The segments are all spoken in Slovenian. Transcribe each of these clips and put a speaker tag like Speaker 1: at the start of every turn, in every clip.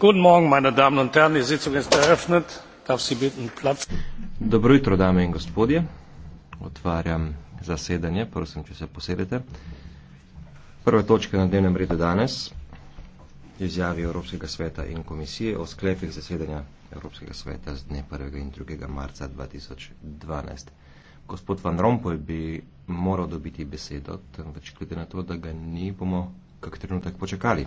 Speaker 1: Guten Morgen, meine Damen und Herren, die Sitzung ist eröffnet. Darf Sie bitten Platz.
Speaker 2: Dobro jutro, dame in gospodje. Otvarjam zasedanje, prosim, če se posedete. Prva točka na dnevnem redu danes izjavi Evropskega sveta in komisije o sklepih zasedanja Evropskega sveta z dne 1. in 2. marca 2012. Gospod Van Rompuy bi moral dobiti besedo, temveč glede na to, da ga ni, bomo kak trenutek počakali.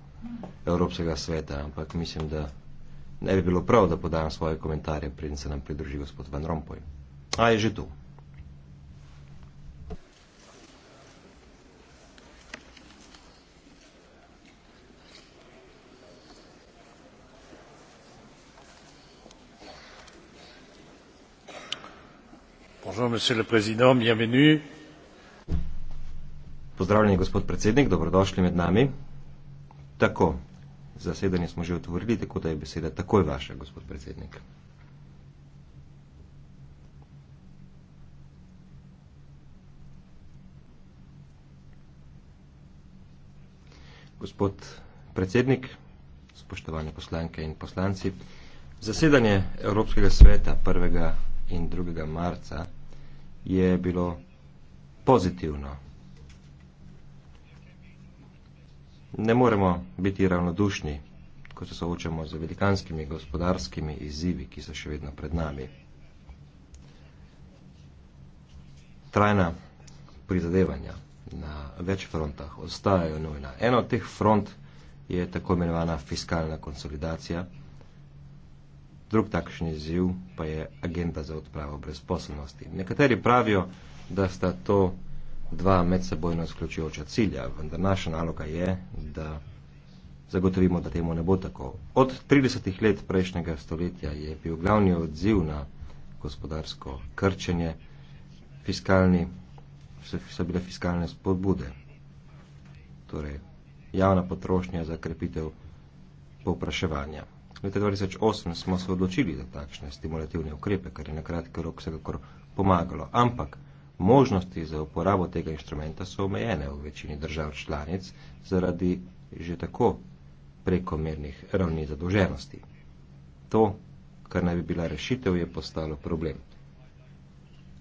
Speaker 2: Evropskega sveta, ampak mislim, da ne bi bilo prav, da podajam svoje komentarje, preden se nam pridruži gospod Van Rompuy. A je že tu. Pozdravljeni, gospod predsednik, dobrodošli med nami. Tako, zasedanje smo že otvorili, tako da je beseda takoj vaša, gospod predsednik. Gospod predsednik, spoštovane poslanke in poslanci, zasedanje Evropskega sveta 1. in 2. marca je bilo pozitivno. ne moremo biti ravnodušni, ko se soočamo z velikanskimi gospodarskimi izzivi, ki so še vedno pred nami. Trajna prizadevanja na več frontah ostajajo nujna. Eno od teh front je tako imenovana fiskalna konsolidacija, drug takšen izziv pa je agenda za odpravo brezposobnosti. Nekateri pravijo, da sta to dva medsebojno izključujoča cilja, vendar naša naloga je, da zagotovimo, da temu ne bo tako. Od 30. let prejšnjega stoletja je bil glavni odziv na gospodarsko krčenje fiskalni, so bile fiskalne spodbude, torej javna potrošnja za krepitev povpraševanja. Leta 2008 smo se odločili za takšne stimulativne ukrepe, kar je na kratki rok vsekakor pomagalo, ampak možnosti za uporabo tega inštrumenta so omejene v večini držav članic zaradi že tako prekomernih ravni zadolženosti. To, kar naj bi bila rešitev, je postalo problem.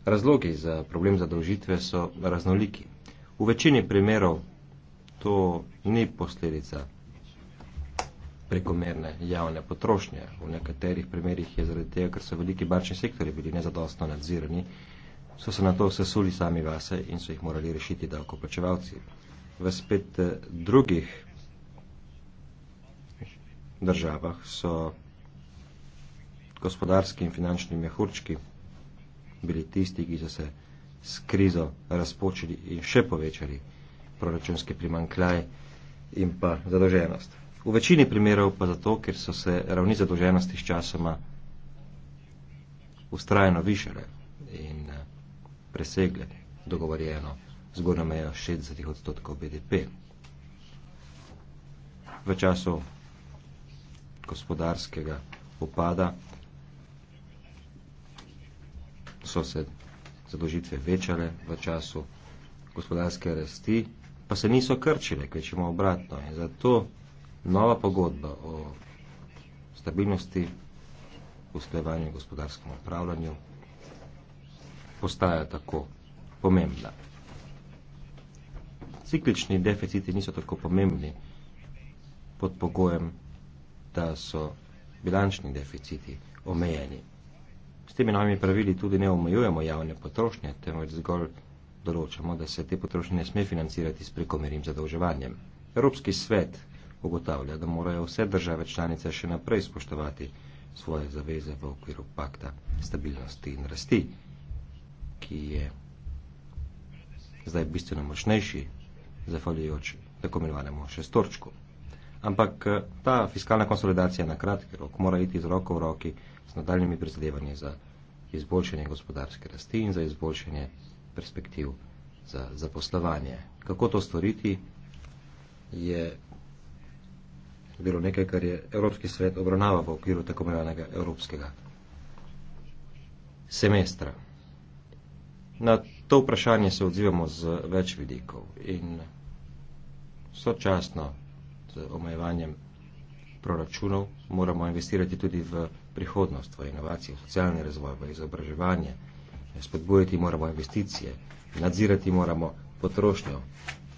Speaker 2: Razlogi za problem zadolžitve so raznoliki. V večini primerov to ni posledica prekomerne javne potrošnje. V nekaterih primerih je zaradi tega, ker so veliki bančni sektori bili nezadostno nadzirani so se na to sesuli sami vase in so jih morali rešiti davkoplačevalci. V spet eh, drugih državah so gospodarski in finančni mehurčki bili tisti, ki so se s krizo razpočili in še povečali proračunski primankljaj in pa zadolženost. V večini primerov pa zato, ker so se ravni zadolženosti s časoma ustrajeno višale in a, eh, presegle dogovorjeno zgodno mejo 60 odstotkov BDP. V času gospodarskega upada so se zadožitve večale v času gospodarske rasti, pa se niso krčile, kvečemo obratno. In zato nova pogodba o stabilnosti, usklevanju gospodarskemu upravljanju postaja tako pomembna. Ciklični deficiti niso tako pomembni pod pogojem, da so bilančni deficiti omejeni. S temi novimi pravili tudi ne omejujemo javne potrošnje, temveč zgolj določamo, da se te potrošnje ne sme financirati s prekomernim zadolževanjem. Evropski svet ugotavlja, da morajo vse države članice še naprej spoštovati svoje zaveze v okviru pakta stabilnosti in rasti ki je zdaj bistveno močnejši, zahvaljujoč tako imenovanemu šestorčku. Ampak eh, ta fiskalna konsolidacija na kratki rok mora iti z roko v roki z nadaljnimi prizadevanji za izboljšanje gospodarske rasti in za izboljšanje perspektiv za zaposlovanje. Kako to storiti, je bilo nekaj, kar je Evropski svet obravnava v okviru tako imenovanega evropskega semestra. Na to vprašanje se odzivamo z več vidikov in sočasno z omejevanjem proračunov moramo investirati tudi v prihodnost, v inovacije, v socialni razvoj, v izobraževanje, spodbujati moramo investicije, nadzirati moramo potrošnjo,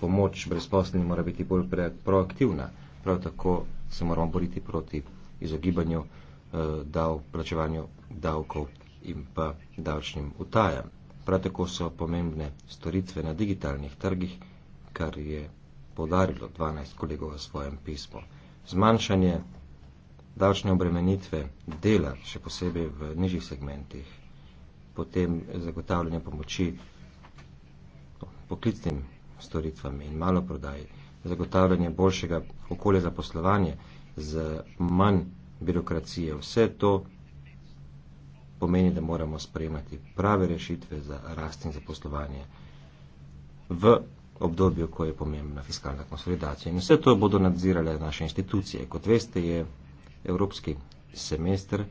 Speaker 2: pomoč brezposlenim mora biti bolj proaktivna, prav tako se moramo boriti proti izogibanju eh, dav, plačevanju davkov in pa davčnim utajam. Prav tako so pomembne storitve na digitalnih trgih, kar je podarilo 12 kolegov v svojem pismu. Zmanjšanje davčne obremenitve dela, še posebej v nižjih segmentih, potem zagotavljanje pomoči poklicnim storitvam in malo prodaji, zagotavljanje boljšega okolja za poslovanje z manj birokracije, vse to pomeni, da moramo spremati prave rešitve za rast in zaposlovanje v obdobju, ko je pomembna fiskalna konsolidacija. In vse to bodo nadzirale naše institucije. Kot veste, je evropski semester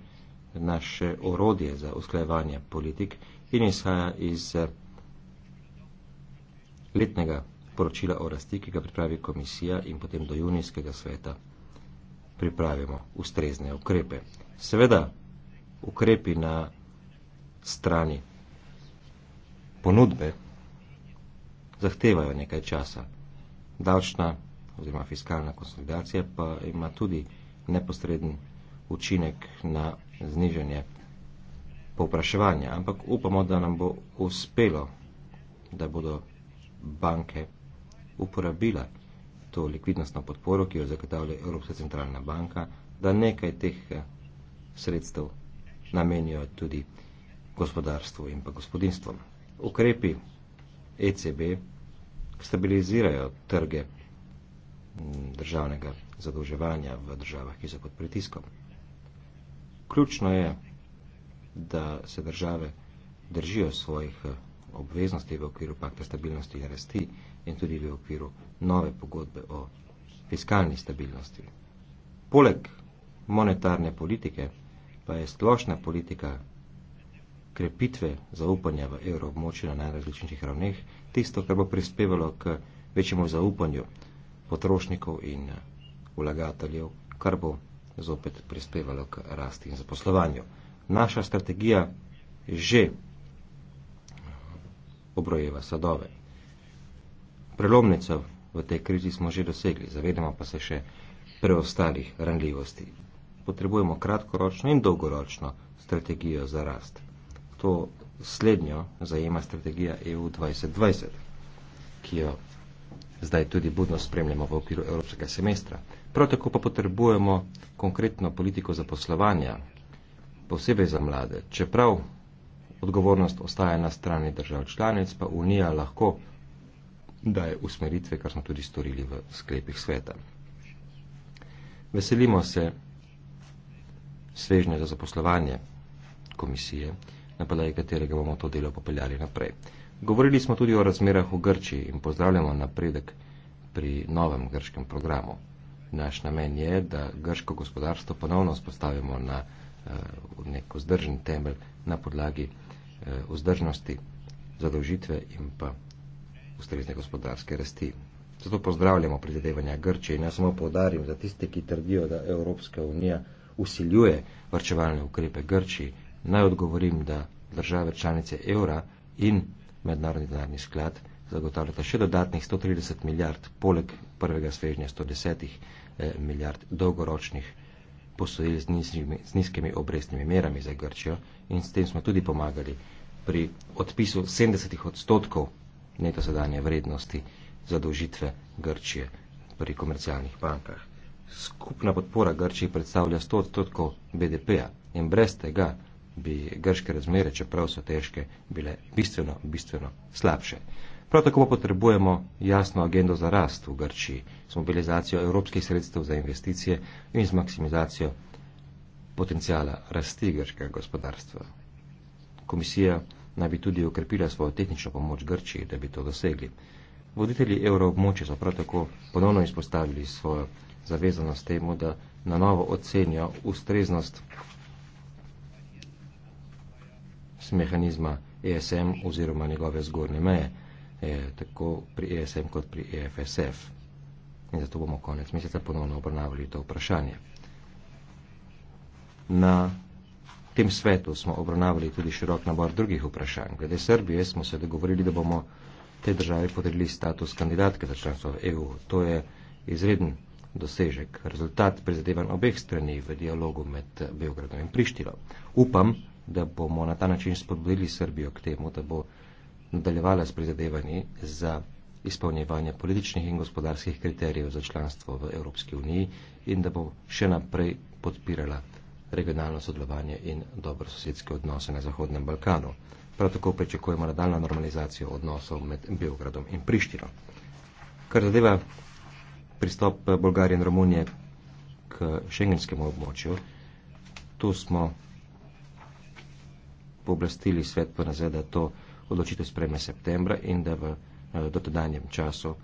Speaker 2: naše orodje za usklajevanje politik in izhaja iz eh, letnega poročila o rasti, ki ga pripravi komisija in potem do junijskega sveta pripravimo ustrezne ukrepe. Seveda, ukrepi na strani ponudbe zahtevajo nekaj časa. Davčna oziroma fiskalna konsolidacija pa ima tudi neposreden učinek na znižanje povpraševanja. Ampak upamo, da nam bo uspelo, da bodo banke uporabila to likvidnostno podporo, ki jo zagotavlja Evropska centralna banka, da nekaj teh eh, sredstev namenijo tudi gospodarstvu in pa gospodinstvom. Ukrepi ECB stabilizirajo trge državnega zadolževanja v državah, ki so pod pritiskom. Ključno je, da se države držijo svojih eh, obveznosti v okviru pakta stabilnosti in rasti in tudi v okviru nove pogodbe o fiskalni stabilnosti. Poleg monetarne politike pa je splošna politika krepitve zaupanja v evroobmočju na najrazličnejših ravneh tisto, kar bo prispevalo k večjemu zaupanju potrošnikov in eh, vlagateljev, kar bo zopet prispevalo k rasti in zaposlovanju. Naša strategija že eh, obrojeva sadove. Prelomnico v tej krizi smo že dosegli, zavedamo pa se še preostalih ranljivosti potrebujemo kratkoročno in dolgoročno strategijo za rast. To slednjo zajema strategija EU 2020, ki jo zdaj tudi budno spremljamo v okviru evropskega semestra. Prav tako pa potrebujemo konkretno politiko zaposlovanja, posebej za mlade. Čeprav odgovornost ostaja na strani držav članic, pa Unija lahko daje usmeritve, kar smo tudi storili v sklepih sveta. Veselimo se svežnja za zaposlovanje komisije, na podlagi katerega bomo to delo popeljali naprej. Govorili smo tudi o razmerah v Grčiji in pozdravljamo napredek pri novem grškem programu. Naš namen je, da grško gospodarstvo ponovno spostavimo na uh, nek vzdržen temelj na podlagi uh, vzdržnosti zadolžitve in pa ustrezne gospodarske rasti. Zato pozdravljamo predvidevanja Grčije in jaz samo povdarim za tiste, ki trdijo, da Evropska unija usiljuje vrčevalne ukrepe Grči, naj odgovorim, da države članice evra in mednarodni denarni sklad zagotavljata še dodatnih 130 milijard poleg prvega svežnja 110 eh, milijard dolgoročnih posojil z, z nizkimi obrestnimi merami za Grčijo in s tem smo tudi pomagali pri odpisu 70 odstotkov neto sedanje vrednosti zadolžitve Grčije pri komercialnih bankah skupna podpora Grčiji predstavlja 100 odstotkov BDP-ja in brez tega bi grške razmere, čeprav so težke, bile bistveno, bistveno slabše. Prav tako pa potrebujemo jasno agendo za rast v Grčiji z mobilizacijo evropskih sredstev za investicije in z maksimizacijo potencijala rasti grškega gospodarstva. Komisija naj bi tudi ukrepila svojo tehnično pomoč Grčiji, da bi to dosegli. Voditelji evroobmoče so prav tako ponovno izpostavili svojo zavezanost temu, da na novo ocenijo ustreznost e s mehanizma ESM oziroma njegove zgornje meje, e, tako pri ESM kot pri EFSF. In zato bomo konec meseca ponovno obravnavali to vprašanje. Na tem svetu smo obravnavali tudi širok nabor drugih vprašanj. Glede Srbije smo se dogovorili, da bomo te države podelili status kandidatke za članstvo v EU. To je izreden dosežek, rezultat prizadevan obeh strani v dialogu med Beogradom in Prištino. Upam, da bomo na ta način spodbudili Srbijo k temu, da bo nadaljevala s prizadevanji za izpolnjevanje političnih in gospodarskih kriterijev za članstvo v Evropski uniji in da bo še naprej podpirala regionalno sodelovanje in dobrososedske odnose na Zahodnem Balkanu. Prav tako pričakujemo nadaljno normalizacijo odnosov med Beogradom in Prištino. Kar zadeva pristop eh, Bolgarije in Romunije k šengenskemu območju. Tu smo pooblastili svet PNZ, da to odločitev spreme septembra in da v eh, dotedanjem času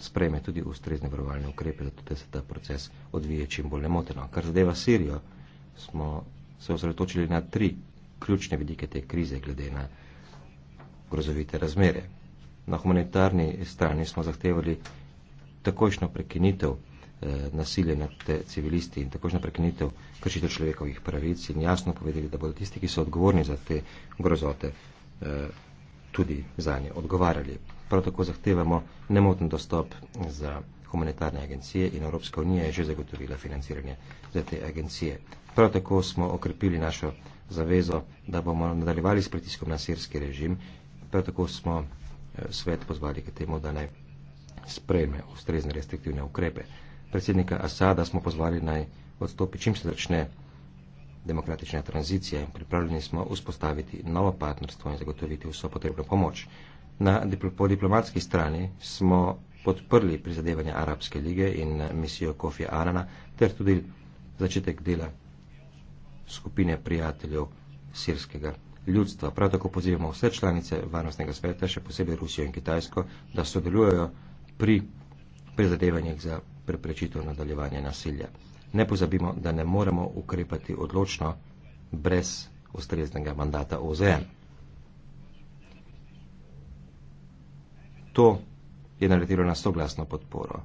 Speaker 2: spreme tudi ustrezne varovalne ukrepe, da se ta proces odvije čim bolj nemoteno. Kar zadeva Sirijo, smo se osredotočili na tri ključne vidike te krize glede na grozovite razmere. Na humanitarni strani smo zahtevali takošno prekinitev eh, nasilja nad eh, civilisti in takošno prekinitev kršitev človekovih pravic in jasno povedali, da bodo tisti, ki so odgovorni za te grozote, eh, tudi za nje odgovarjali. Prav tako zahtevamo nemoten dostop za humanitarne agencije in Evropska unija je že zagotovila financiranje za te agencije. Prav tako smo okrepili našo zavezo, da bomo nadaljevali s pritiskom na sirski režim. Prav tako smo eh, svet pozvali k temu, da naj sprejme ustrezne restriktivne ukrepe. Predsednika Asada smo pozvali naj odstopi, čim se začne demokratična tranzicija in pripravljeni smo vzpostaviti novo partnerstvo in zagotoviti vso potrebno pomoč. Na po diplomatski strani smo podprli prizadevanja Arabske lige in eh, misijo Kofi Anana ter tudi začetek dela skupine prijateljev sirskega ljudstva. Prav tako pozivamo vse članice varnostnega sveta, še posebej Rusijo in Kitajsko, da sodelujejo pri prizadevanjih za preprečitev nadaljevanja nasilja. Ne pozabimo, da ne moremo ukrepati odločno brez ustreznega mandata OZN. To je naletilo na soglasno podporo.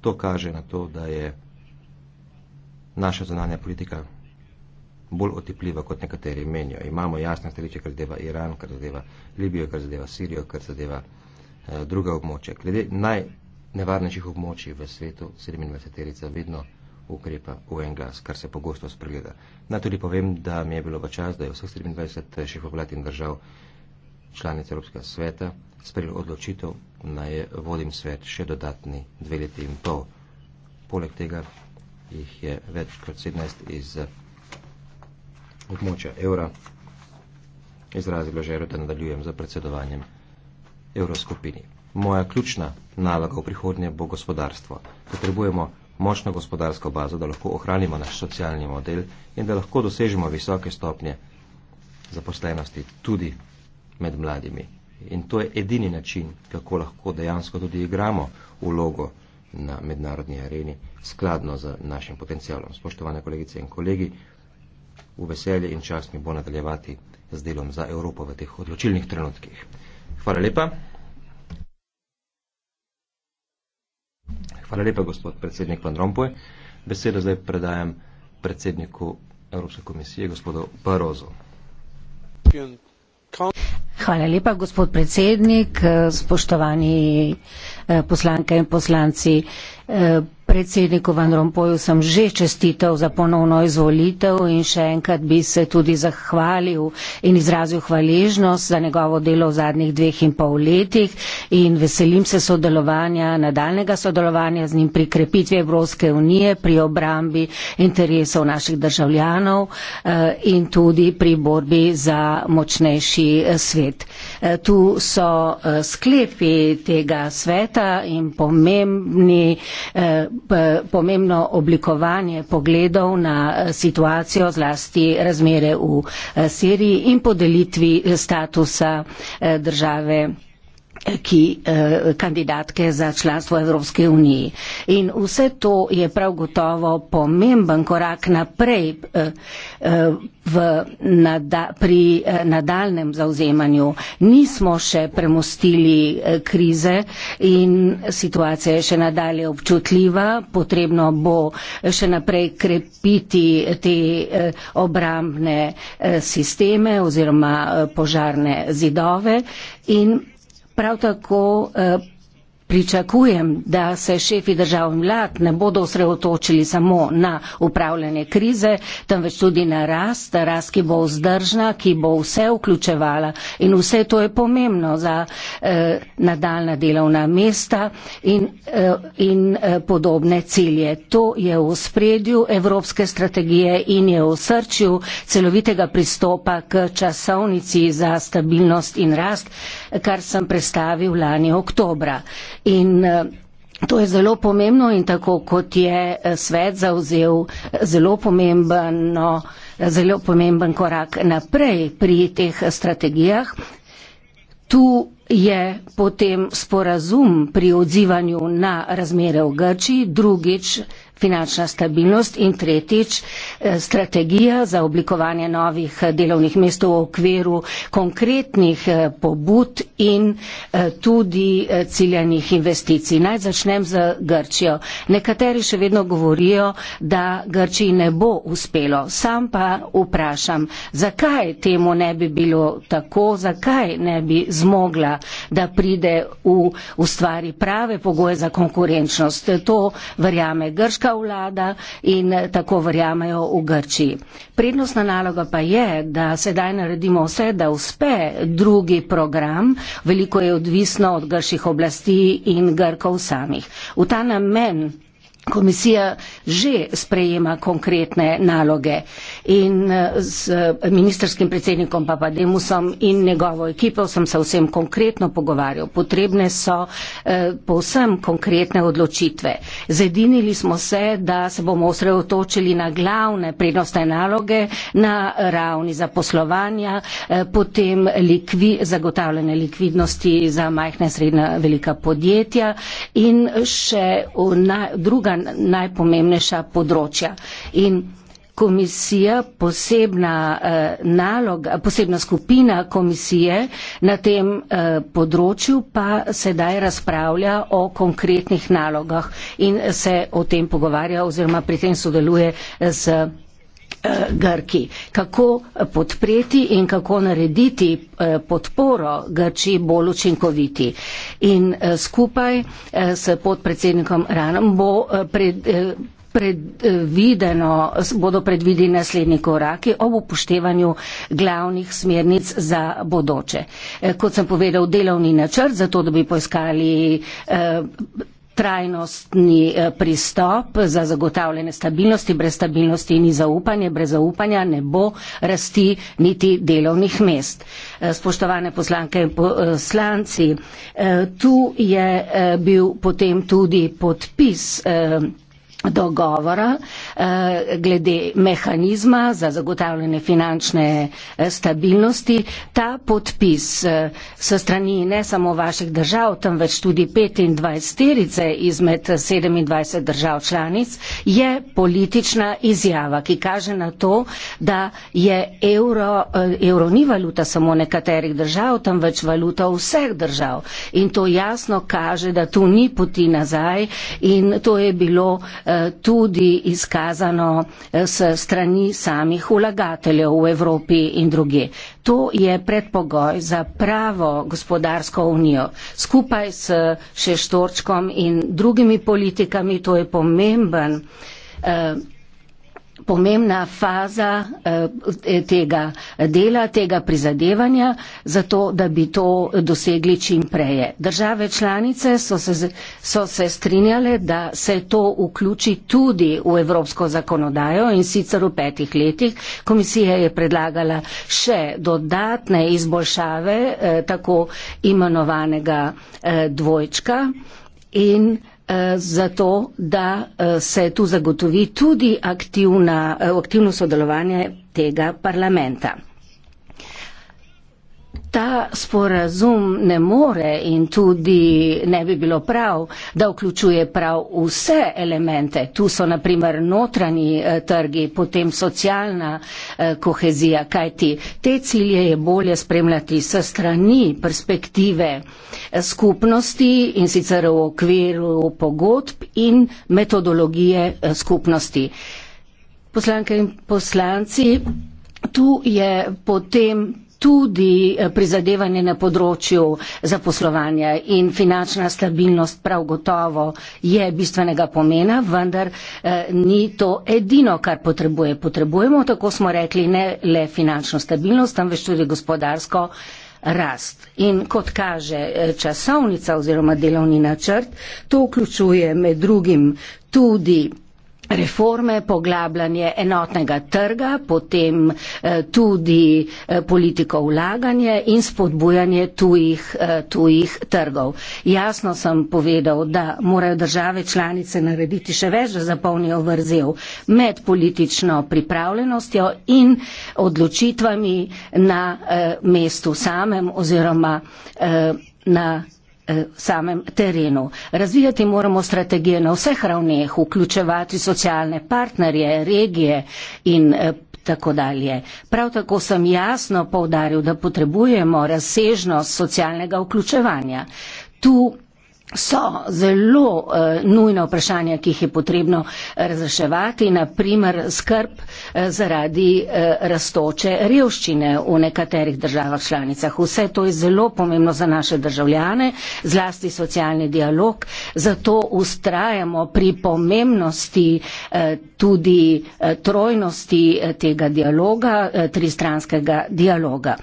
Speaker 2: To kaže na to, da je naša zonanja politika bolj otepljiva, kot nekateri menijo. Imamo jasne stališče, kar zadeva Iran, kar zadeva Libijo, kar zadeva Sirijo, kar zadeva eh, druga območja. Glede najnevarnejših območij v svetu, 27-terica vedno ukrepa v en glas, kar se pogosto spregleda. Naj tudi povem, da mi je bilo v čas, da je vseh 27 eh, šefov vlad in držav članic Evropskega sveta sprejelo odločitev, da je vodim svet še dodatni dve leti in pol. Poleg tega jih je več kot 17 iz območja evra izrazilo željo, da nadaljujem za predsedovanjem evroskupini. Moja ključna naloga v prihodnje bo gospodarstvo. Potrebujemo močno gospodarsko bazo, da lahko ohranimo naš socialni model in da lahko dosežemo visoke stopnje zaposlenosti tudi med mladimi. In to je edini način, kako lahko dejansko tudi igramo vlogo na mednarodni areni skladno z našim potencialom. Spoštovane kolegice in kolegi, v veselje in čas mi bo nadaljevati z delom za Evropo v teh odločilnih trenutkih. Hvala lepa. Hvala lepa, gospod predsednik Van Rompuy. Besedo zdaj predajam predsedniku Evropske komisije, gospodu Barozu.
Speaker 3: Hvala lepa, gospod predsednik, spoštovani eh, poslanke in poslanci. Eh, predsedniku Van Rompoju sem že čestitev za ponovno izvolitev in še enkrat bi se tudi zahvalil in izrazil hvaležnost za njegovo delo v zadnjih dveh in pol letih in veselim se sodelovanja, nadaljnega sodelovanja z njim pri krepitvi Evropske unije, pri obrambi interesov naših državljanov eh, in tudi pri borbi za močnejši eh, svet. Eh, tu so sklepi tega sveta in pomembni pomembno oblikovanje pogledov na eh, situacijo, zlasti razmere v eh, Siriji in podelitvi eh, statusa države ki eh, kandidatke za članstvo Evropske unije. In vse to je prav gotovo pomemben korak naprej eh, eh, v, nada, pri nadaljem zauzemanju. Nismo še premostili krize in situacija je še nadalje občutljiva. Potrebno bo še naprej krepiti te obrambne sisteme oziroma požarne zidove. In prav tako eh, pričakujem, da se šefi držav in vlad ne bodo osredotočili samo na upravljanje krize, temveč tudi na rast, rast, ki bo vzdržna, ki bo vse vključevala in vse to je pomembno za eh, nadaljna delovna mesta in, eh, in eh, podobne cilje. To je v spredju evropske strategije in je v srčju celovitega pristopa k časovnici za stabilnost in rast, kar sem predstavil lani oktobra. In, eh, To je zelo pomembno in tako kot je eh, svet zauzel eh, zelo pomemben, no, zelo pomemben korak naprej pri teh strategijah, tu je potem sporazum pri odzivanju na razmere v Grči, drugič finančna stabilnost in tretjič eh, strategija za oblikovanje novih eh, delovnih mest v okviru konkretnih eh, pobud in tudi ciljanih investicij. Naj začnem z Grčijo. Nekateri še vedno govorijo, da Grčiji ne bo uspelo. Sam pa vprašam, zakaj temu ne bi bilo tako, zakaj ne bi zmogla, da pride v ustvari prave pogoje za konkurenčnost. To verjame Grška vlada in tako verjamejo v Grčiji. Prednostna naloga pa je, da sedaj naredimo vse, da uspe drugi program, veliko je odvisno od grških oblasti in Grkov samih. V ta namen Komisija že sprejema konkretne naloge in eh, z ministerskim predsednikom Papademusom in njegovo ekipo sem se vsem konkretno pogovarjal. Potrebne so eh, povsem konkretne odločitve. Zedinili smo se, da se bomo osredotočili na glavne prednostne naloge na ravni zaposlovanja, eh, potem likvi, zagotavljanje likvidnosti za majhne in srednja velika podjetja in še na, druga druga najpomembnejša področja. In komisija, posebna eh, nalog, posebna skupina komisije na tem eh, področju pa sedaj razpravlja o konkretnih nalogah in se o tem pogovarja oziroma pri tem sodeluje z. Eh, Eh, Grki. Kako podpreti in kako narediti eh, podporo Grči bolj učinkoviti. In eh, skupaj s podpredsednikom Ranom bo pred, predvideno, bodo predvideni naslednji koraki ob upoštevanju glavnih smernic za bodoče. Kot sem povedal, delovni načrt za to, da bi poiskali trajnostni eh, pristop za zagotavljanje stabilnosti, brez stabilnosti ni zaupanje, brez zaupanja ne bo rasti niti delovnih mest. Eh, spoštovane poslanke in poslanci, eh, tu je bil potem tudi podpis dogovora eh, glede mehanizma za zagotavljanje finančne eh, stabilnosti. Ta podpis eh, so strani ne samo vaših držav, temveč tudi 25 terice izmed 27 držav članic je politična izjava, ki kaže na to, da je evro, evro ni valuta samo nekaterih držav, temveč valuta vseh držav. In to jasno kaže, da tu ni poti nazaj in to je bilo Eh, tudi izkazano eh, s strani samih ulagateljev v Evropi in druge. To je predpogoj za pravo gospodarsko unijo. Skupaj s Šeštorčkom in drugimi politikami to je pomemben. Uh, pomembna faza eh, tega dela, tega prizadevanja, zato da bi to dosegli čim preje. Države članice so se, so se strinjale, da se to vključi tudi v evropsko zakonodajo in sicer v petih letih. Komisija je predlagala še dodatne izboljšave eh, tako imenovanega eh, dvojčka in Eh, zato, da eh, se tu zagotovi tudi aktivna, eh, aktivno sodelovanje tega parlamenta ta sporazum ne more in tudi ne bi bilo prav, da vključuje prav vse elemente. Tu so naprimer notranji eh, trgi, potem socialna eh, kohezija, kajti te cilje je bolje spremljati s strani perspektive eh, skupnosti in sicer v okviru pogodb in metodologije skupnosti. Poslanke in poslanci, tu je potem tudi eh, prizadevanje na področju zaposlovanja in finančna stabilnost prav gotovo je bistvenega pomena, vendar eh, ni to edino, kar potrebuje. Potrebujemo, tako smo rekli, ne le finančno stabilnost, tamveč tudi gospodarsko. Rast. In kot kaže eh, časovnica oziroma delovni načrt, to vključuje med drugim tudi reforme, poglabljanje enotnega trga, potem eh, tudi eh, politiko vlaganje in spodbujanje tujih, eh, tujih trgov. Jasno sem povedal, da morajo države članice narediti še več, da zapolnijo vrzel med politično pripravljenostjo in odločitvami na mestu samem oziroma na Eh, samem terenu. Razvijati moramo strategije na vseh ravneh, vključevati socialne partnerje, regije in eh, tako dalje. Prav tako sem jasno povdaril, da potrebujemo razsežnost socialnega vključevanja. Tu so zelo uh, nujna vprašanja, ki jih je potrebno eh, razreševati, naprimer skrb uh, zaradi uh, rastoče revščine v nekaterih državah članicah. Vse to je zelo pomembno za naše državljane, zlasti socialni dialog, zato ustrajamo pri pomembnosti uh, tudi uh, trojnosti uh, tega dialoga, uh, tristranskega dialoga.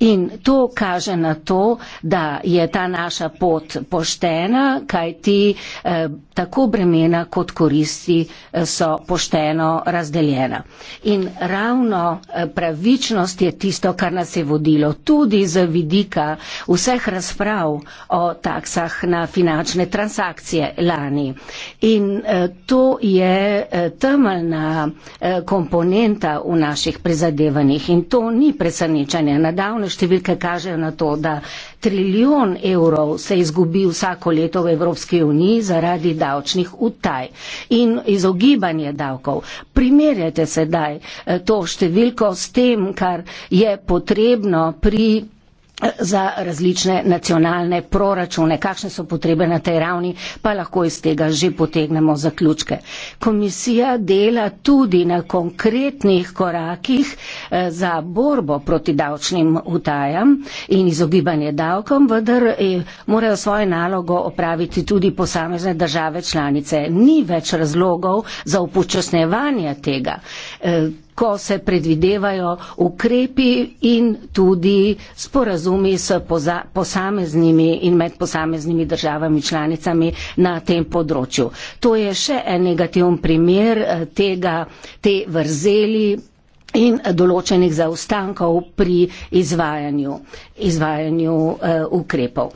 Speaker 3: In to kaže na to, da je ta naša pot poštena, bremena, kajti eh, tako bremena kot koristi eh, so pošteno razdeljena. In ravno eh, pravičnost je tisto, kar nas je vodilo tudi z vidika vseh razprav o taksah na finančne transakcije lani. In eh, to je eh, temeljna eh, komponenta v naših prizadevanjih in to ni presenečanje. Nadavne številke kažejo na to, da trilijon evrov se izgubi vsako leto v Evropski uniji zaradi davčnih utaj in izogibanje davkov. Primerjajte sedaj eh, to številko s tem, kar je potrebno pri za različne nacionalne proračune, kakšne so potrebe na tej ravni, pa lahko iz tega že potegnemo zaključke. Komisija dela tudi na konkretnih korakih eh, za borbo proti davčnim utajam in izogibanje davkom, vendar eh, morajo svojo nalogo opraviti tudi posamezne države članice. Ni več razlogov za upočasnevanje tega. Eh, ko se predvidevajo ukrepi in tudi sporazumi s posameznimi in med posameznimi državami članicami na tem področju. To je še en negativen primer eh, tega, te vrzeli in določenih zaostankov pri izvajanju, izvajanju uh, ukrepov.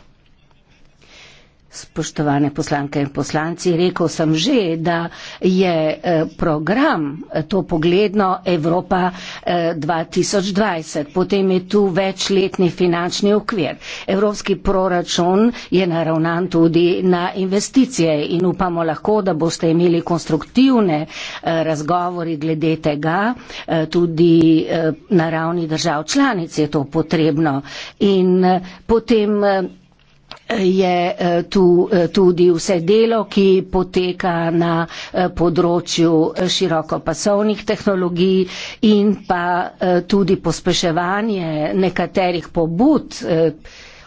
Speaker 3: Spoštovane poslanke in poslanci, rekel sem že, da je eh, program eh, to pogledno Evropa 2020. Eh, potem je tu večletni finančni okvir. Evropski proračun je naravnan tudi na investicije in upamo lahko, da boste imeli konstruktivne razgovori glede tega. Tudi na ravni držav članic je to potrebno. In potem je eh, tu eh, tudi vse delo, ki poteka na eh, področju širokopasovnih tehnologij in pa tudi pospeševanje nekaterih pobud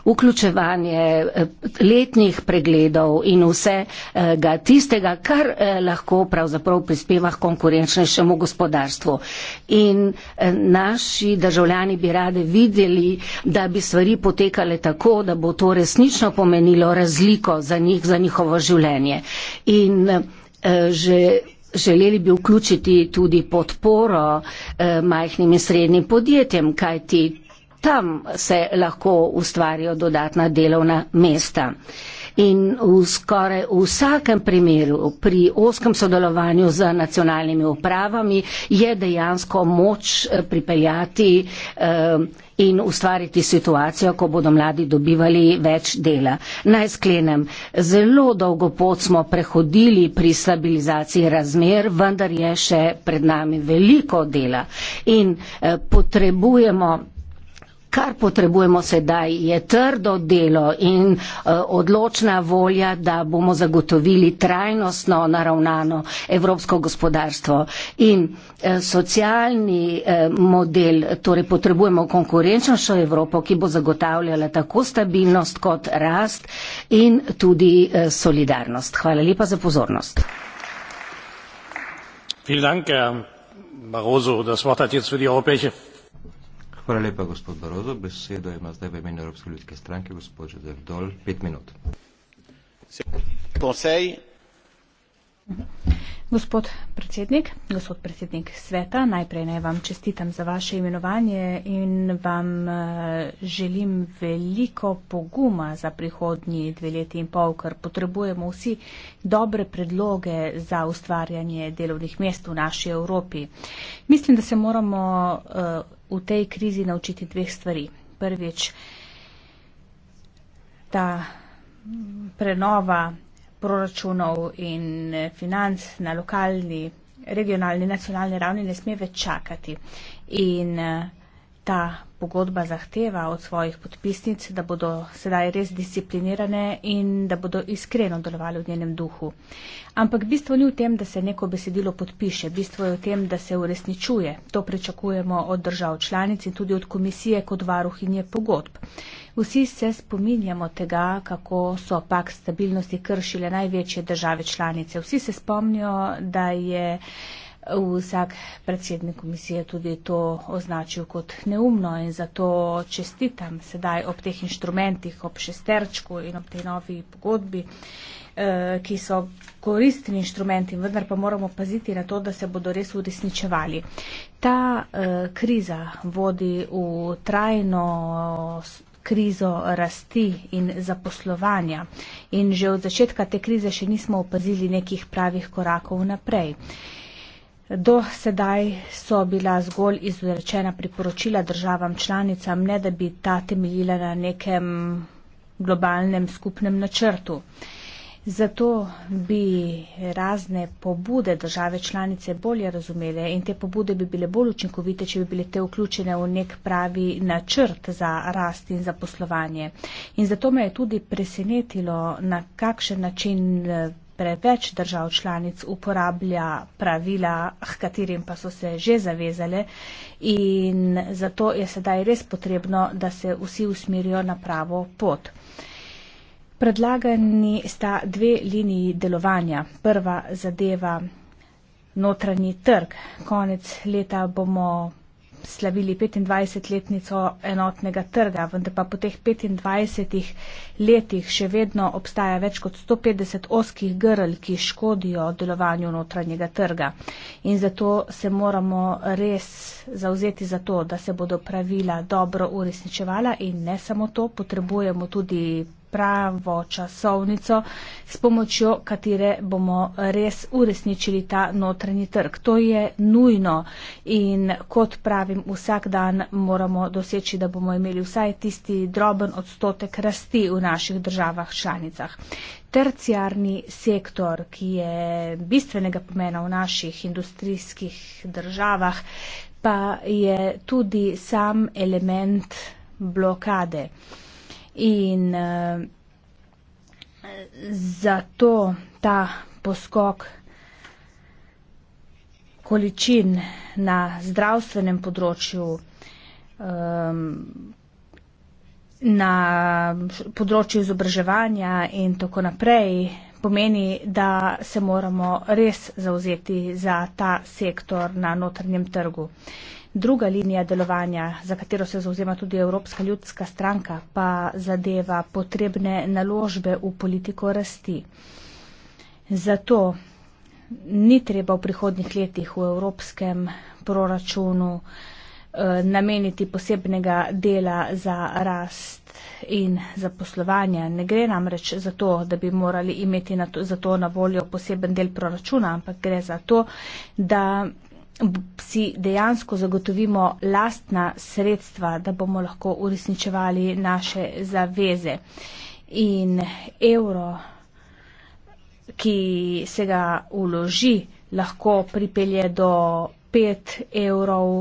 Speaker 3: vključevanje eh, letnih pregledov in vsega tistega, kar eh, lahko pravzaprav prispeva k konkurenčnejšemu gospodarstvu. In eh, naši državljani bi radi videli, da bi stvari potekale tako, da bo to resnično pomenilo razliko za njih, za njihovo življenje. In že Želeli bi vključiti tudi podporo eh, majhnim in srednjim podjetjem, kajti tam se lahko ustvarijo dodatna delovna mesta. In v skoraj vsakem primeru pri oskem sodelovanju z nacionalnimi upravami je dejansko moč eh, pripeljati eh, in ustvariti situacijo, ko bodo mladi dobivali več dela. Naj sklenem, zelo dolgo pot smo prehodili pri stabilizaciji razmer, vendar je še pred nami veliko dela in eh, potrebujemo Kar potrebujemo sedaj je trdo delo in uh, odločna volja, da bomo zagotovili trajnostno naravnano evropsko gospodarstvo. In uh, socialni uh, model, torej potrebujemo konkurenčnošo Evropo, ki bo zagotavljala tako stabilnost kot rast in tudi uh, solidarnost. Hvala lepa za pozornost.
Speaker 1: Vielen Dank, Herr Barroso. Das Wort hat jetzt für die Europäische
Speaker 2: Hvala lepa, gospod Barozo. Besedo ima zdaj v imenu Evropske ljudske stranke, gospod Žozef Dol, pet minut. Posej.
Speaker 4: Gospod predsednik, gospod predsednik sveta, najprej naj vam čestitam za vaše imenovanje in vam eh, želim veliko poguma za prihodnji dve leti in pol, ker potrebujemo vsi dobre predloge za ustvarjanje delovnih mest v naši Evropi. Mislim, da se moramo. Uh, v tej krizi naučiti dveh stvari. Prvič, ta prenova proračunov in financ na lokalni, regionalni, nacionalni ravni ne sme več čakati. In, uh, ta pogodba zahteva od svojih podpisnic, da bodo sedaj res disciplinirane in da bodo iskreno delovali v njenem duhu. Ampak bistvo ni v tem, da se neko besedilo podpiše, bistvo je v tem, da se uresničuje. To prečakujemo od držav članic in tudi od komisije kot varuhinje pogodb. Vsi se spominjamo tega, kako so pak stabilnosti kršile največje države članice. Vsi se spomnijo, da je vsak predsednik komisije tudi to označil kot neumno in zato čestitam sedaj ob teh inštrumentih, ob šesterčku in ob tej novi pogodbi, eh, ki so koristni inštrumenti, vendar pa moramo paziti na to, da se bodo res uresničevali. Ta eh, kriza vodi v trajno krizo rasti in zaposlovanja. In že od začetka te krize še nismo opazili nekih pravih korakov naprej. Do sedaj so bila zgolj izrečena priporočila državam članicam, ne da bi ta temeljila na nekem globalnem skupnem načrtu. Zato bi razne pobude države članice bolje razumele in te pobude bi bile bolj učinkovite, če bi bile te vključene v nek pravi načrt za rast in za poslovanje. In zato me je tudi presenetilo, na kakšen način preveč držav članic uporablja pravila, h katerim pa so se že zavezale in zato je sedaj res potrebno, da se vsi usmirijo na pravo pot. Predlagani sta dve liniji delovanja. Prva zadeva notranji trg. Konec leta bomo slavili 25-letnico enotnega trga, vendar pa po teh 25 letih še vedno obstaja več kot 150 oskih grl, ki škodijo delovanju notranjega trga. In zato se moramo res zauzeti za to, da se bodo pravila dobro uresničevala in ne samo to, potrebujemo tudi pravo časovnico, s pomočjo katere bomo res uresničili ta notranji trg. To je nujno in kot pravim, vsak dan moramo doseči, da bomo imeli vsaj tisti droben odstotek rasti v naših državah članicah. Terciarni sektor, ki je bistvenega pomena v naših industrijskih državah, pa je tudi sam element blokade. In uh, zato ta poskok količin na zdravstvenem področju, um, na področju izobraževanja in tako naprej pomeni, da se moramo res zauzeti za ta sektor na notrnjem trgu. Druga linija delovanja, za katero se zauzema tudi Evropska ljudska stranka, pa zadeva potrebne naložbe v politiko rasti. Zato ni treba v prihodnih letih v evropskem proračunu eh, nameniti posebnega dela za rast in za poslovanje. Ne gre namreč za to, da bi morali imeti na to, za to na voljo poseben del proračuna, ampak gre za to, da si dejansko zagotovimo lastna sredstva, da bomo lahko uresničevali naše zaveze. In evro, ki se ga uloži, lahko pripelje do 5 evrov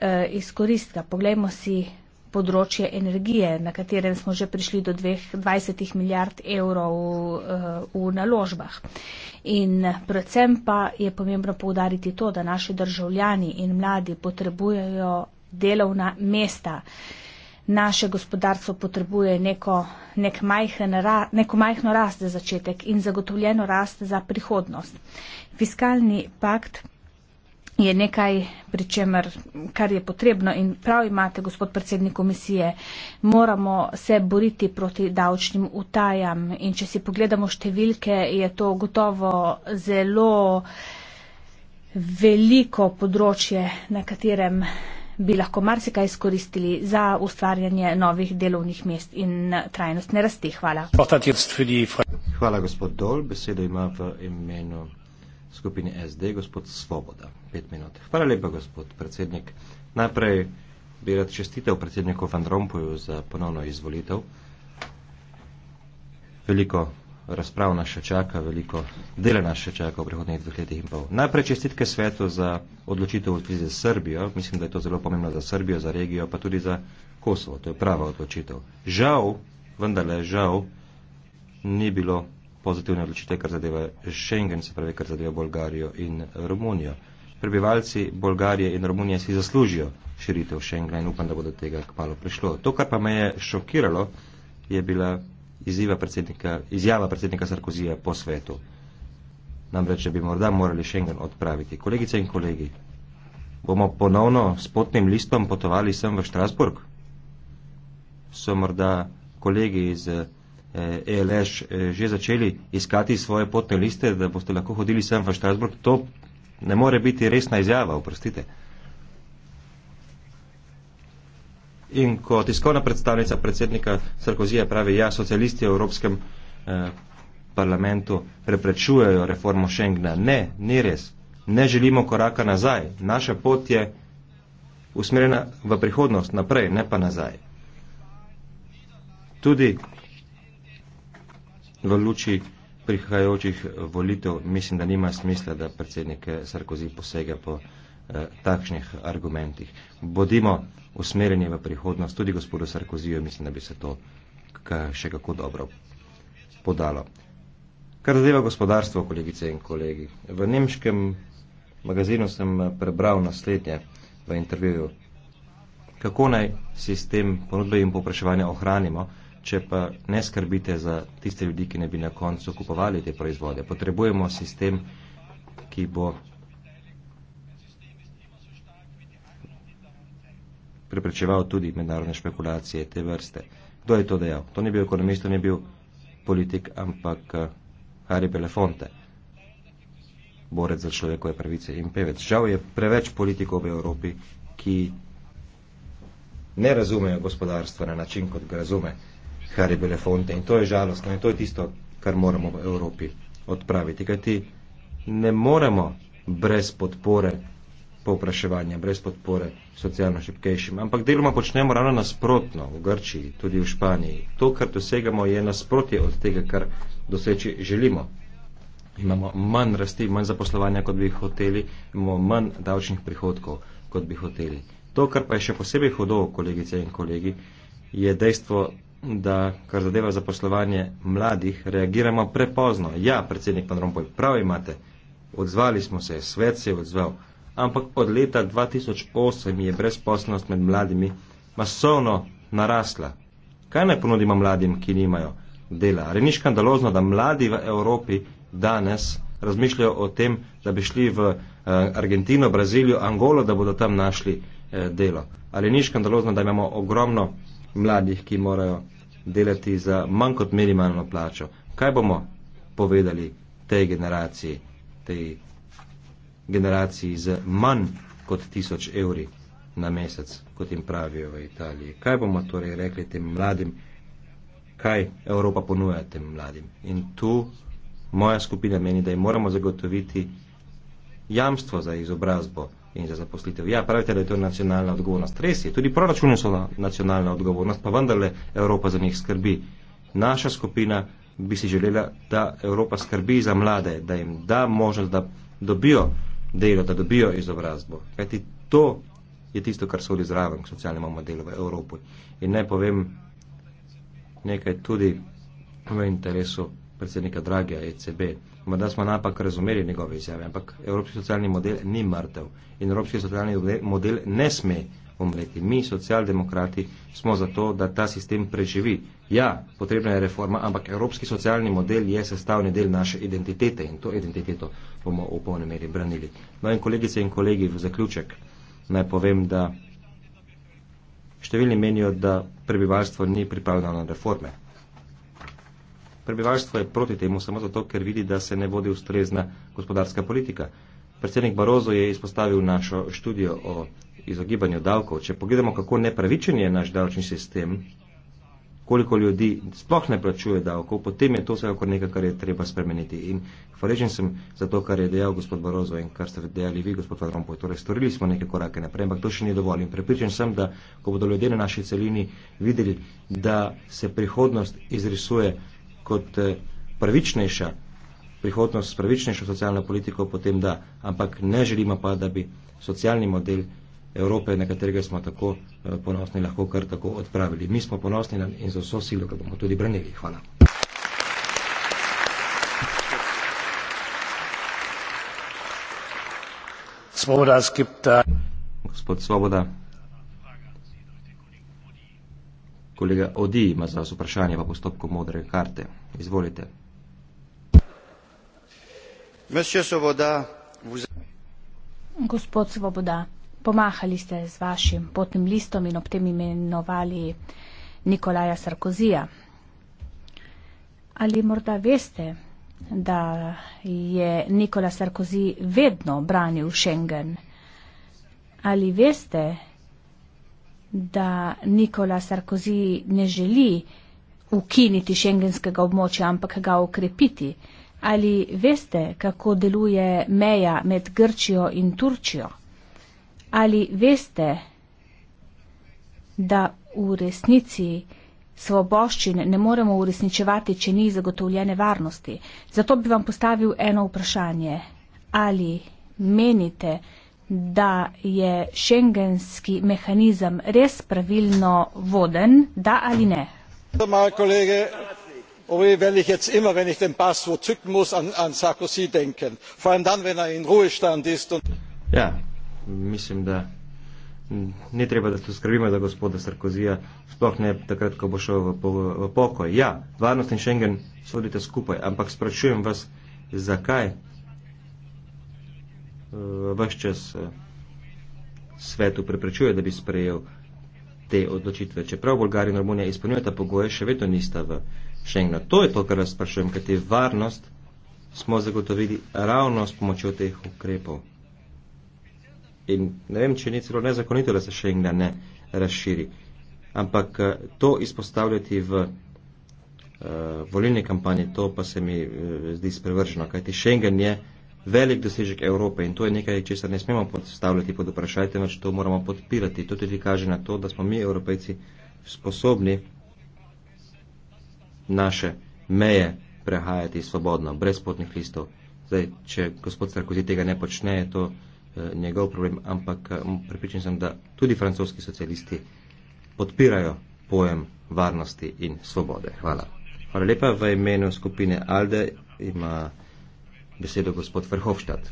Speaker 4: eh, izkoristka. Poglejmo si področje energije, na katerem smo že prišli do 20 milijard evrov eh, v naložbah. In predvsem pa je pomembno povdariti to, da naši državljani in mladi potrebujejo delovna mesta. Naše gospodarstvo potrebuje neko, nek majhen, neko majhno rast za začetek in zagotovljeno rast za prihodnost. Fiskalni pakt je nekaj, pri čemer, kar je potrebno in prav imate, gospod predsednik komisije, moramo se boriti proti davčnim utajam in če si pogledamo številke, je to gotovo zelo veliko področje, na katerem bi lahko marsikaj izkoristili za ustvarjanje novih delovnih mest in trajnostne rasti. Hvala.
Speaker 2: Hvala, gospod Dol. Besedo ima v imenu skupini SD, gospod Svoboda. Pet minut. Hvala lepa, gospod predsednik. Najprej bi rad čestitev predsedniku Van Rompuju za ponovno izvolitev. Veliko razprav nas še čaka, veliko dela nas še čaka v prihodnjih dveh letih in pol. Najprej čestitke svetu za odločitev v zvezi s Srbijo. Mislim, da je to zelo pomembno za Srbijo, za regijo, pa tudi za Kosovo. To je prava odločitev. Žal, vendarle žal, ni bilo pozitivne odločitve, kar zadeva Schengen, se pravi, kar zadeva Bolgarijo in Romunijo. Prebivalci Bolgarije in Romunije si zaslužijo širitev Schengena in upam, da bo do tega kmalo prišlo. To, kar pa me je šokiralo, je bila predsednika, izjava predsednika Sarkozija po svetu. Namreč, da bi morda morali Schengen odpraviti. Kolegice in kolegi, bomo ponovno s potnim listom potovali sem v Štrasburg? So morda kolegi iz ELS eh, e eh, že začeli iskati svoje potne liste, da boste lahko hodili sem v Štrasburg, to ne more biti resna izjava, oprostite. In ko tiskovna predstavnica predsednika Sarkozija pravi, ja, socialisti v Evropskem eh, parlamentu preprečujejo reformo Schengna, ne, ni res, ne želimo koraka nazaj, naša pot je usmerjena v prihodnost, naprej, ne pa nazaj. Tudi v luči prihajajočih volitev mislim, da nima smisla, da predsednik Sarkozy posega po eh, takšnih argumentih. Bodimo usmerjeni v prihodnost, tudi gospodu Sarkozyju mislim, da bi se to še kako dobro podalo. Kar zadeva gospodarstvo, kolegice in kolegi. V nemškem magazinu sem eh, prebral naslednje v intervjuju, kako naj sistem ponudbe in popraševanja ohranimo, Če pa ne skrbite za tiste ljudi, ki ne bi na koncu kupovali te proizvode, potrebujemo sistem, ki bo preprečeval tudi mednarodne špekulacije te vrste. Kdo je to dejal? To ni bil ekonomist, to ni bil politik, ampak eh, Harry Belafonte, borec za človekove pravice in pevec. Žal je preveč politikov v Evropi, ki ne razumejo gospodarstva na način, kot ga razumejo. Harry Belefonte in to je žalostno in to je tisto, kar moramo v Evropi odpraviti, kajti ne moremo brez podpore povpraševanja, brez podpore socialno šepkejšim, ampak deloma počnemo ravno nasprotno v Grčiji, tudi v Španiji. To, kar dosegamo, je nasprotje od tega, kar doseči želimo. Imamo manj rasti, manj zaposlovanja, kot bi hoteli, imamo manj davčnih prihodkov, kot bi hoteli. To, kar pa je še posebej hodo, kolegice in kolegi, je dejstvo, da kar zadeva zaposlovanje mladih, reagiramo prepozno. Ja, predsednik Van Rompuy, prav imate, odzvali smo se, svet se je odzval, ampak od leta 2008 je brezposlenost med mladimi masovno narasla. Kaj naj ponudimo mladim, ki nimajo dela? Ali ni škandalozno, da mladi v Evropi danes razmišljajo o tem, da bi šli v eh, Argentino, Brazilijo, Angolo, da bodo tam našli eh, delo? Ali ni škandalozno, da imamo ogromno mladih, ki morajo delati za manj kot minimalno plačo. Kaj bomo povedali tej generaciji, tej generaciji z manj kot tisoč evri na mesec, kot jim pravijo v Italiji? Kaj bomo torej rekli tem mladim, kaj Evropa ponuja tem mladim? In tu moja skupina meni, da jim moramo zagotoviti jamstvo za izobrazbo in za zaposlitev. Ja, pravite, da je to nacionalna odgovornost. Res je, tudi proračuni so nacionalna odgovornost, pa vendarle Evropa za njih skrbi. Naša skupina bi si želela, da Evropa skrbi za mlade, da jim da možnost, da dobijo delo, da dobijo izobrazbo. Kajti to je tisto, kar sodi zraven k socialnemu modelu v Evropi. In naj ne povem nekaj tudi v interesu predsednika Dragija ECB morda smo napak razumeli njegove izjave, ampak evropski socialni model ni mrtev in evropski socialni model ne sme umreti. Mi, socialdemokrati, smo za to, da ta sistem preživi. Ja, potrebna je reforma, ampak evropski socialni model je sestavni del naše identitete in to identiteto bomo v polni meri branili. No in kolegice in kolegi, v zaključek naj povem, da številni menijo, da prebivalstvo ni pripravljeno na reforme. Prebivalstvo je proti temu samo zato, ker vidi, da se ne vodi ustrezna gospodarska politika. Predsednik Barozo je izpostavil našo študijo o izogibanju davkov. Če pogledamo, kako nepravičen je naš davčni sistem, koliko ljudi sploh ne plačuje davkov, potem je to vsekakor nekaj, kar je treba spremeniti. In hvaležen sem za to, kar je dejal gospod Barozo in kar ste dejali vi, gospod Vadrompo. Torej, storili smo neke korake naprej, ampak to še ni dovolj. In prepričan sem, da ko bodo ljudje na naši celini videli, da se prihodnost izrisuje kot eh, pravičnejša prihodnost, pravičnejšo socialno politiko, potem da, ampak ne želimo pa, da bi socialni model Evrope, na katerega smo tako eh, ponosni, lahko kar tako odpravili. Mi smo ponosni in za vso silo, ki bomo tudi branili. Hvala. Svoboda, skipta. Gospod Svoboda. Kolega Odi ima za vprašanje v postopku modre karte. Izvolite. Svoboda, vz...
Speaker 4: Gospod Svoboda, pomahali ste z vašim potnim listom in ob tem imenovali Nikolaja Sarkozija. Ali morda veste, da je Nikola Sarkozij vedno branil Schengen? Ali veste, da Nikola Sarkozy ne želi ukiniti šengenskega območja, ampak ga okrepiti. Ali veste, kako deluje meja med Grčijo in Turčijo? Ali veste, da v resnici svoboščin ne moremo uresničevati, če ni zagotovljene varnosti? Zato bi vam postavil eno vprašanje. Ali menite, da da je šengenski mehanizem res pravilno voden, da ali ne?
Speaker 1: Ovi, wenn ich jetzt immer, wenn ich den Pass wo zücken muss, an, an Sarkozy denken. Vor allem dann, wenn er in Ruhestand ist. Und
Speaker 2: ja, mislim, da ne treba, da tu skrbimo, da gospoda Sarkozija sploh ne takrat, ko bo šel v, v, v pokoj. Ja, varnost in Schengen sodite skupaj, ampak sprašujem vas, zakaj vse čas eh, svetu preprečuje, da bi sprejel te odločitve. Čeprav Bolgarija in Romunija izpolnjujeta pogoje, še vedno nista v Schengenu. To je to, kar vas sprašujem, kaj te varnost smo zagotovili ravno s pomočjo teh ukrepov. In ne vem, če ni celo nezakonito, da se Schengen ne razširi. Ampak eh, to izpostavljati v uh, volilni kampanji, to pa se mi uh, zdi sprevrženo, kajti Schengen je uh, velik dosežek Evrope in to je nekaj, česar ne smemo postavljati pod vprašanje, temveč to moramo podpirati. To tudi kaže na to, da smo mi, evropejci, sposobni naše meje prehajati svobodno, brez potnih listov. Zdaj, če gospod Sarkozy tega ne počne, je to eh, njegov problem, ampak eh, pripričan sem, da tudi francoski socialisti podpirajo pojem varnosti in svobode. Hvala. Hvala lepa v imenu skupine Alde. Ima besedo gospod Verhofstadt.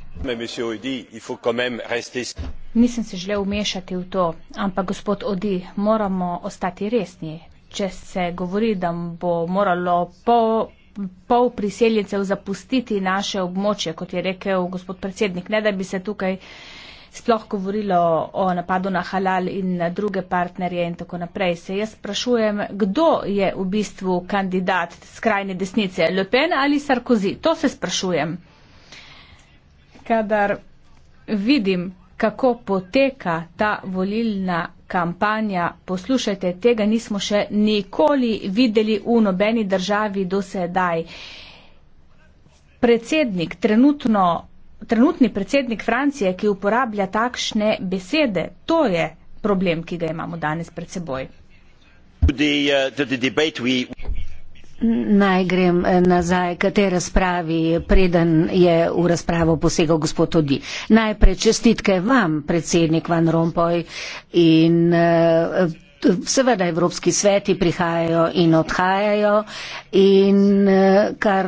Speaker 4: Nisem se želel vmešati v to, ampak gospod Odi, moramo ostati resni. Če se govori, da bo moralo pol, pol priseljencev zapustiti naše območje, kot je rekel gospod predsednik, ne da bi se tukaj sploh govorilo o napadu na halal in na druge partnerje in tako naprej. Se jaz sprašujem, kdo je v bistvu kandidat skrajne desnice, Le Pen ali Sarkozy? To se sprašujem kadar vidim, kako poteka ta volilna kampanja, poslušajte, tega nismo še nikoli videli v nobeni državi do sedaj. Predsednik, trenutno, trenutni predsednik Francije, ki uporablja takšne besede, to je problem, ki ga imamo danes pred seboj.
Speaker 5: The, uh, the, the
Speaker 4: Naj grem eh, nazaj k
Speaker 3: tej razpravi, preden je v razpravo posegal gospod Todi. Najprej čestitke vam, predsednik Van Rompuy in. Eh, seveda Evropski sveti prihajajo in odhajajo in eh, kar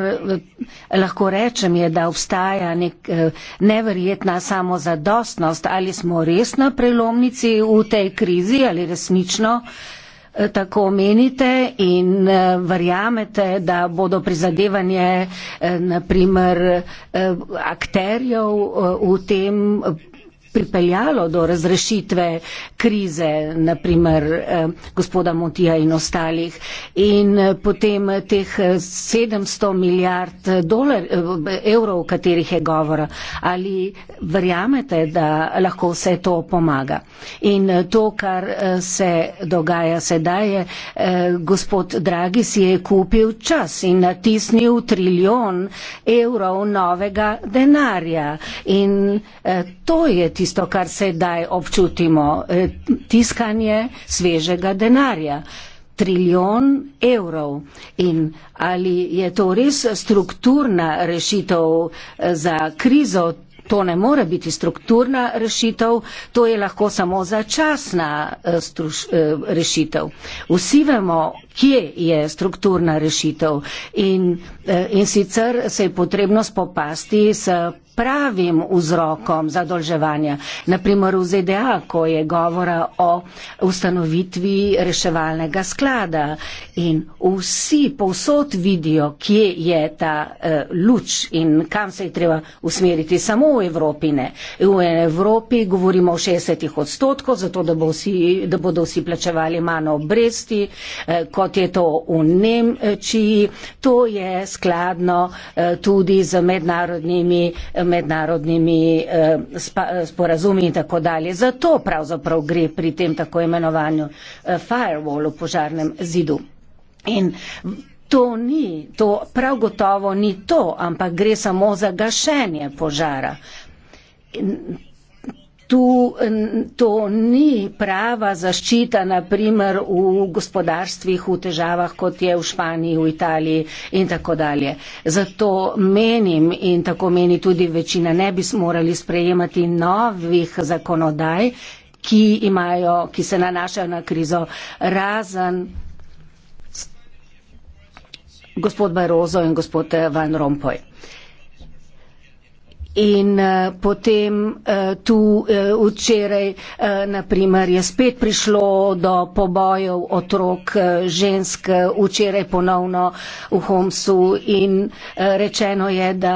Speaker 3: lahko rečem je, da obstaja nek neverjetna samozadostnost, ali smo res na prelomnici v tej krizi ali resnično. Uh, Eh, tako menite in eh, verjamete, da bodo prizadevanje eh, naprimer akterjev v tem pripeljalo do razrešitve krize, naprimer eh, gospoda Motija in ostalih. In eh, potem eh, teh 700 milijard dolar, evrov, o katerih je govora, ali verjamete, da lahko vse to pomaga? In to, kar se dogaja sedaj, je, gospod Dragi si je kupil čas in natisnil trilijon evrov novega denarja. In to je tisto, tisto, kar sedaj občutimo, eh, tiskanje svežega denarja trilijon evrov in ali je to res strukturna rešitev eh, za krizo, to ne more biti strukturna rešitev, to je lahko samo začasna eh, struš, rešitev. Vsi vemo, kje je strukturna rešitev in, eh, in sicer se je potrebno spopasti s pravim vzrokom zadolževanja. Naprimer v ZDA, ko je govora o ustanovitvi reševalnega sklada in vsi povsod vidijo, kje je ta uh, luč in kam se je treba usmeriti. Samo v Evropi ne. V Evropi govorimo o 60 odstotkov, zato da, bo vsi, da bodo vsi plačevali manj obresti, uh, ko kot je to v Nemčiji. To je skladno eh, tudi z mednarodnimi, mednarodnimi eh, eh, sporazumi in tako dalje. Zato pravzaprav gre pri tem tako imenovanju firewallu, požarnem zidu. In To ni, to prav gotovo ni to, ampak gre samo za gašenje požara. Tu to ni prava zaščita, naprimer v gospodarstvih v težavah, kot je v Španiji, v Italiji in tako dalje. Zato menim in tako meni tudi večina, ne bi morali sprejemati novih zakonodaj, ki, imajo, ki se nanašajo na krizo, razen gospod Barozo in gospod Van Rompuy in uh, potem uh, tu uh, včeraj, uh, naprimer, je spet prišlo do pobojev otrok, uh, žensk, uh, včeraj ponovno v Homsu in uh, rečeno je, da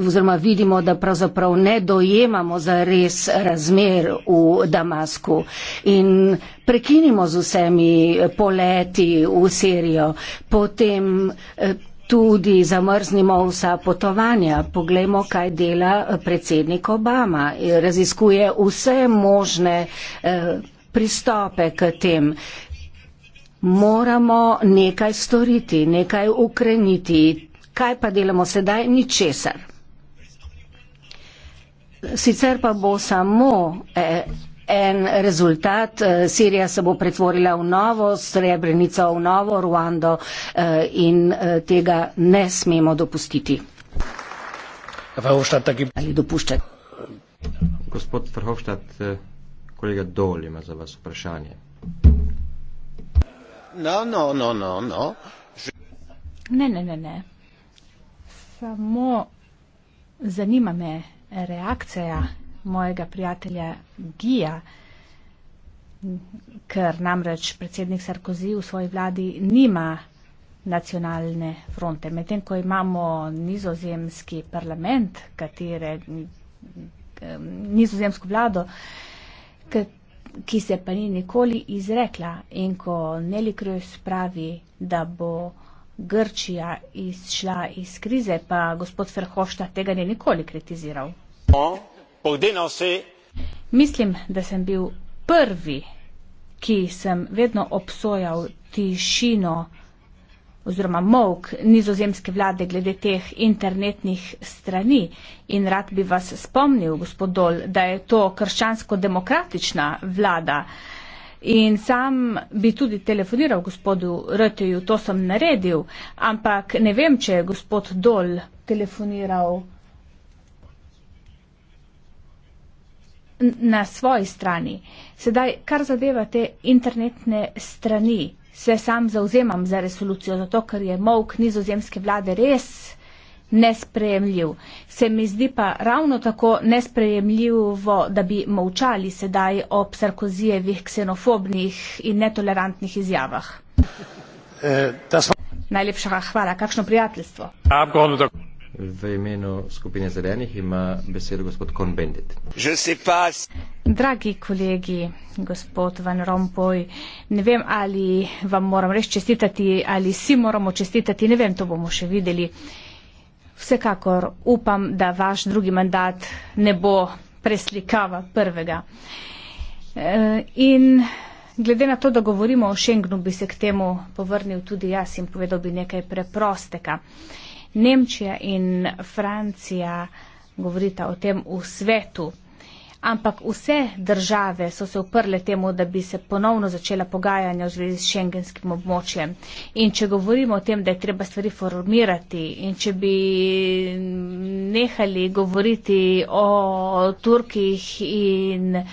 Speaker 3: oziroma vidimo, da pravzaprav ne dojemamo za res razmer v Damasku. In prekinimo z vsemi poleti v Sirijo, potem. Uh, Tudi zamrznimo vsa potovanja. Poglejmo, kaj dela eh, predsednik Obama. Eh, raziskuje vse možne eh, pristope k tem. Moramo nekaj storiti, nekaj ukreniti. Kaj pa delamo sedaj? Ničesar. Sicer pa bo samo en rezultat. Eh, Sirija se bo pretvorila v novo Srebrenico, v novo Ruando eh, in eh, tega ne smemo dopustiti.
Speaker 1: Ali dopuščate?
Speaker 2: Gospod Prhovštad, kolega Dol ima za vas vprašanje. No, no,
Speaker 3: no, no, no.
Speaker 4: Ne, ne, ne, ne. Samo zanima me reakcija mojega prijatelja Gija, ker namreč predsednik Sarkozy v svoji vladi nima nacionalne fronte. Medtem, ko imamo nizozemski parlament, katere, nizozemsko vlado, ki se pa ni nikoli izrekla in ko Neli Kroes pravi, da bo Grčija izšla iz krize, pa gospod Ferhošta tega ni nikoli kritiziral. Oh. Mislim, da sem bil prvi, ki sem vedno obsojal tišino oziroma mok nizozemske vlade glede teh internetnih strani. In rad bi vas spomnil, gospod Dol, da je to krščansko-demokratična vlada. In sam bi tudi telefoniral gospodu Rtiju, to sem naredil, ampak ne vem, če je gospod Dol telefoniral. na svoji strani. Sedaj, kar zadeva te internetne strani, se sam zauzemam za resolucijo, zato ker je mok nizozemske vlade res nesprejemljiv. Se mi zdi pa ravno tako nesprejemljivo, da bi molčali sedaj o Sarkozijevih ksenofobnih in netolerantnih izjavah. E, Najlepša hvala. Kakšno prijateljstvo?
Speaker 2: Abgornu, da... V imenu skupine zelenih ima besedo gospod Konbendit.
Speaker 4: Dragi kolegi, gospod Van Rompuy, ne vem, ali vam moram res čestitati ali si moramo čestitati, ne vem, to bomo še videli. Vsekakor upam, da vaš drugi mandat ne bo preslikava prvega. Eh, in glede na to, da govorimo o Schengnu, bi se k temu povrnil tudi jaz in povedal bi nekaj preprostega. Nemčija in Francija govorita o tem v svetu. Ampak vse države so se uprle temu, da bi se ponovno začela pogajanja v zvezi s šengenskim območjem. In če govorimo o tem, da je treba stvari formirati in če bi nehali govoriti o Turkih in e,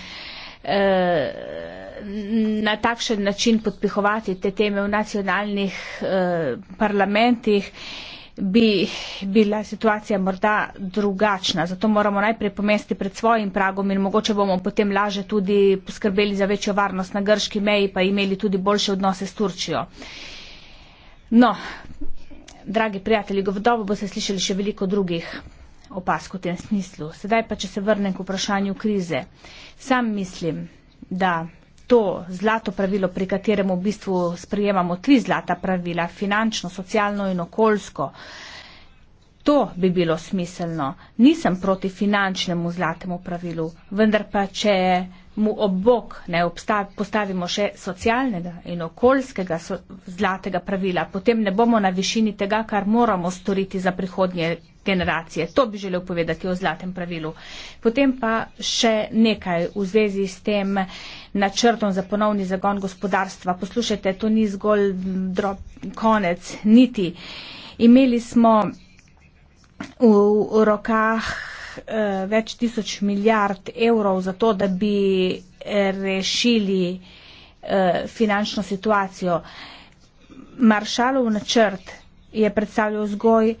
Speaker 4: na takšen način podpihovati te teme v nacionalnih e, parlamentih, e, bi bila situacija morda drugačna. Zato moramo najprej pomesti pred svojim pragom in mogoče bomo potem laže tudi poskrbeli za večjo varnost na grški meji, pa imeli tudi boljše odnose s Turčijo. No, dragi prijatelji, govedovo boste slišali še veliko drugih opask v tem smislu. Sedaj pa, če se vrnem k vprašanju krize. Sam mislim, da to zlato pravilo, pri katerem v bistvu sprejemamo tri zlata pravila, finančno, socialno in okoljsko. To bi bilo smiselno. Nisem proti finančnemu zlatemu pravilu, vendar pa če je mu ob bok ne obstavi, postavimo še socialnega in okoljskega so, zlatega pravila, potem ne bomo na višini tega, kar moramo storiti za prihodnje generacije. To bi želel povedati o zlatem pravilu. Potem pa še nekaj v zvezi s tem načrtom za ponovni zagon gospodarstva. Poslušajte, to ni zgolj drob, konec, niti. Imeli smo v, v rokah eh, več tisoč milijard evrov za to, da bi eh, rešili eh, finančno situacijo. Maršalov načrt je predstavljal zgolj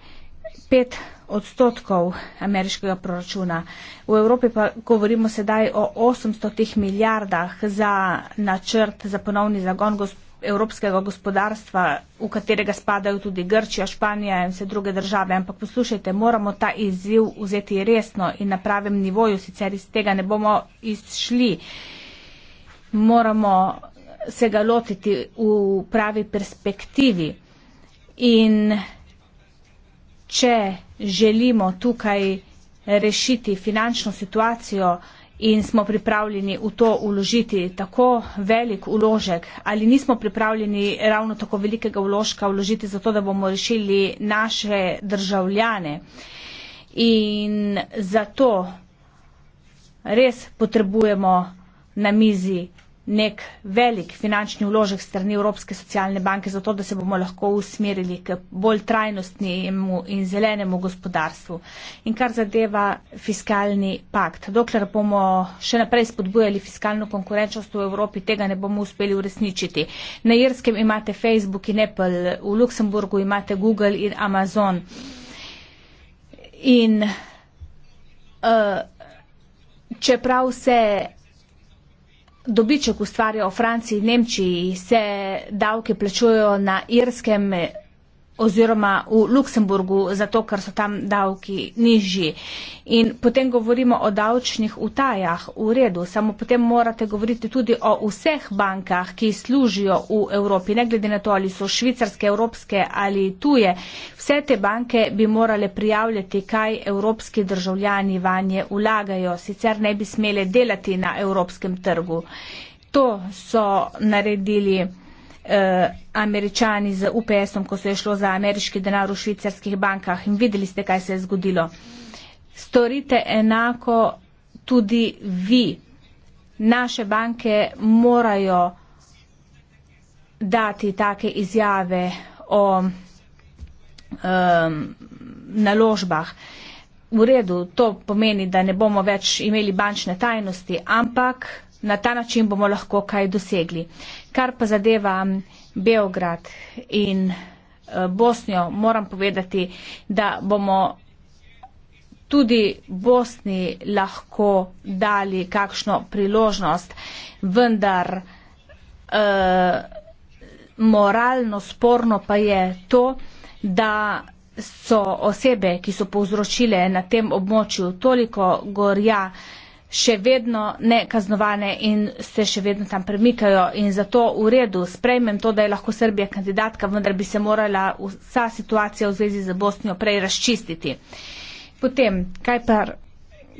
Speaker 4: pet odstotkov ameriškega proračuna. V Evropi pa govorimo sedaj o 800 milijardah za načrt za ponovni zagon gospodarstva evropskega gospodarstva, v katerega spadajo tudi Grčija, Španija in vse druge države. Ampak poslušajte, moramo ta izziv vzeti resno in na pravem nivoju, sicer iz tega ne bomo izšli. Moramo se ga lotiti v pravi perspektivi. In če želimo tukaj rešiti finančno situacijo, in smo pripravljeni v to vložiti tako velik vložek ali nismo pripravljeni ravno tako velikega vložka vložiti zato, da bomo rešili naše državljane. In zato res potrebujemo na mizi nek velik finančni vložek strani Evropske socialne banke, zato da se bomo lahko usmerili k bolj trajnostnemu in zelenemu gospodarstvu. In kar zadeva fiskalni pakt, dokler bomo še naprej spodbujali fiskalno konkurenčnost v Evropi, tega ne bomo uspeli uresničiti. Na Irskem imate Facebook in Apple, v Luksemburgu imate Google in Amazon. In uh, čeprav se dobiček ustvarja v Franciji in Nemčiji, se davke plačujejo na Irskem, oziroma v Luksemburgu, zato ker so tam davki nižji. In potem govorimo o davčnih utajah v redu, samo potem morate govoriti tudi o vseh bankah, ki služijo v Evropi, ne glede na to, ali so švicarske, evropske ali tuje. Vse te banke bi morale prijavljati, kaj evropski državljani vanje ulagajo, sicer ne bi smele delati na evropskem trgu. To so naredili. Eh, američani z UPS-om, ko se je šlo za ameriški denar v švicarskih bankah in videli ste, kaj se je zgodilo. Storite enako tudi vi. Naše banke morajo dati take izjave o um, naložbah. V redu, to pomeni, da ne bomo več imeli bančne tajnosti, ampak na ta način bomo lahko kaj dosegli. Kar pa zadeva Beograd in eh, Bosnijo, moram povedati, da bomo tudi Bosni lahko dali kakšno priložnost, vendar eh, moralno sporno pa je to, da so osebe, ki so povzročile na tem območju toliko gorja, še vedno ne kaznovane in se še vedno tam premikajo in zato v redu sprejmem to, da je lahko Srbija kandidatka, vendar bi se morala vsa situacija v zvezi z Bosnijo prej razčistiti. Potem, kaj pa,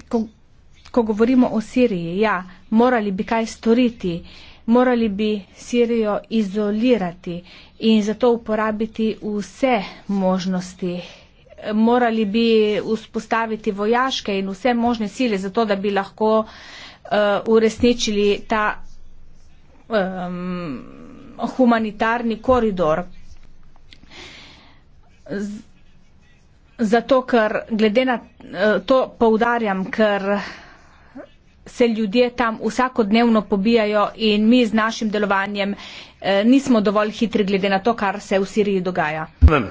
Speaker 4: ko, ko govorimo o Siriji, ja, morali bi kaj storiti, morali bi Sirijo izolirati in zato uporabiti vse možnosti morali bi vzpostaviti vojaške in vse možne sile za to, da bi lahko eh, uresničili ta um, humanitarni koridor. Zato, ker glede na eh, to poudarjam, ker se ljudje tam vsakodnevno pobijajo in mi z našim delovanjem eh, nismo dovolj hitri glede na to, kar se v Siriji dogaja.
Speaker 2: Vem.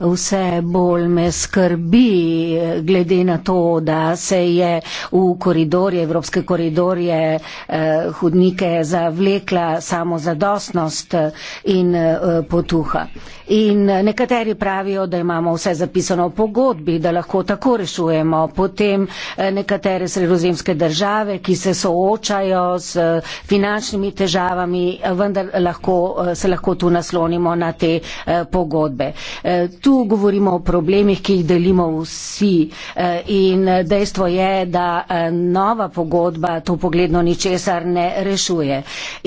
Speaker 3: vse bolj me skrbi, glede na to, da se je v koridorje, evropske koridorje eh, hudnike zavlekla samozadostnost in eh, potuha. In eh, nekateri pravijo, da imamo vse zapisano v pogodbi, da lahko tako rešujemo. Potem eh, nekatere sredozemske države, ki se soočajo s eh, finančnimi težavami, vendar lahko, se lahko tu naslonimo na te pogodbe tu govorimo o problemih, ki jih delimo vsi eh, in dejstvo je, da eh, nova pogodba to pogledno ničesar ne rešuje.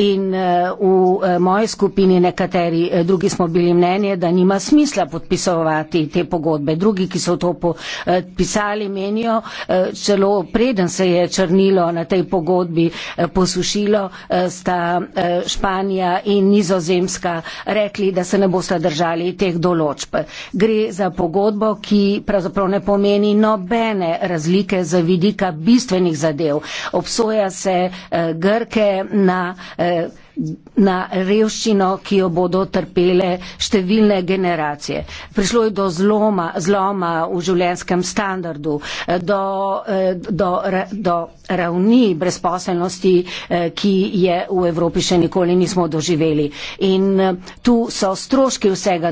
Speaker 3: In eh, v moji skupini nekateri drugi smo bili mnenje, da nima smisla podpisovati te pogodbe. Drugi, ki so to pisali, menijo, čelo preden se je črnilo na tej pogodbi posušilo, sta Španija in Nizozemska rekli, da se ne bosta držali teh določb gre za pogodbo, ki pravzaprav ne pomeni nobene razlike za vidika bistvenih zadev. Obsoja se eh, Grke na eh, na revščino, ki jo bodo trpele številne generacije. Prišlo je do zloma, zloma v življenskem standardu, eh, do, eh, do, do ravni brezposelnosti, eh, ki je v Evropi še nikoli nismo doživeli. In tu so stroški vsega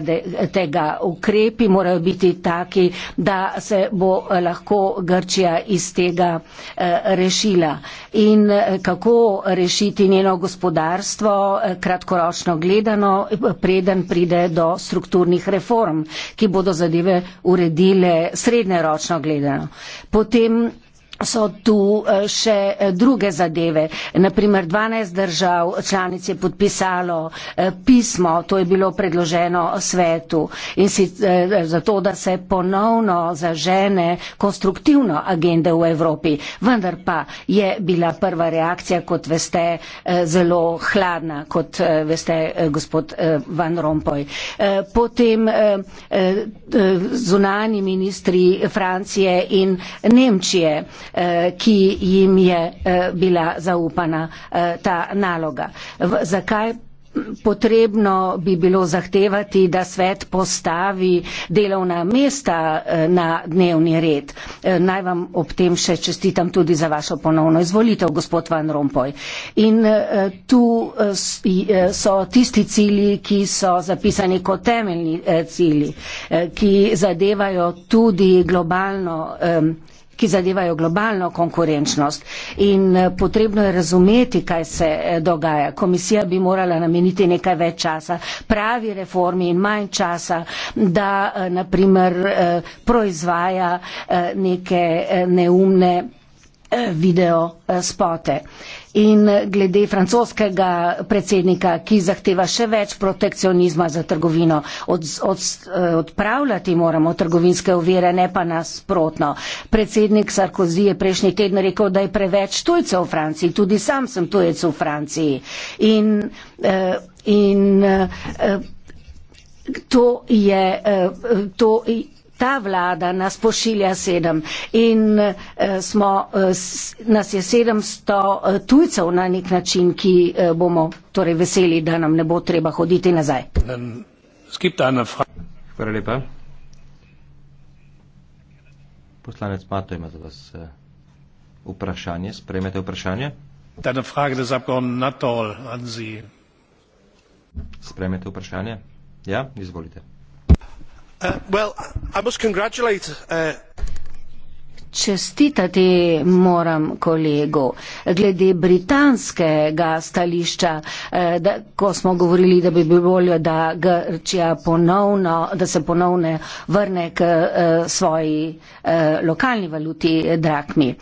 Speaker 3: tega. Ukrepi morajo biti taki, da se bo lahko Grčija iz tega rešila. In kako rešiti njeno gospodarstvo? zdravstvo eh, kratkoročno gledano, eh, preden pride do strukturnih reform, ki bodo zadeve uredile srednjeročno gledano. Potem so tu e, še e, druge zadeve. Naprimer, 12 držav članic je podpisalo e, pismo, to je bilo predloženo svetu in si zato, da se ponovno zažene konstruktivno agende v Evropi. Vendar pa je bila prva reakcija, kot veste, zelo hladna, kot veste, gospod Van Rompuy. Potem zunani ministri Francije in Nemčije. Eh, ki jim je eh, bila zaupana eh, ta naloga. Zakaj? Potrebno bi bilo zahtevati, da svet postavi delovna mesta na dnevni red. Naj vam ob tem še čestitam tudi za vašo ponovno izvolitev, gospod Van Rompoj. In tu so tisti cilji, ki so zapisani kot temeljni cilji, ki zadevajo tudi globalno ki zadevajo globalno konkurenčnost in eh, potrebno je razumeti, kaj se eh, dogaja. Komisija bi morala nameniti nekaj več časa pravi reformi in manj časa, da eh, naprimer proizvaja neke neumne video spote. Uh, in glede francoskega predsednika, ki zahteva še več protekcionizma za trgovino. Od, od, eh, odpravljati moramo trgovinske ovire, ne pa nasprotno. Predsednik Sarkozy je prejšnji teden rekel, da je preveč tujcev v Franciji. Tudi sam sem tujec v Franciji. In, eh, in, eh, to je, to je, ta vlada nas pošilja sedem in uh, smo, uh, nas je sedemsto uh, tujcev na nek način, ki uh, bomo torej veseli, da nam ne bo treba hoditi nazaj.
Speaker 2: Hvala lepa. Poslanec Mato ima za vas uh, vprašanje. Sprejmete vprašanje? Sprejmete vprašanje? Ja, izvolite. Uh, uh,
Speaker 3: Čestitati moram kolegu glede britanskega stališča, uh, da, ko smo govorili, da bi bilo bolje, da Grčija ponovno, da se ponovno vrne k svoji lokalni valuti drakmi.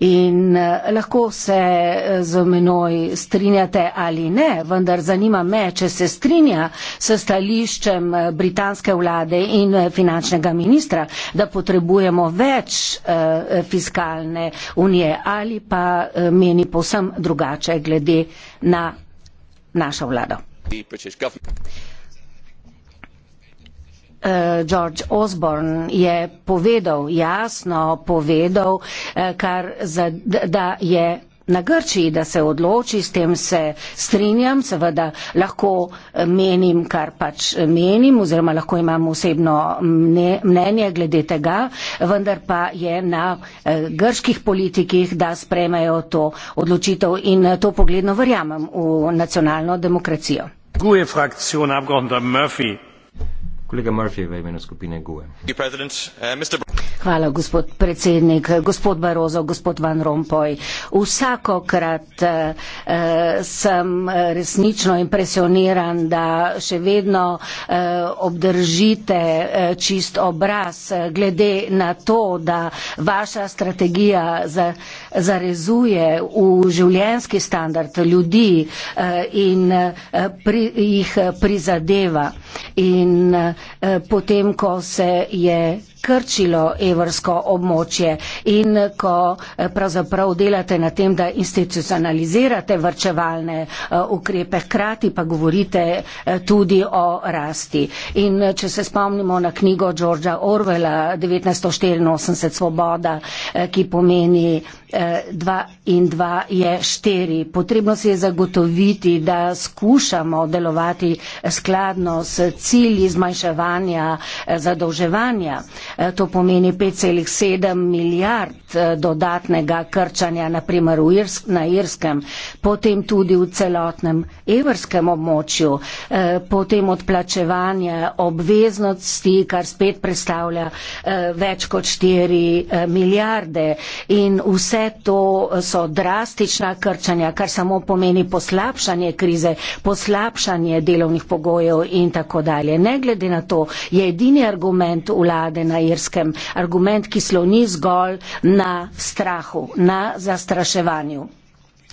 Speaker 3: In eh, lahko se eh, z menoj strinjate ali ne, vendar zanima me, če se strinja s stališčem eh, britanske vlade in finančnega ministra, da potrebujemo več fiskalne unije ali pa meni povsem drugače glede na našo vlado. Eh, George Osborne je povedal, jasno povedal, eh, kar, da je na Grčiji, da se odloči, s tem se strinjam, seveda lahko eh, menim, kar pač menim, oziroma lahko imam osebno mnenje glede tega, vendar pa je na grških politikih, da spremajo to odločitev in to pogledno verjamem v nacionalno demokracijo.
Speaker 1: Gruje frakcijo, nabgornda Murphy. Kolega Murphy v imenu skupine GUE.
Speaker 2: Uh,
Speaker 3: Hvala, gospod predsednik, gospod Barozo, gospod Van Rompoj. Vsakokrat eh, sem resnično impresioniran, da še vedno eh, obdržite eh, čist obraz eh, glede na to, da vaša strategija za, zarezuje v življenski standard ljudi eh, in eh, pri, jih eh, prizadeva. In, eh, Eh, potem, ko se je krčilo evrsko območje in ko eh, pravzaprav delate na tem, da institucionalizirate vrčevalne eh, ukrepe, hkrati pa govorite eh, tudi o rasti. In če se spomnimo na knjigo Georgea Orwella 1984 Svoboda, ki pomeni 2 in 2 je 4. Potrebno se je zagotoviti, da skušamo delovati skladno s cilji zmanjševanja zadolževanja. Eh, to pomeni 5,7 milijard eh, dodatnega krčanja naprimer Irsk, na Irskem, potem tudi v celotnem evrskem območju, eh, potem odplačevanje obveznosti, kar spet predstavlja več kot 4 milijarde. In vse to so drastična krčanja, kar samo pomeni poslabšanje krize, poslabšanje delovnih pogojev in tako dalje. Ne glede na to, je edini argument vlade na na irskem, argument, ki sloni zgolj na strahu, na zastraševanju.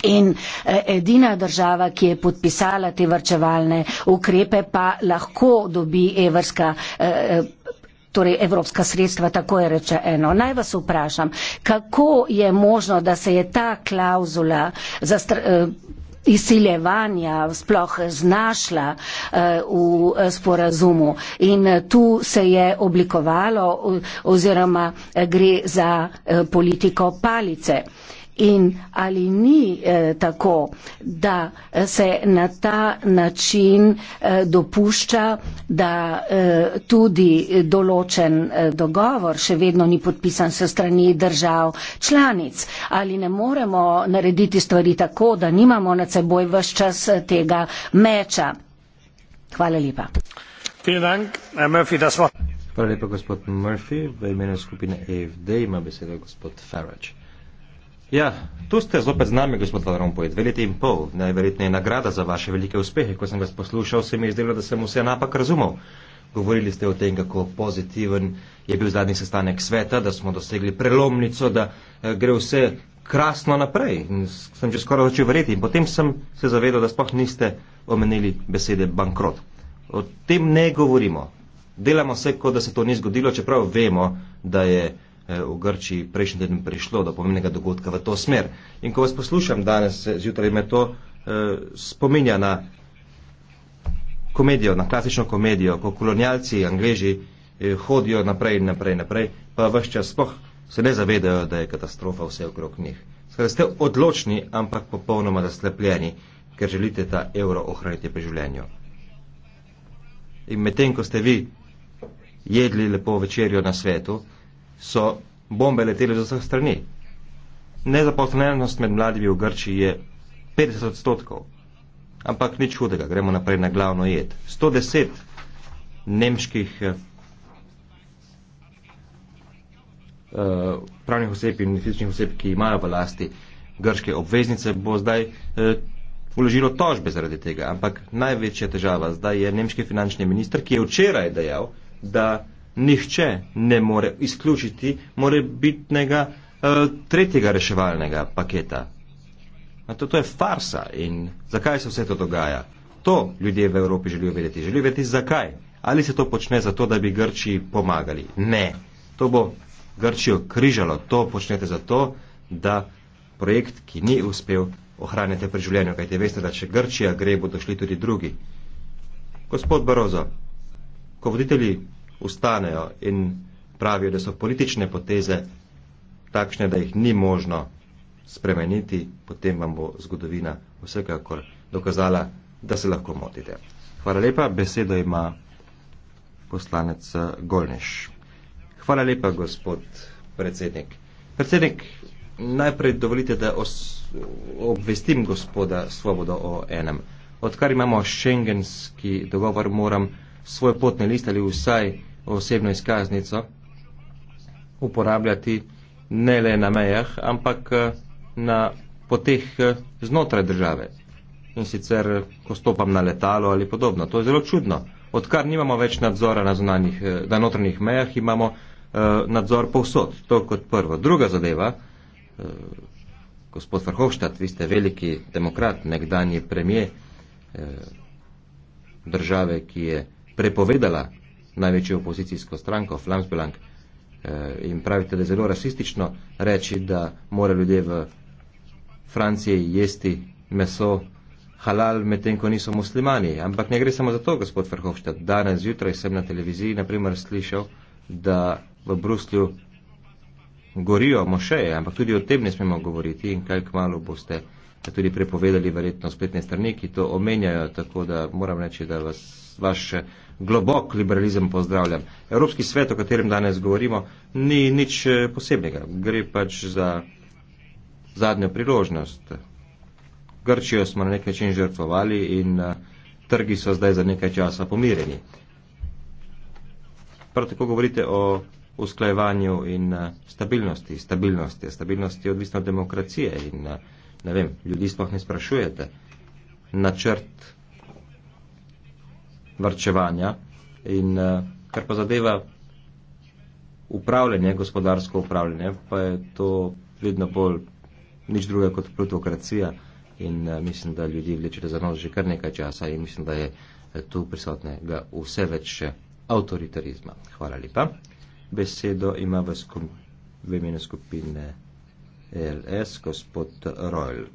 Speaker 3: In eh, edina država, ki je podpisala te vrčevalne ukrepe, pa lahko dobi evrska, eh, eh, torej evropska sredstva, tako je reče eno. Naj vas vprašam, kako je možno, da se je ta klauzula izsiljevanja sploh znašla eh, v eh, sporazumu. In eh, tu se je oblikovalo oziroma gre za politiko palice. In ali ni eh, tako, da se na ta način eh, dopušča, da eh, tudi določen eh, dogovor še vedno ni podpisan se strani držav članic? Ali ne moremo narediti stvari tako, da nimamo nad seboj vse čas eh, tega meča? Hvala lepa.
Speaker 2: Hvala lepa, gospod Murphy. V imenu skupine AFD ima besedo gospod Farage. Ja, tu ste zopet z nami, gospod Valerom Poet, dve leti in pol. Najverjetneje nagrada za vaše velike uspehe. Ko sem vas poslušal, se mi je zdelo, da sem vse napak razumel. Govorili ste o tem, kako pozitiven je bil zadnji sestanek sveta, da smo dosegli prelomnico, da eh, gre vse krasno naprej. In sem že skoraj začel verjeti in potem sem se zavedal, da sploh niste omenili besede bankrot. O tem ne govorimo. Delamo se, kot da se to ni zgodilo, čeprav vemo, da je Eh, v Grčiji prejšnji teden prišlo do pomembnega dogodka v to smer. In ko vas poslušam danes eh, zjutraj, me to eh, spominja na komedijo, na klasično komedijo, ko kolonialci, angleži eh, hodijo naprej in naprej in naprej, pa vse čas spoh se ne zavedajo, da je katastrofa vse okrog njih. Skratka, ste odločni, ampak popolnoma zaslepljeni, ker želite ta evro ohraniti pri življenju. In medtem, ko ste vi jedli lepo večerjo na svetu, so bombe letele z vseh strani. Nezaposlenost med mladimi v Grčiji je 50 odstotkov. Ampak nič hudega, gremo naprej na glavno jed. 110 nemških eh, pravnih oseb in fizičnih oseb, ki imajo v lasti grške obveznice, bo zdaj eh, vložilo tožbe zaradi tega. Ampak največja težava zdaj je nemški finančni minister, ki je včeraj dejal, da nihče ne more izključiti morebitnega uh, tretjega reševalnega paketa. To, to je farsa in zakaj se vse to dogaja? To ljudje v Evropi želijo vedeti. Želijo vedeti zakaj. Ali se to počne zato, da bi Grčiji pomagali? Ne. To bo Grčijo križalo. To počnete zato, da projekt, ki ni uspel, ohranite pri življenju. Kaj te veste, da če Grčija gre, bodo šli tudi drugi. Gospod Barozo, ko voditelji ustanejo in pravijo, da so politične poteze takšne, da jih ni možno spremeniti, potem vam bo zgodovina vsekakor dokazala, da se lahko motite. Hvala lepa, besedo ima poslanec eh, Golniš. Hvala lepa, gospod predsednik. Predsednik, najprej dovolite, da obvestim gospoda Svobodo o enem. Odkar imamo šengenski dogovor, moram svoj potni list ali vsaj osebno izkaznico uporabljati ne le na mejah, ampak eh, na poteh eh, znotraj države. In sicer, ko stopam na letalo ali podobno. To je zelo čudno. Odkar nimamo več nadzora na, zunanjih, eh, na notranjih mejah, imamo eh, nadzor povsod. To kot prvo. Druga zadeva, eh, gospod Vrhovštat, vi ste veliki demokrat, nekdanji premije eh, države, ki je prepovedala največjo opozicijsko stranko, Flamsbelang, eh, in pravite, da je zelo rasistično reči, da mora ljudje v Franciji jesti meso halal, medtem ko niso muslimani. Ampak ne gre samo za to, gospod Verhofstadt. Danes zjutraj sem na televiziji naprimer slišal, da v Bruslju gorijo mošeje, ampak tudi o tem ne smemo govoriti in kaj kmalo boste tudi prepovedali verjetno spletne strani, ki to omenjajo, tako da moram reči, da vas, vaš globok liberalizem pozdravljam. Evropski svet, o katerem danes govorimo, ni nič eh, posebnega. Gre pač za zadnjo priložnost. Grčijo smo na nek način žrtvovali in eh, trgi so zdaj za nekaj časa pomireni. Prav tako govorite o usklajevanju in eh, stabilnosti. Stabilnost je, stabilnost je odvisna od demokracije in ne vem, ljudi sploh ne sprašujete. Načrt varčevanja in eh, kar pa zadeva upravljanje, gospodarsko upravljanje, pa je to vedno bolj nič druga kot plutokracija in eh, mislim, da ljudi vleče za nos že kar nekaj časa in mislim, da je eh, tu prisotnega vse več avtoritarizma. Hvala lepa. Besedo ima v, skup, v imenu skupine LS gospod Royal,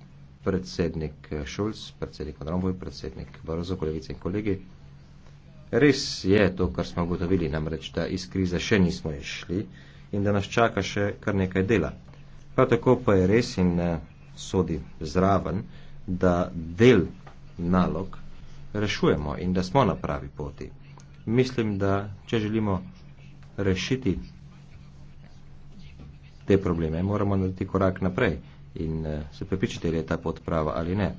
Speaker 2: predsednik Šulc, predsednik Madromboj, predsednik Barozo, kolegice in kolegi. Res je to, kar smo ugotovili, namreč, da iz krize še nismo išli in da nas čaka še kar nekaj dela. Prav tako pa je res in eh, sodi zraven, da del nalog rešujemo in da smo na pravi poti. Mislim, da če želimo rešiti te probleme, moramo narediti korak naprej in eh, se prepričati, ali je ta pot prava ali ne.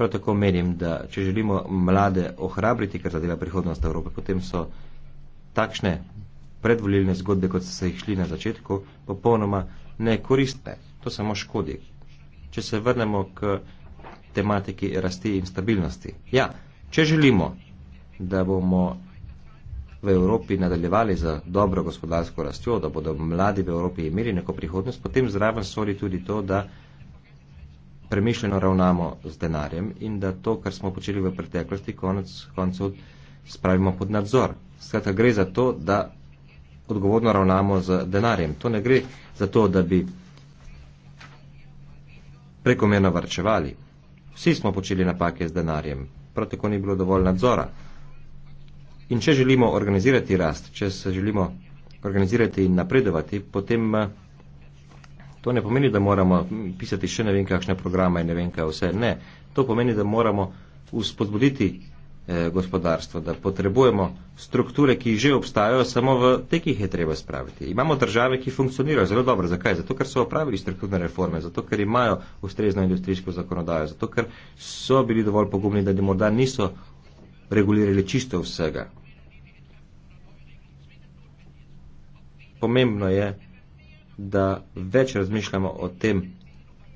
Speaker 2: Prav tako menim, da če želimo mlade ohrabriti, kar zadeva prihodnost Evrope, potem so takšne predvolilne zgodbe, kot so se jih šli na začetku, popolnoma nekoristne. To samo škodi. Če se vrnemo k tematiki rasti in stabilnosti. Ja, če želimo, da bomo v Evropi nadaljevali za dobro gospodarsko rastjo, da bodo mladi v Evropi imeli neko prihodnost, potem zraven sori tudi to, da premišljeno ravnamo z denarjem in da to, kar smo počeli v preteklosti, konec koncev spravimo pod nadzor. Skratka, gre za to, da odgovorno ravnamo z denarjem. To ne gre za to, da bi prekomerno varčevali. Vsi smo počeli napake z denarjem, prav tako ni bilo dovolj nadzora. In če želimo organizirati rast, če se želimo organizirati in napredovati, potem eh, To ne pomeni, da moramo pisati še ne vem kakšne programe in ne vem kaj vse. Ne, to pomeni, da moramo uspodbuditi eh, gospodarstvo, da potrebujemo strukture, ki že obstajajo, samo v teh jih je treba spraviti. Imamo države, ki funkcionirajo zelo dobro. Zakaj? Zato, ker so opravili strukturne reforme, zato, ker imajo ustrezno industrijsko zakonodajo, zato, ker so bili dovolj pogumni, da morda niso regulirali čisto vsega. Pomembno je, da več razmišljamo o tem,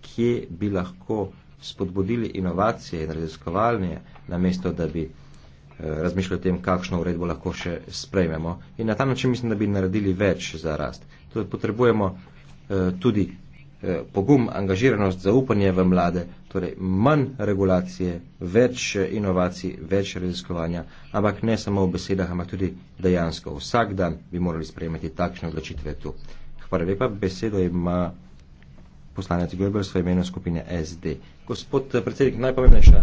Speaker 2: kje bi lahko spodbudili inovacije in raziskovalnje, namesto da bi eh, razmišljali o tem, kakšno uredbo lahko še sprejmemo. In na ta način mislim, da bi naredili več za rast. Eh, tudi potrebujemo eh, tudi pogum, angažiranost, zaupanje v mlade, torej manj regulacije, več inovacij, več raziskovanja, ampak ne samo v besedah, ampak tudi dejansko. Vsak dan bi morali sprejemati takšne odločitve tu. Hvala lepa. Besedo ima poslanec Goebbels v imenu skupine SD. Gospod predsednik, najpomembnejša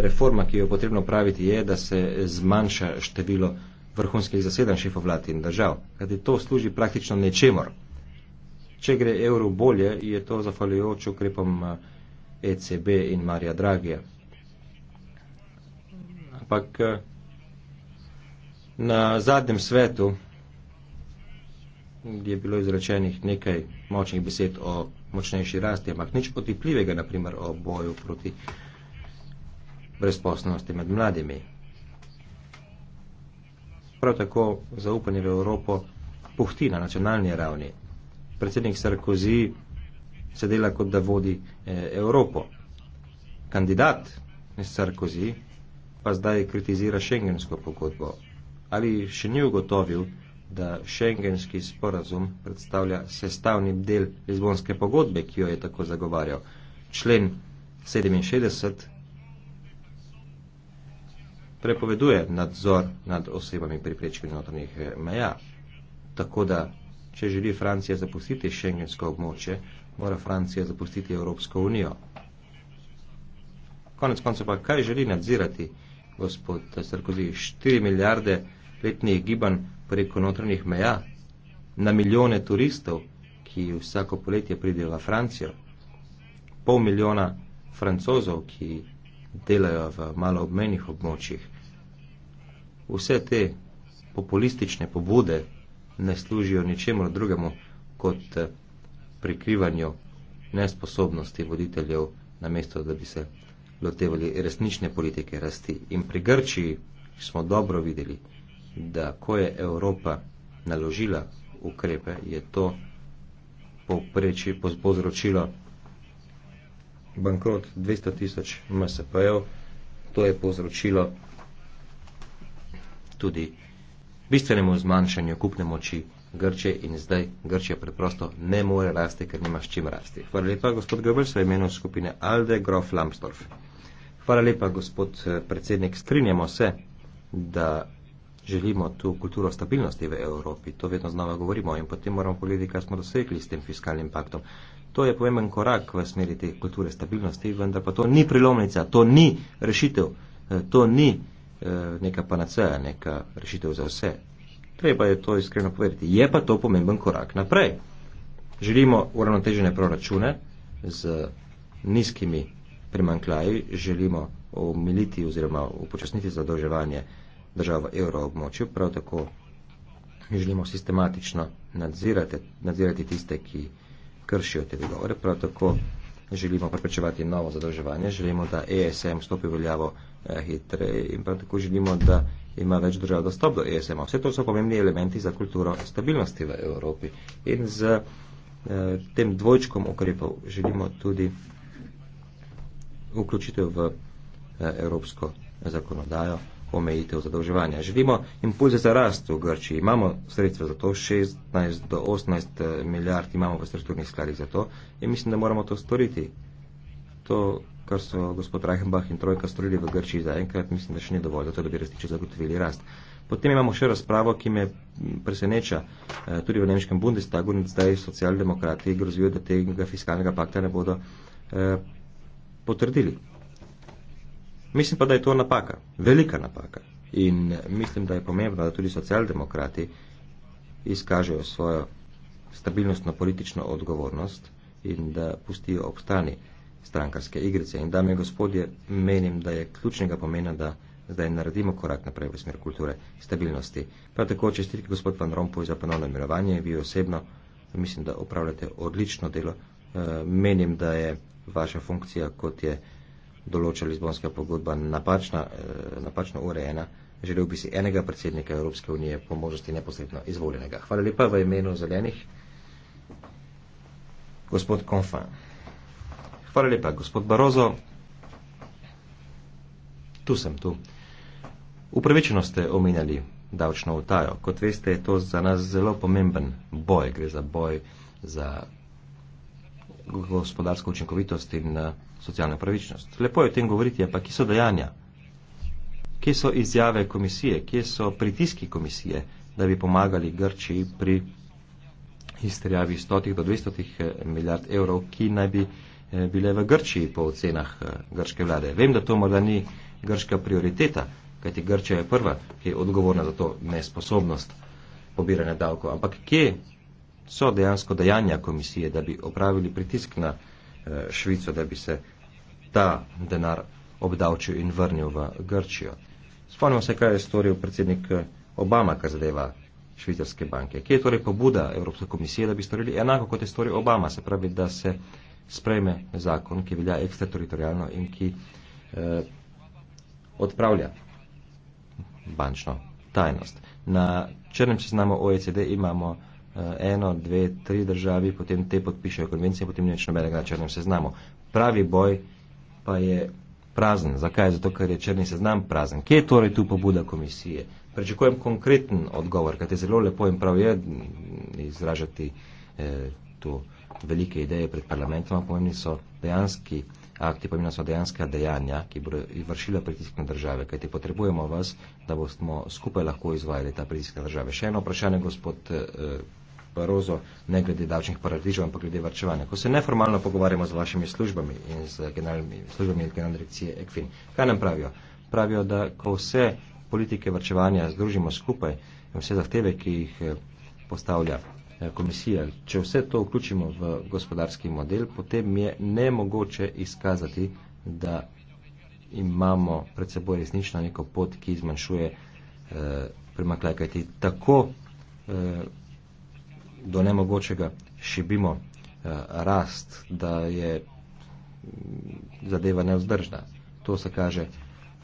Speaker 2: reforma, ki jo potrebno praviti, je, da se zmanjša število vrhunskih zasedanj šefov vlad in držav, kajti to služi praktično nečemor. Če gre evru bolje, je to zafaljujoč ukrepom ECB eh, e in Marija Dragija. Ampak eh, na zadnjem svetu je bilo izrečenih nekaj močnih besed o močnejši rasti, ampak nič potipljivega, naprimer, o boju proti brezposnosti med mladimi. Prav tako zaupanje v Evropo puhti na nacionalni ravni. Predsednik Sarkozy se dela kot da vodi eh, Evropo. Kandidat Sarkozy pa zdaj kritizira šengensko pogodbo. Ali še ni ugotovil, da šengenski sporazum predstavlja sestavni del Lizbonske pogodbe, ki jo je tako zagovarjal. Člen 67 prepoveduje nadzor nad osebami pri prečkanju notranjih eh, meja. Tako da, če želi Francija zapustiti šengensko območje, mora Francija zapustiti Evropsko unijo. Konec konca pa, kaj želi nadzirati gospod Sarkozy? 4 milijarde letnih gibanj preko notranjih meja, na milijone turistov, ki vsako poletje pridejo v Francijo, pol milijona francozov, ki delajo v malo obmenih območjih. Vse te populistične pobude ne služijo ničemu drugemu kot eh, prikrivanju nesposobnosti voditeljev na mesto, da bi se lotevali resnične politike rasti. In pri Grčiji smo dobro videli, da ko je Evropa naložila ukrepe, je to povprečje povzročilo bankrot 200 tisoč MSP-ev, to je povzročilo tudi bistvenemu zmanjšanju kupne moči Grče in zdaj Grče preprosto ne more rasti, ker nima s čim rasti. Hvala lepa, gospod Goebbels, v imenu skupine Alde, grof Lambsdorff. Hvala lepa, gospod eh, predsednik, strinjamo se, da želimo tu kulturo stabilnosti v Evropi. To vedno znova govorimo in potem moramo pogledati, kaj smo dosegli s tem fiskalnim paktom. To je pomemben korak v smeri te kulture stabilnosti, vendar pa to ni prilomnica, to ni rešitev, eh, to ni eh, neka panaceja, neka rešitev za vse. Treba je to iskreno povedati. Je pa to pomemben korak naprej. Želimo uravnotežene proračune z nizkimi primankljaji, želimo omiliti oziroma upočasniti zadolževanje država evroobmočju. Prav tako želimo sistematično nadzirati, nadzirati tiste, ki kršijo te dogovore. Prav tako želimo preprečevati novo zadolževanje, želimo, da ESM stopi v veljavo eh, hitreje in prav tako želimo, da ima več držav dostop do ESM. -a. Vse to so pomembni elementi za kulturo stabilnosti v Evropi. In z eh, tem dvojčkom ukrepov želimo tudi vključitev v eh, evropsko zakonodajo omejitev zadolževanja. Živimo impulze za rast v Grčiji, imamo sredstva za to, 16 do 18 eh, milijard imamo v strukturnih skladih za to in mislim, da moramo to storiti. To, kar so gospod Reichenbach in Trojka storili v Grčiji zaenkrat, mislim, da še ni dovolj, zato da bi resnično zagotovili rast. Potem imamo še razpravo, ki me preseneča. Eh, tudi v nemškem Bundestagu zdaj socialdemokrati grozijo, da tega fiskalnega pakta ne bodo eh, potrdili. Mislim pa, da je to napaka, velika napaka. In eh, mislim, da je pomembno, da tudi socialdemokrati izkažejo svojo stabilnostno politično odgovornost in da pustijo obstani strankarske igrice. In dame in gospodje, menim, da je ključnega pomena, da zdaj naredimo korak naprej v smer kulture stabilnosti. Prav tako čestitke gospod Van Rompuy za ponovno imenovanje. Vi osebno mislim, da upravljate odlično delo. E, menim, da je vaša funkcija kot je določa Lizbonska pogodba napačna, eh, napačno urejena, želel bi si enega predsednika Evropske unije, po možnosti neposredno izvoljenega. Hvala lepa v imenu zelenih. Gospod Konfan. Hvala lepa, gospod Barozo. Tu sem, tu. Upravičeno ste omenjali davčno utajo. Kot veste, je to za nas zelo pomemben boj. Gre za boj za gospodarsko učinkovitost in eh, socialna pravičnost. Lepo je o tem govoriti, ampak kje so dejanja? Kje so izjave komisije? Kje so pritiski komisije, da bi pomagali Grčiji pri izterjavi 100 do 200 eh, milijard evrov, ki naj bi eh, bile v Grčiji po ocenah eh, grške vlade? Vem, da to morda ni grška prioriteta, kajti Grčija je prva, ki je odgovorna za to nesposobnost pobiranja davkov. Ampak kje so dejansko dejanja komisije, da bi opravili pritisk na Eh, Švico, da bi se ta denar obdavčil in vrnil v Grčijo. Spomnimo se, kaj je storil predsednik eh, Obama, kar zadeva švicarske banke. Kje je torej pobuda Evropske komisije, da bi storili enako, kot je storil Obama, se pravi, da se sprejme zakon, ki velja ekstrateritorijalno in ki eh, odpravlja bančno tajnost. Na črnem seznamu OECD imamo Eh, eno, dve, tri državi, potem te podpišejo konvencije, potem ni več nobenega na črnem seznamu. Pravi boj pa je prazen. Zakaj? Zato, ker je črni seznam prazen. Kje je torej tu pobuda komisije? Prečakujem konkreten odgovor, kaj je zelo lepo in prav je mm, izražati eh, tu velike ideje pred parlamentom, pomeni so dejanski akti, pomeni so dejanska dejanja, ki bodo vršila pritisk na države, kajti potrebujemo vas, da bomo skupaj lahko izvajali ta pritisk na države. Še eno vprašanje, gospod eh, Barozo, ne glede davčnih paradižov, ampak glede varčevanja. Ko se neformalno pogovarjamo z vašimi službami in z generalnimi službami in generalne direkcije ECFIN, kaj nam pravijo? Pravijo, da ko vse politike varčevanja združimo skupaj in vse zahteve, ki jih eh, postavlja eh, komisija, če vse to vključimo v gospodarski model, potem je nemogoče izkazati, da imamo pred seboj resnično neko pot, ki zmanjšuje eh, primaklaj, kajti tako eh, do nemogočega šibimo eh, rast, da je mm, zadeva neozdržna. To se kaže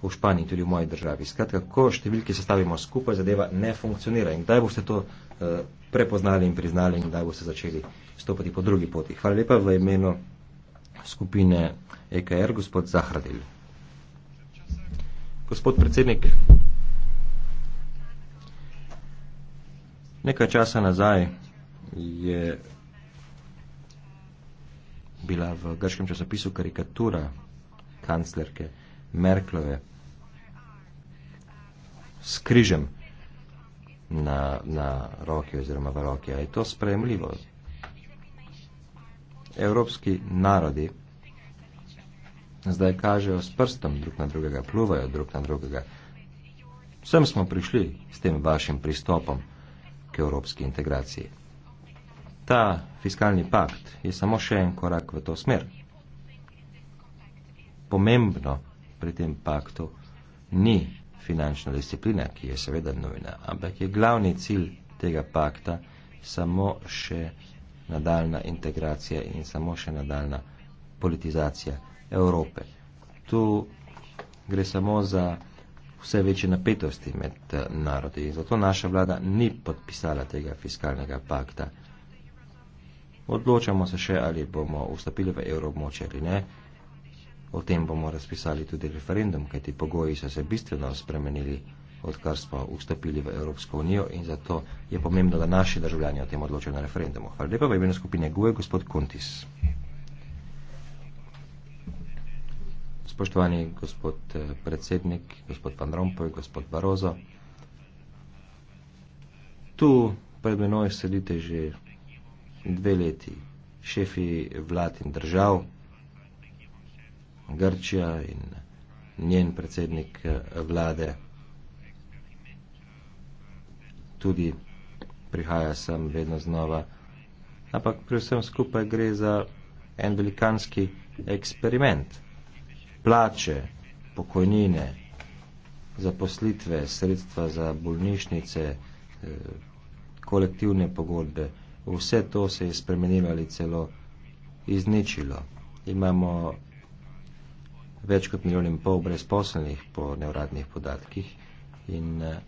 Speaker 2: v Španiji, tudi v moji državi. Skratka, ko številke sestavimo skupaj, zadeva ne funkcionira. In kdaj boste to eh, prepoznali in priznali in kdaj boste začeli stopati po drugi poti. Hvala lepa v imenu skupine EKR, gospod Zahradil. Gospod predsednik, nekaj časa nazaj je bila v grškem časopisu karikatura kanclerke Merklove s križem na, na roki oziroma v roki. Ali je to sprejemljivo? Evropski narodi zdaj kažejo s prstom drug na drugega, pluvajo drug na drugega. Sem smo prišli s tem vašim pristopom k evropski integraciji. Ta fiskalni pakt je samo še en korak v to smer. Pomembno pri tem paktu ni finančna disciplina, ki je seveda nujna, ampak je glavni cilj tega pakta samo še nadaljna integracija in samo še nadaljna politizacija Evrope. Tu gre samo za vse večje napetosti med eh, narodi in zato naša vlada ni podpisala tega fiskalnega pakta odločamo se še, ali bomo vstopili v evroobmočje ali ne. O tem bomo razpisali tudi referendum, kajti pogoji so se bistveno spremenili, odkar smo vstopili v Evropsko unijo in zato je pomembno, da naši državljani o tem odločajo na referendumu. Hvala lepa v imenu skupine GUE, gospod Kontis. Spoštovani gospod eh, predsednik, gospod Van Rompuy, gospod Barozo, tu pred menoj sedite že dve leti. Šefi vlad in držav, Grčija in njen predsednik eh, vlade, tudi prihaja sem vedno znova. Ampak pri vsem skupaj gre za en velikanski eksperiment. Plače, pokojnine, zaposlitve, sredstva za bolnišnice, eh, kolektivne pogodbe vse to se je spremenilo ali celo izničilo. Imamo več kot milijon in pol brezposelnih po neuradnih podatkih in eh,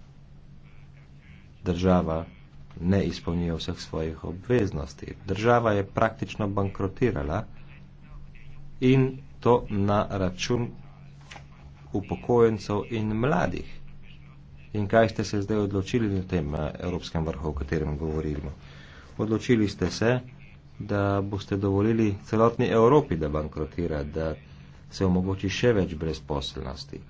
Speaker 2: država ne izpolnijo vseh svojih obveznosti. Država je praktično bankrotirala in to na račun upokojencev in mladih. In kaj ste se zdaj odločili na tem eh, Evropskem vrhu, o katerem govorimo? odločili ste se, da boste dovolili celotni Evropi, da bankrotira, da se omogoči še več brezposelnosti.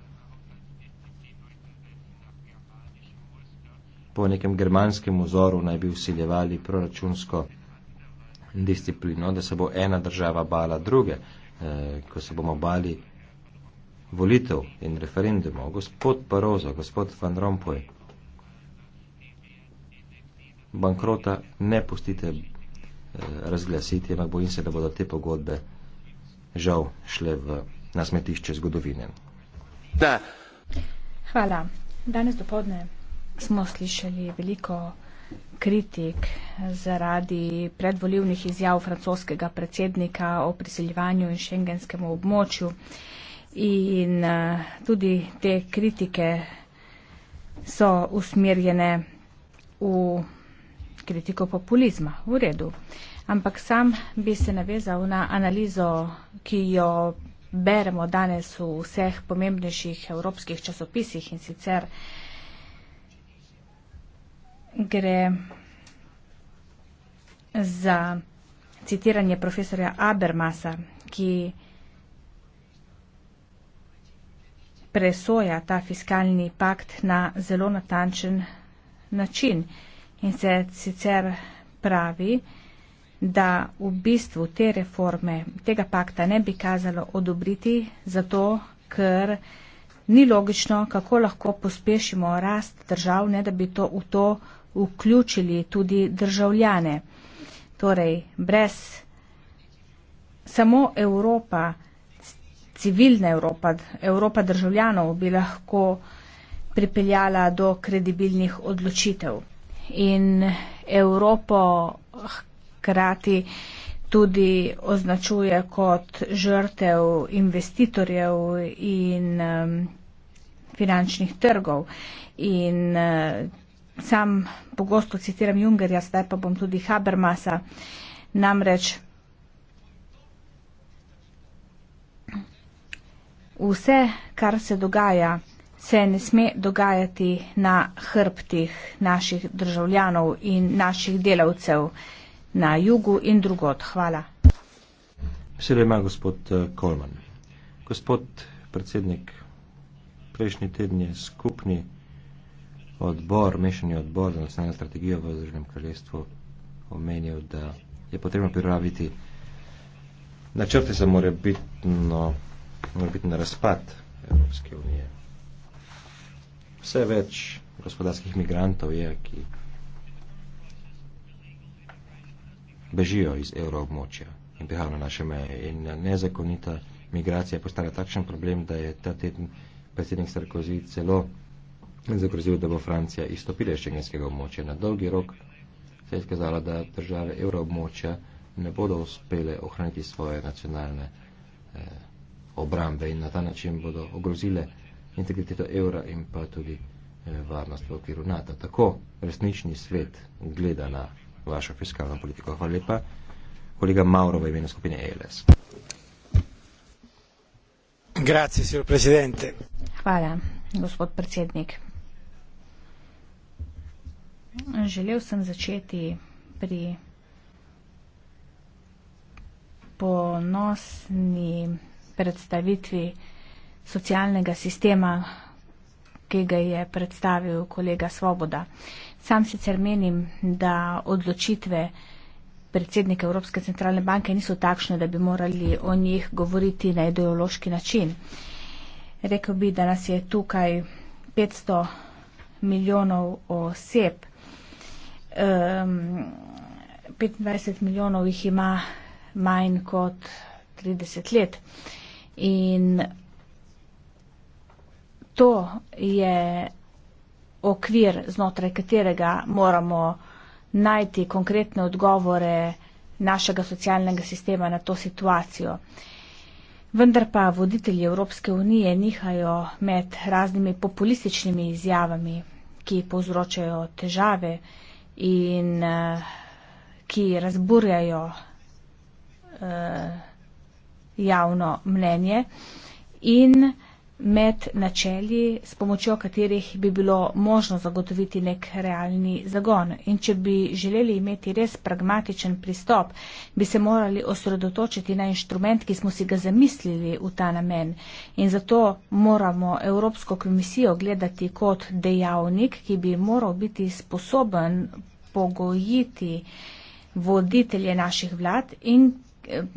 Speaker 2: Po nekem germanskem vzoru naj bi usiljevali proračunsko disciplino, da se bo ena država bala druge, eh, ko se bomo bali volitev in referendumov. Gospod Parozo, gospod Van Rompuy, bankrota ne pustite eh, razglasiti, ampak bojim se, da bodo te pogodbe žal šle v nasmetišče zgodovine. Da.
Speaker 4: Hvala. Danes dopoledne smo slišali veliko kritik zaradi predvoljivnih izjav francoskega predsednika o priseljevanju in šengenskem območju. In eh, tudi te kritike so usmerjene v kritiko populizma. V redu. Ampak sam bi se navezal na analizo, ki jo beremo danes v vseh pomembnejših evropskih časopisih in sicer gre za citiranje profesorja Abermasa, ki presoja ta fiskalni pakt na zelo natančen način. In se sicer pravi, da v bistvu te reforme, tega pakta ne bi kazalo odobriti, zato ker ni logično, kako lahko pospešimo rast držav, ne da bi to v to vključili tudi državljane. Torej, brez samo Evropa, civilna Evropa, Evropa državljanov bi lahko pripeljala do kredibilnih odločitev in Evropo hkrati tudi označuje kot žrtev investitorjev in um, finančnih trgov. In uh, sam pogosto citiram Jungerja, zdaj pa bom tudi Habermasa, namreč vse, kar se dogaja, se ne sme dogajati na hrbtih naših državljanov in naših delavcev na jugu in drugod. Hvala.
Speaker 2: Besedo ima gospod eh, Kolman. Gospod predsednik, prejšnji teden je skupni odbor, mešani odbor za nacionalno strategijo v Združenem kraljestvu omenil, da je potrebno pripraviti načrte za morebitno, morebitno razpad Evropske unije vse več gospodarskih migrantov je, ki bežijo iz evroobmočja in prihajajo na naše meje. In nezakonita migracija postala takšen problem, da je ta teden predsednik Sarkozy celo zagrozil, da bo Francija izstopila iz šengenskega območja. Na dolgi rok se je skazalo, da države evroobmočja ne bodo uspele ohraniti svoje nacionalne eh, obrambe in na ta način bodo ogrozile integriteto evra in pa tudi eh, varnost v okviru NATO. Tako resnični svet gleda na vašo fiskalno politiko. Hvala lepa. Kolega Mauro v imenu skupine ELS. Grazie, signor Presidente.
Speaker 4: Hvala, gospod predsednik. Želel sem začeti pri ponosni predstavitvi socialnega sistema, ki ga je predstavil kolega Svoboda. Sam sicer menim, da odločitve predsednika Evropske centralne banke niso takšne, da bi morali o njih govoriti na ideološki način. Rekel bi, da nas je tukaj 500 milijonov oseb, um, ehm, 25 milijonov jih ima manj kot 30 let. In to je okvir, znotraj katerega moramo najti konkretne odgovore našega socialnega sistema na to situacijo. Vendar pa voditelji Evropske unije nihajo med raznimi populističnimi izjavami, ki povzročajo težave in eh, ki razburjajo eh, javno mnenje in med načelji, s pomočjo katerih bi bilo možno zagotoviti nek realni zagon. In če bi želeli imeti res pragmatičen pristop, bi se morali osredotočiti na inštrument, ki smo si ga zamislili v ta namen. In zato moramo Evropsko komisijo gledati kot dejavnik, ki bi moral biti sposoben pogojiti voditelje naših vlad in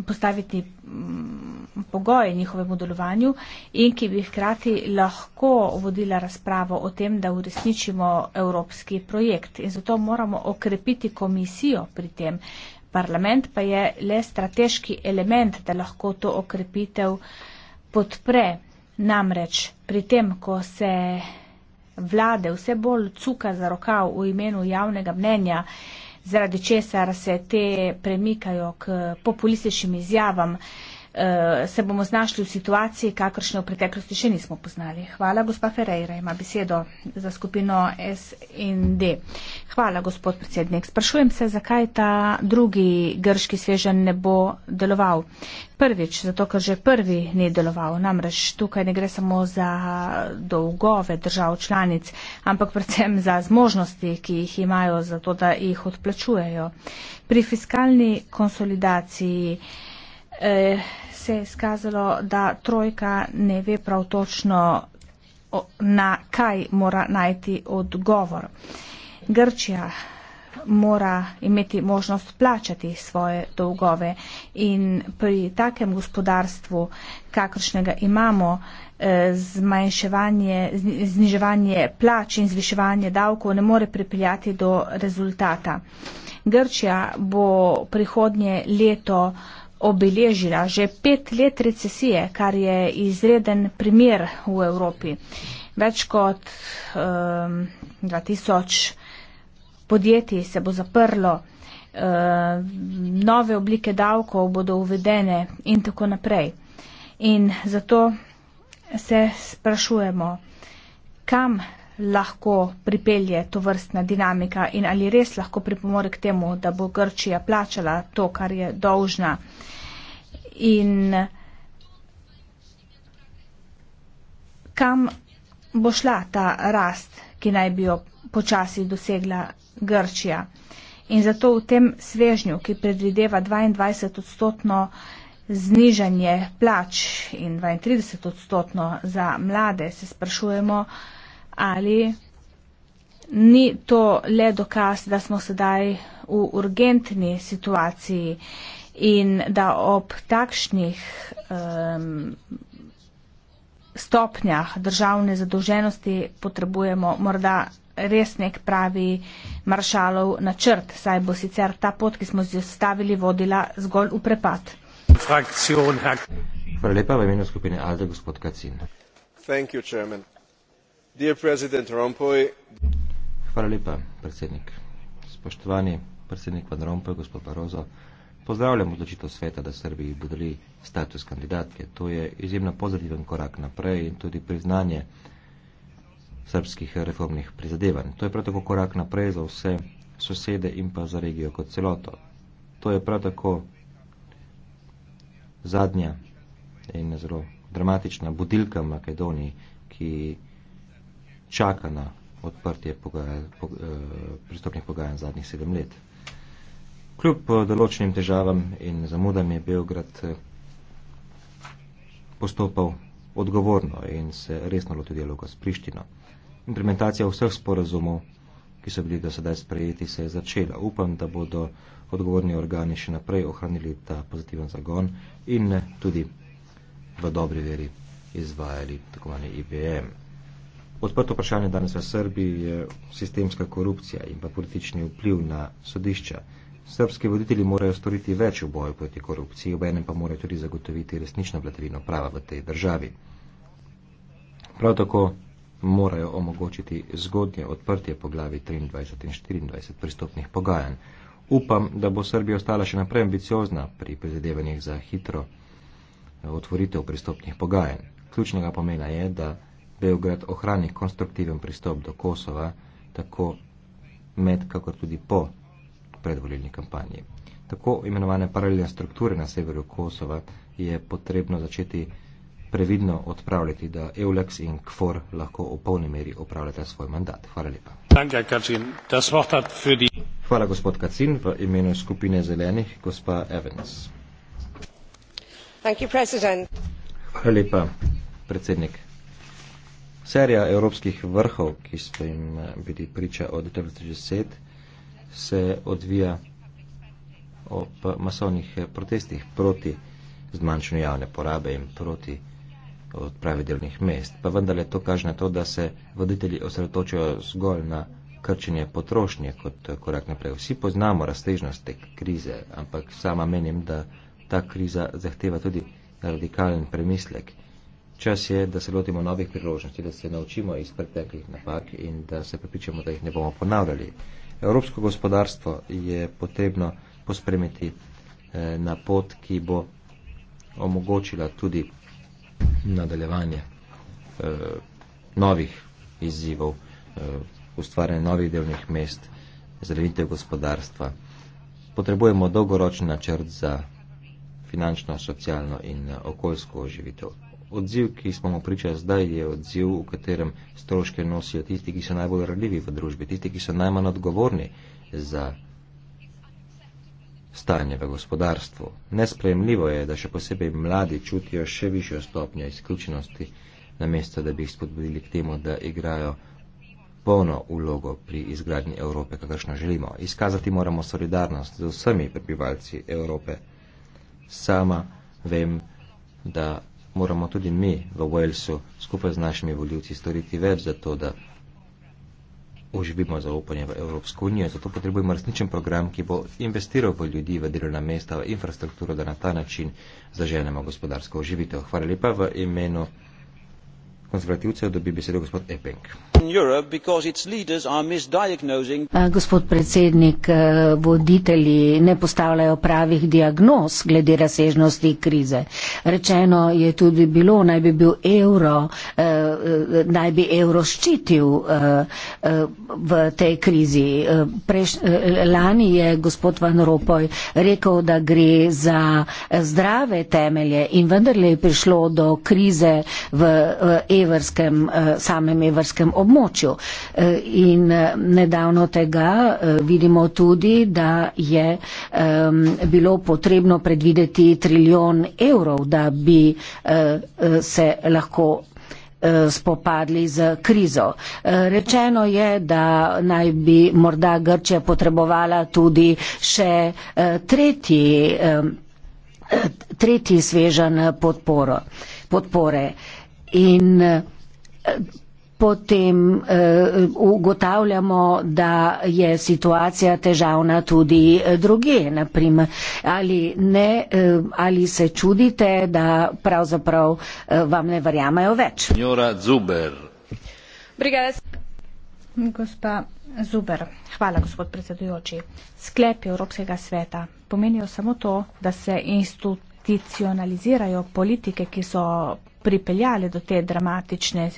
Speaker 4: postaviti mm, pogoje njihovemu delovanju in ki bi hkrati lahko vodila razpravo o tem, da uresničimo evropski projekt. In zato moramo okrepiti komisijo pri tem. Parlament pa je le strateški element, da lahko to okrepitev podpre. Namreč pri tem, ko se vlade vse bolj cuka za rokav v imenu javnega mnenja, zaradi česar se te premikajo k populističnim izjavam uh, se bomo znašli v situaciji, kakršne v preteklosti še nismo poznali. Hvala, gospa Ferreira, ima besedo za skupino SND. Hvala, gospod predsednik. Sprašujem se, zakaj ta drugi grški svežen ne bo deloval. Prvič, zato ker že prvi ni deloval. Namreč tukaj ne gre samo za dolgove držav članic, ampak predvsem za zmožnosti, ki jih imajo za to, da jih odplačujejo. Pri fiskalni konsolidaciji eh, se je skazalo, da trojka ne ve prav točno, na kaj mora najti odgovor. Grčija mora imeti možnost plačati svoje dolgove in pri takem gospodarstvu, kakršnega imamo, eh, zmanjševanje, zniževanje plač in zviševanje davkov ne more pripeljati do rezultata. Grčija bo prihodnje leto uh, obeležila že pet let recesije, kar je izreden primer v Evropi. Več kot um, 2000 podjetij se bo zaprlo, um, nove oblike davkov bodo uvedene in tako naprej. In zato se sprašujemo, kam lahko pripelje to vrstna dinamika in ali res lahko pripomore k temu, da bo Grčija plačala to, kar je dolžna. In kam bo šla ta rast, ki naj bi jo počasi dosegla Grčija. In zato v tem svežnju, ki predvideva 22 odstotno znižanje plač in 32 odstotno za mlade, se sprašujemo, ali ni to le dokaz, da smo sedaj v urgentni situaciji in da ob takšnih um, stopnjah državne zadolženosti potrebujemo morda res nek pravi maršalov načrt, saj bo sicer ta pot, ki smo jo stavili, vodila zgolj v prepad.
Speaker 2: Hvala lepa v imenu skupine Alde, gospod Kacin.
Speaker 1: Thank you, chairman.
Speaker 2: Hvala lepa, predsednik. Spoštovani predsednik Van Rompuy, gospod Barozo, pozdravljam odločitev sveta, da Srbiji podeli status kandidatke. To je izjemno pozitiven korak naprej in tudi priznanje srbskih reformnih prizadevanj. To je prav tako korak naprej za vse sosede in pa za regijo kot celoto. To je prav tako zadnja in zelo dramatična budilka v Makedoniji, ki je čaka na odprtje pogajal, po, eh, pristopnih pogajanj zadnjih sedem let. Kljub eh, določenim težavam in zamudam je Beograd eh, postopal odgovorno in se resno loti dialoga s Prištino. Implementacija vseh sporazumov, ki so bili do sedaj sprejeti, se je začela. Upam, da bodo odgovorni organi še naprej ohranili ta pozitiven zagon in eh, tudi v dobri veri izvajali tako IBM. Odprto vprašanje danes v Srbiji je sistemska korupcija in pa politični vpliv na sodišča. Srbski voditelji morajo storiti več v boju proti korupciji, ob enem pa morajo tudi zagotoviti resnično vladavino prava v tej državi. Prav tako morajo omogočiti zgodnje odprtje poglavi 23 in 24 pristopnih pogajanj. Upam, da bo Srbija ostala še naprej ambiciozna pri prizadevanjih za hitro otvoritev pristopnih pogajanj. Ključnega pomena je, da Beograd ohrani konstruktiven pristop do Kosova, tako med, kakor tudi po predvoljeni kampanji. Tako imenovane paralelne strukture na severu Kosova je potrebno začeti previdno odpravljati, da Eulex in Kfor lahko v polni meri opravljata svoj mandat. Hvala lepa. Hvala gospod Kacin v imenu skupine zelenih, gospa Evans. Hvala lepa, predsednik. Serija evropskih vrhov, ki ste jim eh, bili priča od 2010, se odvija ob masovnih eh, protestih proti zmanjšanju javne porabe in proti odpravi delovnih mest. Pa vendar je to kaže na to, da se voditelji osredotočajo zgolj na krčenje potrošnje kot eh, korak naprej. Vsi poznamo raztežnost te krize, ampak sama menim, da ta kriza zahteva tudi radikalen premislek. Čas je, da se lotimo novih priložnosti, da se naučimo iz preteklih napak in da se pripričamo, da jih ne bomo ponavljali. Evropsko gospodarstvo je potrebno pospremiti eh, na pot, ki bo omogočila tudi nadaljevanje eh, novih izzivov, eh, ustvarjanje novih delovnih mest, zelenitev gospodarstva. Potrebujemo dolgoročen načrt za finančno, socialno in okoljsko oživitev. Odziv, ki smo mu pričali zdaj, je odziv, v katerem stroške nosijo tisti, ki so najbolj rljivi v družbi, tisti, ki so najmanj odgovorni za stanje v gospodarstvu. Nespremljivo je, da še posebej mladi čutijo še višjo stopnjo izključenosti, namesto da bi jih spodbudili k temu, da igrajo polno ulogo pri izgradnji Evrope, kakršno želimo. Izkazati moramo solidarnost z vsemi prebivalci Evrope. Sama vem, da moramo tudi mi v Walesu skupaj z našimi voljivci storiti več za to, da oživimo zaupanje v Evropsko unijo. Zato potrebujemo resničen program, ki bo investiral v ljudi, v delovna mesta, v infrastrukturo, da na ta način zaženemo gospodarsko oživitev. Hvala lepa v imenu.
Speaker 3: Eh, gospod predsednik, eh, voditelji ne postavljajo pravih diagnoz glede razsežnosti krize. Rečeno je tudi bilo, naj bi bil evro, eh, naj bi evro ščitil v tej krizi. Preš, lani je gospod Van Ropoj rekel, da gre za zdrave temelje in vendarle je prišlo do krize v evro evrskem, eh, samem evrskem območju. Eh, in eh, nedavno tega vidimo tudi, da je bilo potrebno predvideti trilijon evrov, da bi se lahko spopadli z krizo. Rečeno je, da naj bi morda Grčija potrebovala tudi še tretji, tretji svežan podporo, podpore. In eh, potem eh, ugotavljamo, da je situacija težavna tudi eh, druge, naprimer, ali, ne, ali se čudite, da pravzaprav
Speaker 4: vam ne verjamajo več. Gospa Zuber, hvala, gospod predsedujoči. Sklep Evropskega sveta pomenijo samo to, da se institut institucionalizirajo politike, ki so pripeljale do te dramatične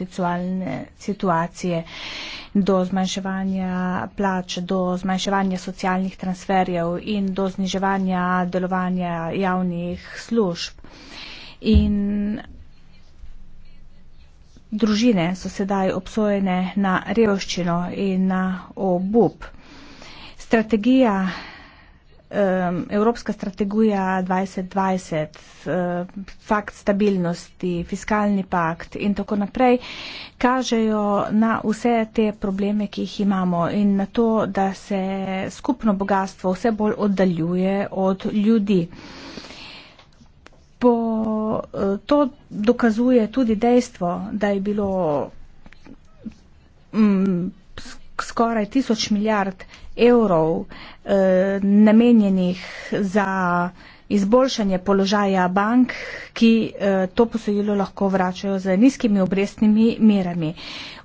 Speaker 4: situacije, do zmanjševanja plač, do zmanjševanja socialnih transferjev in do zniževanja delovanja javnih služb. In družine so sedaj obsojene na revščino in na obup. Strategija um, Evropska strategija 2020, uh, fakt stabilnosti, fiskalni pakt in tako naprej, kažejo na vse te probleme, ki jih imamo in na to, da se skupno bogatstvo vse bolj oddaljuje od ljudi. Po, uh, to dokazuje tudi dejstvo, da je bilo. Um, skoraj tisoč milijard evrov eh, namenjenih za izboljšanje položaja bank, ki eh, to posojilo lahko vračajo z nizkimi obrestnimi merami.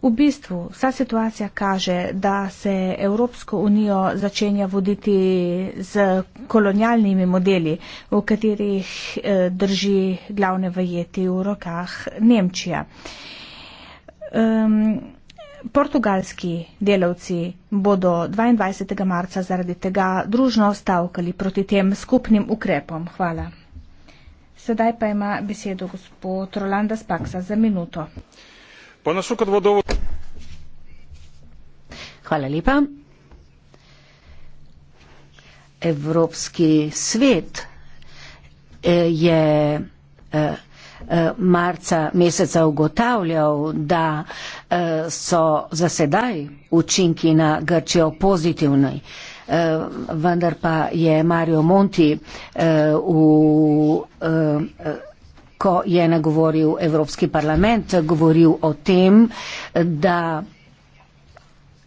Speaker 4: V bistvu vsa situacija kaže, da se Evropsko unijo začenja voditi z kolonialnimi modeli, v katerih eh, drži glavne vajeti v rokah Nemčija. Um, Portugalski delavci bodo 22. marca zaradi tega družno stavkali proti tem skupnim ukrepom. Hvala. Sedaj pa ima besedo gospod Rolanda Spaksa za minuto. Hvala lepa. Evropski
Speaker 3: svet eh, je eh, Eh, marca meseca ugotavljal, da eh, so za sedaj učinki na Grčijo pozitivni. Eh, vendar pa je Mario Monti, v, ko je nagovoril Evropski parlament, govoril o tem, da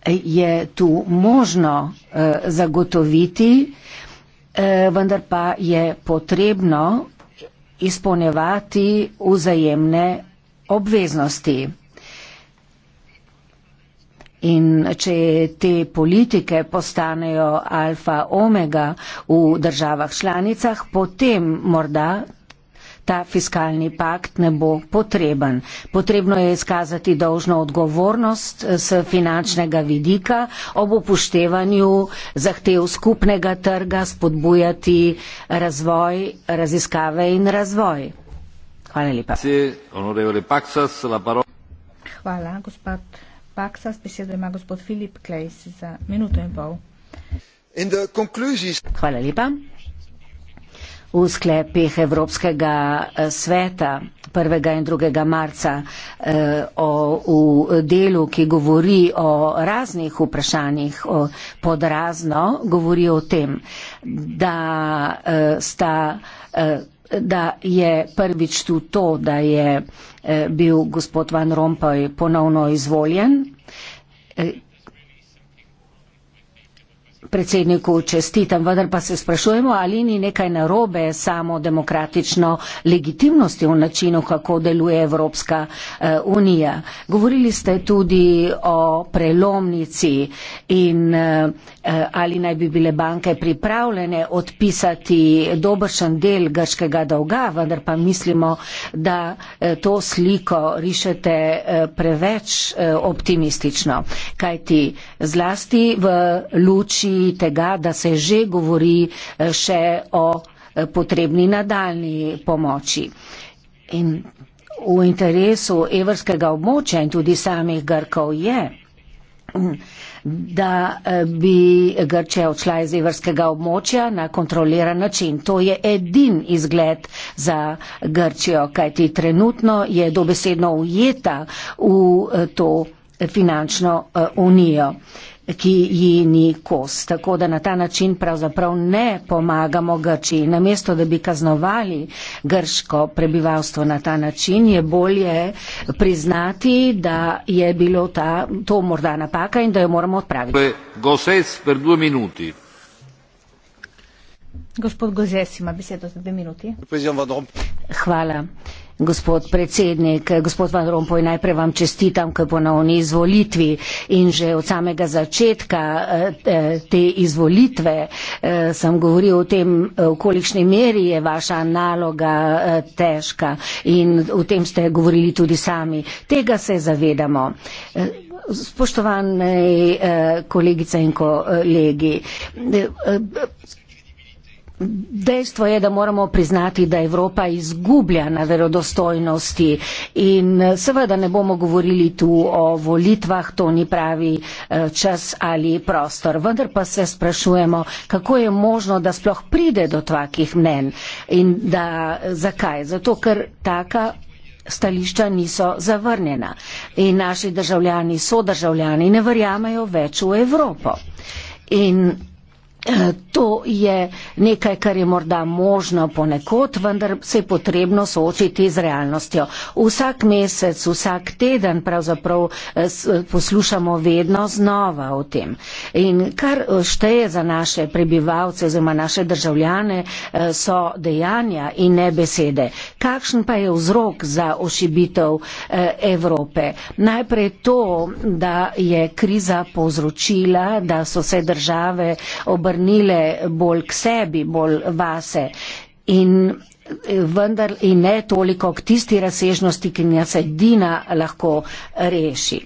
Speaker 3: je tu možno zagotoviti, vendar pa je potrebno izpolnjevati vzajemne obveznosti. In če te politike postanejo alfa omega v državah članicah, potem morda ta fiskalni pakt ne bo potreben. Potrebno je izkazati dolžno odgovornost eh, s finančnega vidika ob upoštevanju zahtev skupnega trga spodbujati razvoj, raziskave in razvoj. Hvala
Speaker 2: lepa.
Speaker 4: Hvala, gospod Paksas. Besedo ima gospod Filip Klejs za minuto in pol. Hvala lepa
Speaker 3: v sklepih Evropskega eh, sveta 1. in 2. marca eh, o, v delu, ki govori o raznih vprašanjih o, podrazno, govori o tem, da, eh, sta, da je prvič tu to, da je bil gospod Van Rompuy ponovno izvoljen predsedniku čestitam, vendar pa se sprašujemo, ali ni nekaj narobe samo demokratično legitimnosti v načinu, kako deluje Evropska eh, unija. Govorili ste tudi o prelomnici in eh, Eh, ali naj bi bile banke pripravljene odpisati dobršen del grškega dolga, vendar pa mislimo, da eh, to sliko rišete eh, preveč optimistično. Kaj ti zlasti v luči tega, da se že govori še o potrebni nadaljni pomoči. In v interesu evrskega območja in tudi samih Grkov je, da eh, bi Grčija odšla iz evrskega območja na kontroliran način. To je edin izgled za Grčijo, kajti trenutno je dobesedno ujeta v eh, to finančno eh, unijo. Uh, ki ji ni kos. Tako da na ta način pravzaprav ne pomagamo Grči. Namesto, da bi kaznovali grško prebivalstvo na ta način, je bolje priznati, da je bilo ta, to morda napaka in da jo moramo odpraviti.
Speaker 4: Gospod Gozes ima besedo za dve minuti.
Speaker 3: Hvala. Uh, Gospod predsednik, gospod Van Rompuy, najprej vam čestitam k ponovni izvolitvi in že od samega začetka eh, eh, te izvolitve eh, sem govoril o tem, v kolikšni meri je vaša naloga težka in o tem ste govorili tudi sami. Tega se zavedamo. Spoštovane kolegice in kolegi, Dejstvo je, da moramo priznati, da Evropa izgublja na verodostojnosti in eh, seveda ne bomo govorili tu o volitvah, to ni pravi eh, čas ali prostor. Vendar pa se sprašujemo, kako je možno, da sploh pride do takih mnen in da eh, zakaj. Zato, ker taka stališča niso zavrnjena in naši državljani so državljani, ne verjamejo več v Evropo. In To je nekaj, kar je morda možno ponekod, vendar se je potrebno soočiti z realnostjo. Vsak mesec, vsak teden pravzaprav eh, poslušamo vedno znova o tem. In kar eh, šteje za naše prebivalce oziroma naše državljane, eh, so dejanja in ne besede. Kakšen pa je vzrok za ošibitev Evrope? Najprej to, da je kriza povzročila, da so se države obrnili obrnile bolj k sebi, bolj vase. In, eh, vendar, in ne toliko k tisti razsežnosti, ki nas edina lahko reši.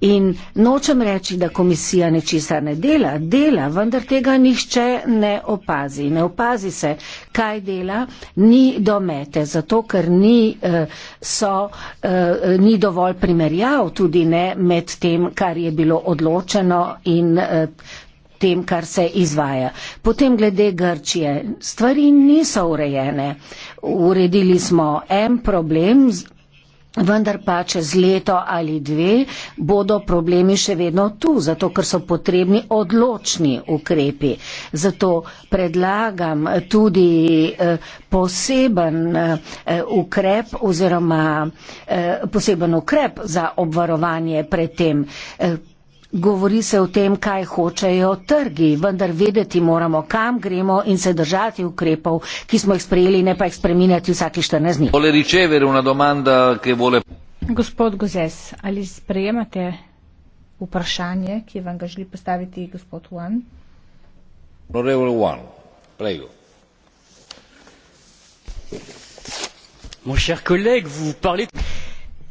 Speaker 3: In nočem reči, da komisija nečista ne dela, dela, vendar tega nihče ne opazi. Ne opazi se, kaj dela, ni domete, zato ker ni, eh, so, eh, ni dovolj primerjav tudi ne med tem, kar je bilo odločeno in tem, kar se izvaja. Potem glede Grčije. Stvari niso urejene. Uredili smo en problem. Vendar pa čez leto ali dve bodo problemi še vedno tu, zato ker so potrebni odločni ukrepi. Zato predlagam tudi eh, poseben eh, ukrep oziroma eh, poseben ukrep za obvarovanje pred tem. Govori se o tem, kaj hočejo trgi, vendar vedeti moramo, kam gremo in se držati ukrepov, ki smo jih sprejeli, ne pa jih spreminjati vsake 14
Speaker 2: dni. Domanda, vole...
Speaker 4: Gospod Gozes, ali sprejemate vprašanje, ki vam ga želi postaviti gospod Juan?
Speaker 1: Moj cher kolega, vi
Speaker 6: parlite.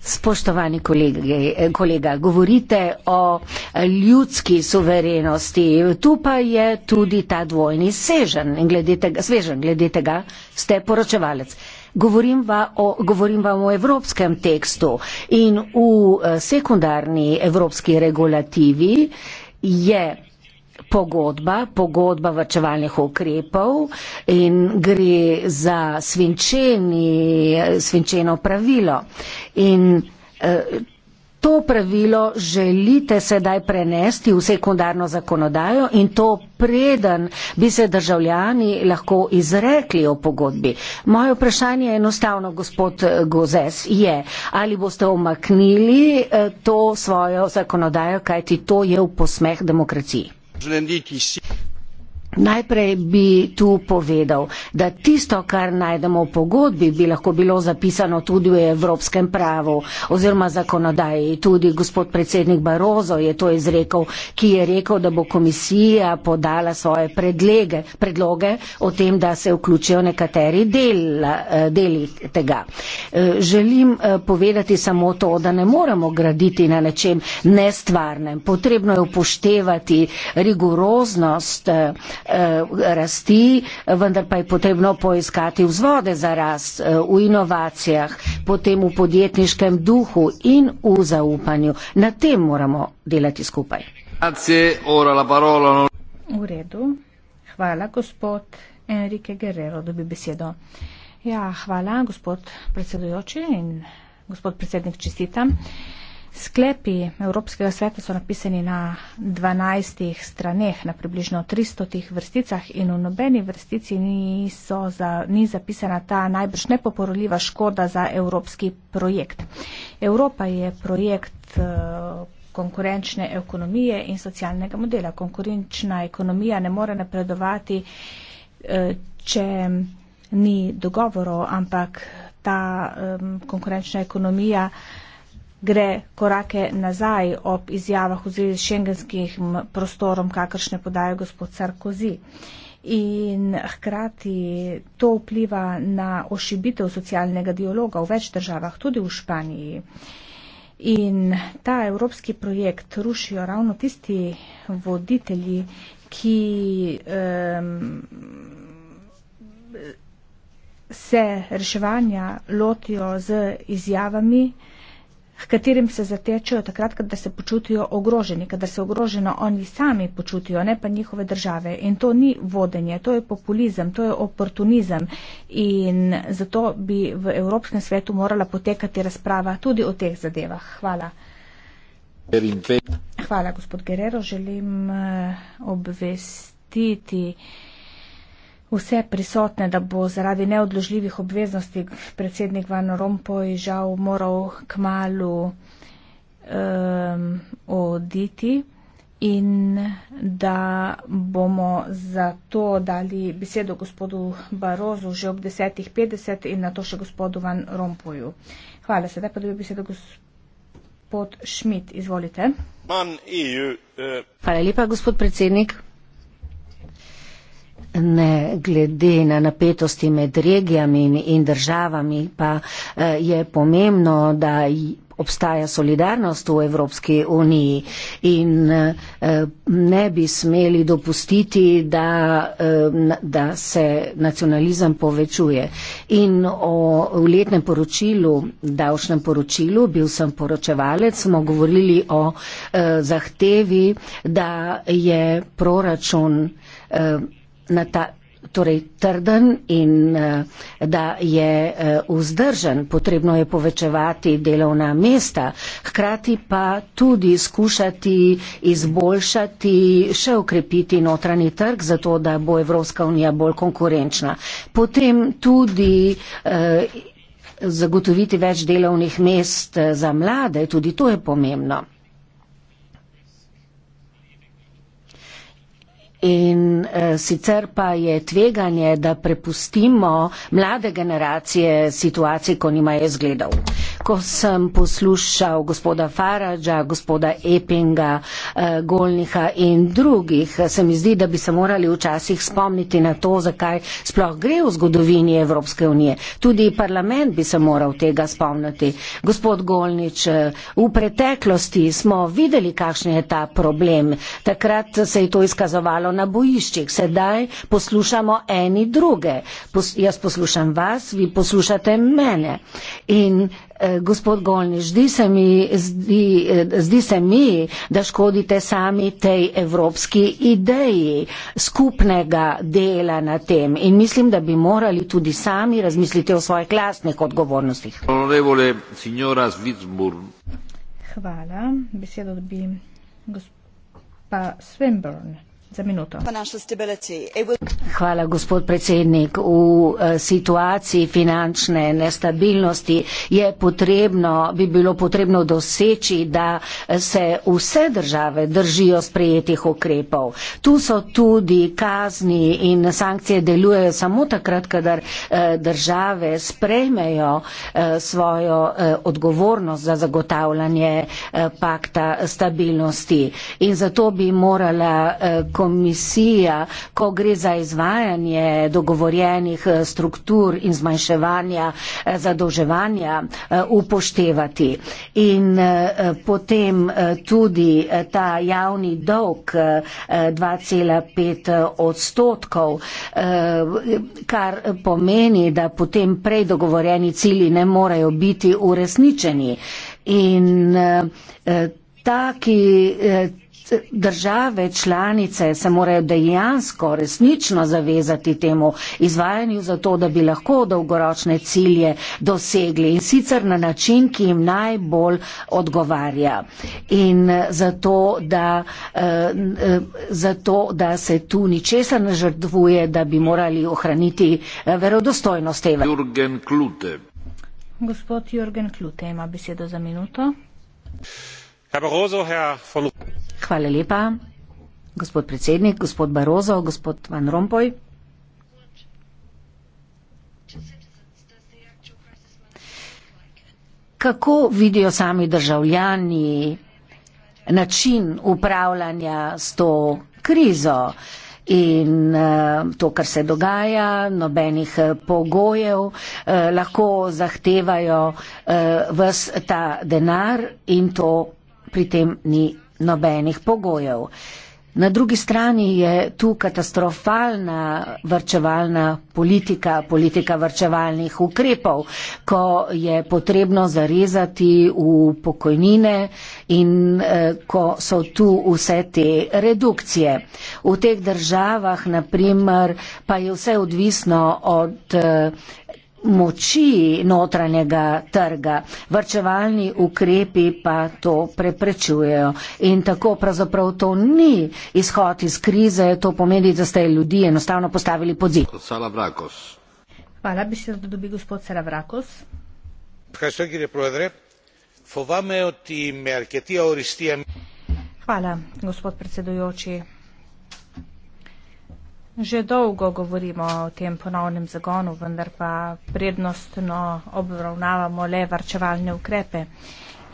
Speaker 3: Spoštovani kolege, kolega, govorite o ljudski suverenosti, tu pa je tudi ta dvojni sežen, glede tega, svežen, glede tega ste poročevalec. Govorim, va o, govorim vam o evropskem tekstu in v eh, sekundarni evropski regulativi je pogodba, pogodba vrčevalnih ukrepov in gre za svinčeni, svinčeno pravilo. In eh, to pravilo želite sedaj prenesti v sekundarno zakonodajo in to preden bi se državljani lahko izrekli o pogodbi. Moje vprašanje je enostavno, gospod Gozes, je, ali boste omaknili eh, to svojo zakonodajo, kajti to je v posmeh demokraciji
Speaker 1: je l'indique ici
Speaker 3: Najprej bi tu povedal, da tisto, kar najdemo v pogodbi, bi lahko bilo zapisano tudi v evropskem pravu oziroma zakonodaji. Tudi gospod predsednik Barozo je to izrekel, ki je rekel, da bo komisija podala svoje predlege, predloge o tem, da se vključijo nekateri del, eh, deli tega. Eh, želim eh, povedati samo to, da ne moremo graditi na nečem nestvarnem. Potrebno je upoštevati rigoroznost Eh, rasti, vendar pa je potrebno poiskati vzvode za rast eh, v inovacijah, potem v podjetniškem duhu in v zaupanju. Na tem moramo delati skupaj.
Speaker 4: V redu. Hvala, gospod Enrique Guerrero, da bi besedo. Ja, hvala, gospod predsedujoči in gospod predsednik, čestitam. Uh, Sklepi Evropskega sveta so napisani na 12 straneh, na približno 300 vrsticah in v nobeni vrstici za, ni zapisana ta najbrž nepoporoljiva škoda za evropski projekt. Evropa je projekt eh, konkurenčne ekonomije in socialnega modela. Konkurenčna ekonomija ne more napredovati, eh, če ni dogovorov, ampak ta konkurenčna ekonomija gre korake nazaj ob izjavah v zvezi s šengenskim prostorom, kakršne podaja gospod Sarkozy. In hkrati to vpliva na ošibitev socialnega dialoga v več državah, tudi v Španiji. In ta evropski projekt rušijo ravno tisti voditelji, ki um, se reševanja lotijo z izjavami, h katerim se zatečejo takrat, kada se počutijo ogroženi, kada se ogroženo oni sami počutijo, ne pa njihove države. In to ni vodenje, to je populizem, to je oportunizem. In zato bi v Evropskem svetu morala potekati razprava tudi o teh zadevah. Hvala. Hvala, gospod Gerero. Želim eh, obvestiti vse prisotne, da bo zaradi neodložljivih obveznosti predsednik Van Rompuy žal moral k malu um, oditi in da bomo zato dali besedo gospodu Barozu že ob 10.50 in na to še gospodu Van Rompuyu. Hvala, sedaj pa dobi besedo gospod Schmidt, izvolite.
Speaker 1: Man, EU, uh... Eh,
Speaker 3: Hvala lepa, gospod predsednik. Ne glede na napetosti med regijami in državami, pa eh, je pomembno, da obstaja solidarnost v Evropski uniji in eh, ne bi smeli dopustiti, da, eh, da se nacionalizem povečuje. In o letnem poročilu, davšnem poročilu, bil sem poročevalec, smo govorili o zahtevi, da je proračun na ta. Torej, trden in eh, da je eh, vzdržen, potrebno je povečevati delovna mesta, hkrati pa tudi skušati izboljšati, še ukrepiti notranji trg, zato da bo Evropska unija bolj konkurenčna. Potem tudi eh, zagotoviti več delovnih mest za mlade, tudi to je pomembno. In e, sicer pa je tveganje, da prepustimo mlade generacije situaciji, ko nimajo zgledov. Ko sem poslušal gospoda Faradža, gospoda Epinga, e, Golniha in drugih, eh, se mi zdi, da bi se morali včasih spomniti na to, zakaj sploh gre v zgodovini Evropske unije. Tudi parlament bi se moral tega spomniti. Gospod Golnič, e, v preteklosti smo videli, kakšen je ta problem. Takrat se je to izkazovalo na bojiščih. Sedaj poslušamo eni druge. Pos, jaz poslušam vas, vi poslušate mene. In eh, gospod Golniš, zdi se, mi, zdi, eh, zdi se mi, da škodite sami tej evropski ideji skupnega dela na tem. In mislim, da bi morali tudi sami razmisliti o svojih lastnih odgovornostih.
Speaker 2: Honorevole, signora Svitsburg.
Speaker 4: Hvala. Besedo dobi gospod. Pa Swinburne za minuto.
Speaker 3: Hvala, gospod predsednik. V eh, situaciji finančne nestabilnosti je potrebno, bi bilo potrebno doseči, da eh, se vse države držijo sprejetih ukrepov. Tu so tudi kazni in sankcije delujejo samo takrat, kadar eh, države sprejmejo svojo odgovornost za zagotavljanje pakta stabilnosti. In zato bi morala komisija, ko gre za izvajanje dogovorjenih eh, struktur in zmanjševanja eh, zadolževanja, eh, upoštevati. In potem tudi ta javni dolg 2,5 odstotkov, kar pomeni, da potem prej dogovorjeni cilji ne morejo biti uresničeni. In taki eh, države članice se morajo dejansko resnično zavezati temu izvajanju za to, da bi lahko dolgoročne cilje dosegli in sicer na način, ki jim najbolj odgovarja. In eh, zato, da, eh, zato, da se tu ničesa ne žrtvuje, da bi morali ohraniti verodostojnost tega.
Speaker 1: Jürgen Klute.
Speaker 4: Gospod Jürgen Klute
Speaker 3: ima besedo za minuto.
Speaker 1: Hvala
Speaker 3: lepa, gospod predsednik, gospod Barozo, gospod Van Rompuy. Kako vidijo sami državljani način upravljanja s to krizo in eh, to, kar se dogaja, nobenih eh, pogojev, eh, lahko zahtevajo vse ta denar in to pri tem ni nobenih pogojev. Na drugi strani je tu katastrofalna vrčevalna politika, politika vrčevalnih ukrepov, ko je potrebno zarezati v pokojnine in eh, ko so tu vse te redukcije. V teh državah, naprimer, pa je vse odvisno od eh, moči notranjega trga, vrčevalni ukrepi pa to preprečujejo. In tako pravzaprav to ni izhod iz krize, to pomeni, da ste ljudi enostavno postavili pod zid.
Speaker 4: Hvala, bi se rad dobil gospod Saravrakos. Hvala, gospod predsedujoči. Že dolgo govorimo o tem ponovnem zagonu, vendar pa prednostno obravnavamo le varčevalne ukrepe.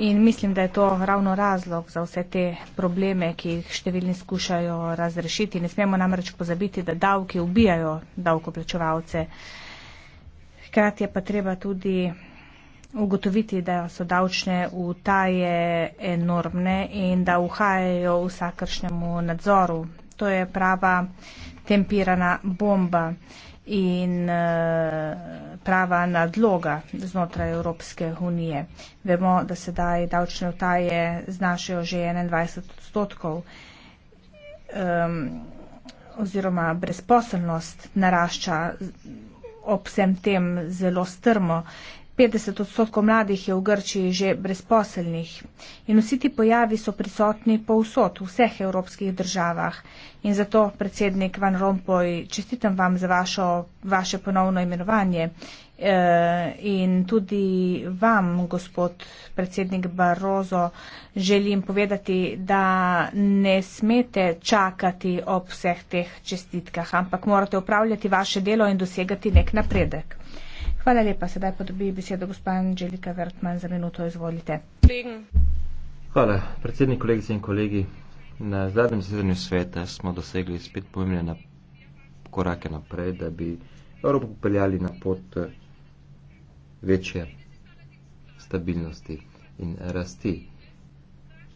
Speaker 4: In mislim, da je to ravno razlog za vse te probleme, ki jih številni skušajo razrešiti. Ne smemo namreč pozabiti, da davki ubijajo davkoplačevalce. Hkrati je pa treba tudi ugotoviti, da so davčne utaje enormne in da uhajajo vsakršnemu nadzoru. To je prava tempirana bomba in eh, prava nadloga znotraj Evropske unije. Vemo, da sedaj davčne vtaje znašajo že 21 odstotkov um, oziroma brezposelnost narašča ob vsem tem zelo strmo. Uh, 50 odstotkov mladih je v Grčiji že brezposelnih in vsi ti pojavi so prisotni povsod v vseh evropskih državah. In zato, predsednik Van Rompuy, čestitam vam za vašo, vaše ponovno imenovanje e, in tudi vam, gospod predsednik Barozo, želim povedati, da ne smete čakati ob vseh teh čestitkah, ampak morate upravljati vaše delo in dosegati nek napredek. Hvala lepa. Sedaj pa dobi besedo gospa Angelika Vertman za minuto. Izvolite.
Speaker 2: Hvala. Predsednik, kolegice in kolegi. Na zadnjem zasedanju sveta smo dosegli spet pomembne na korake naprej, da bi Evropo popeljali na pot večje stabilnosti in rasti.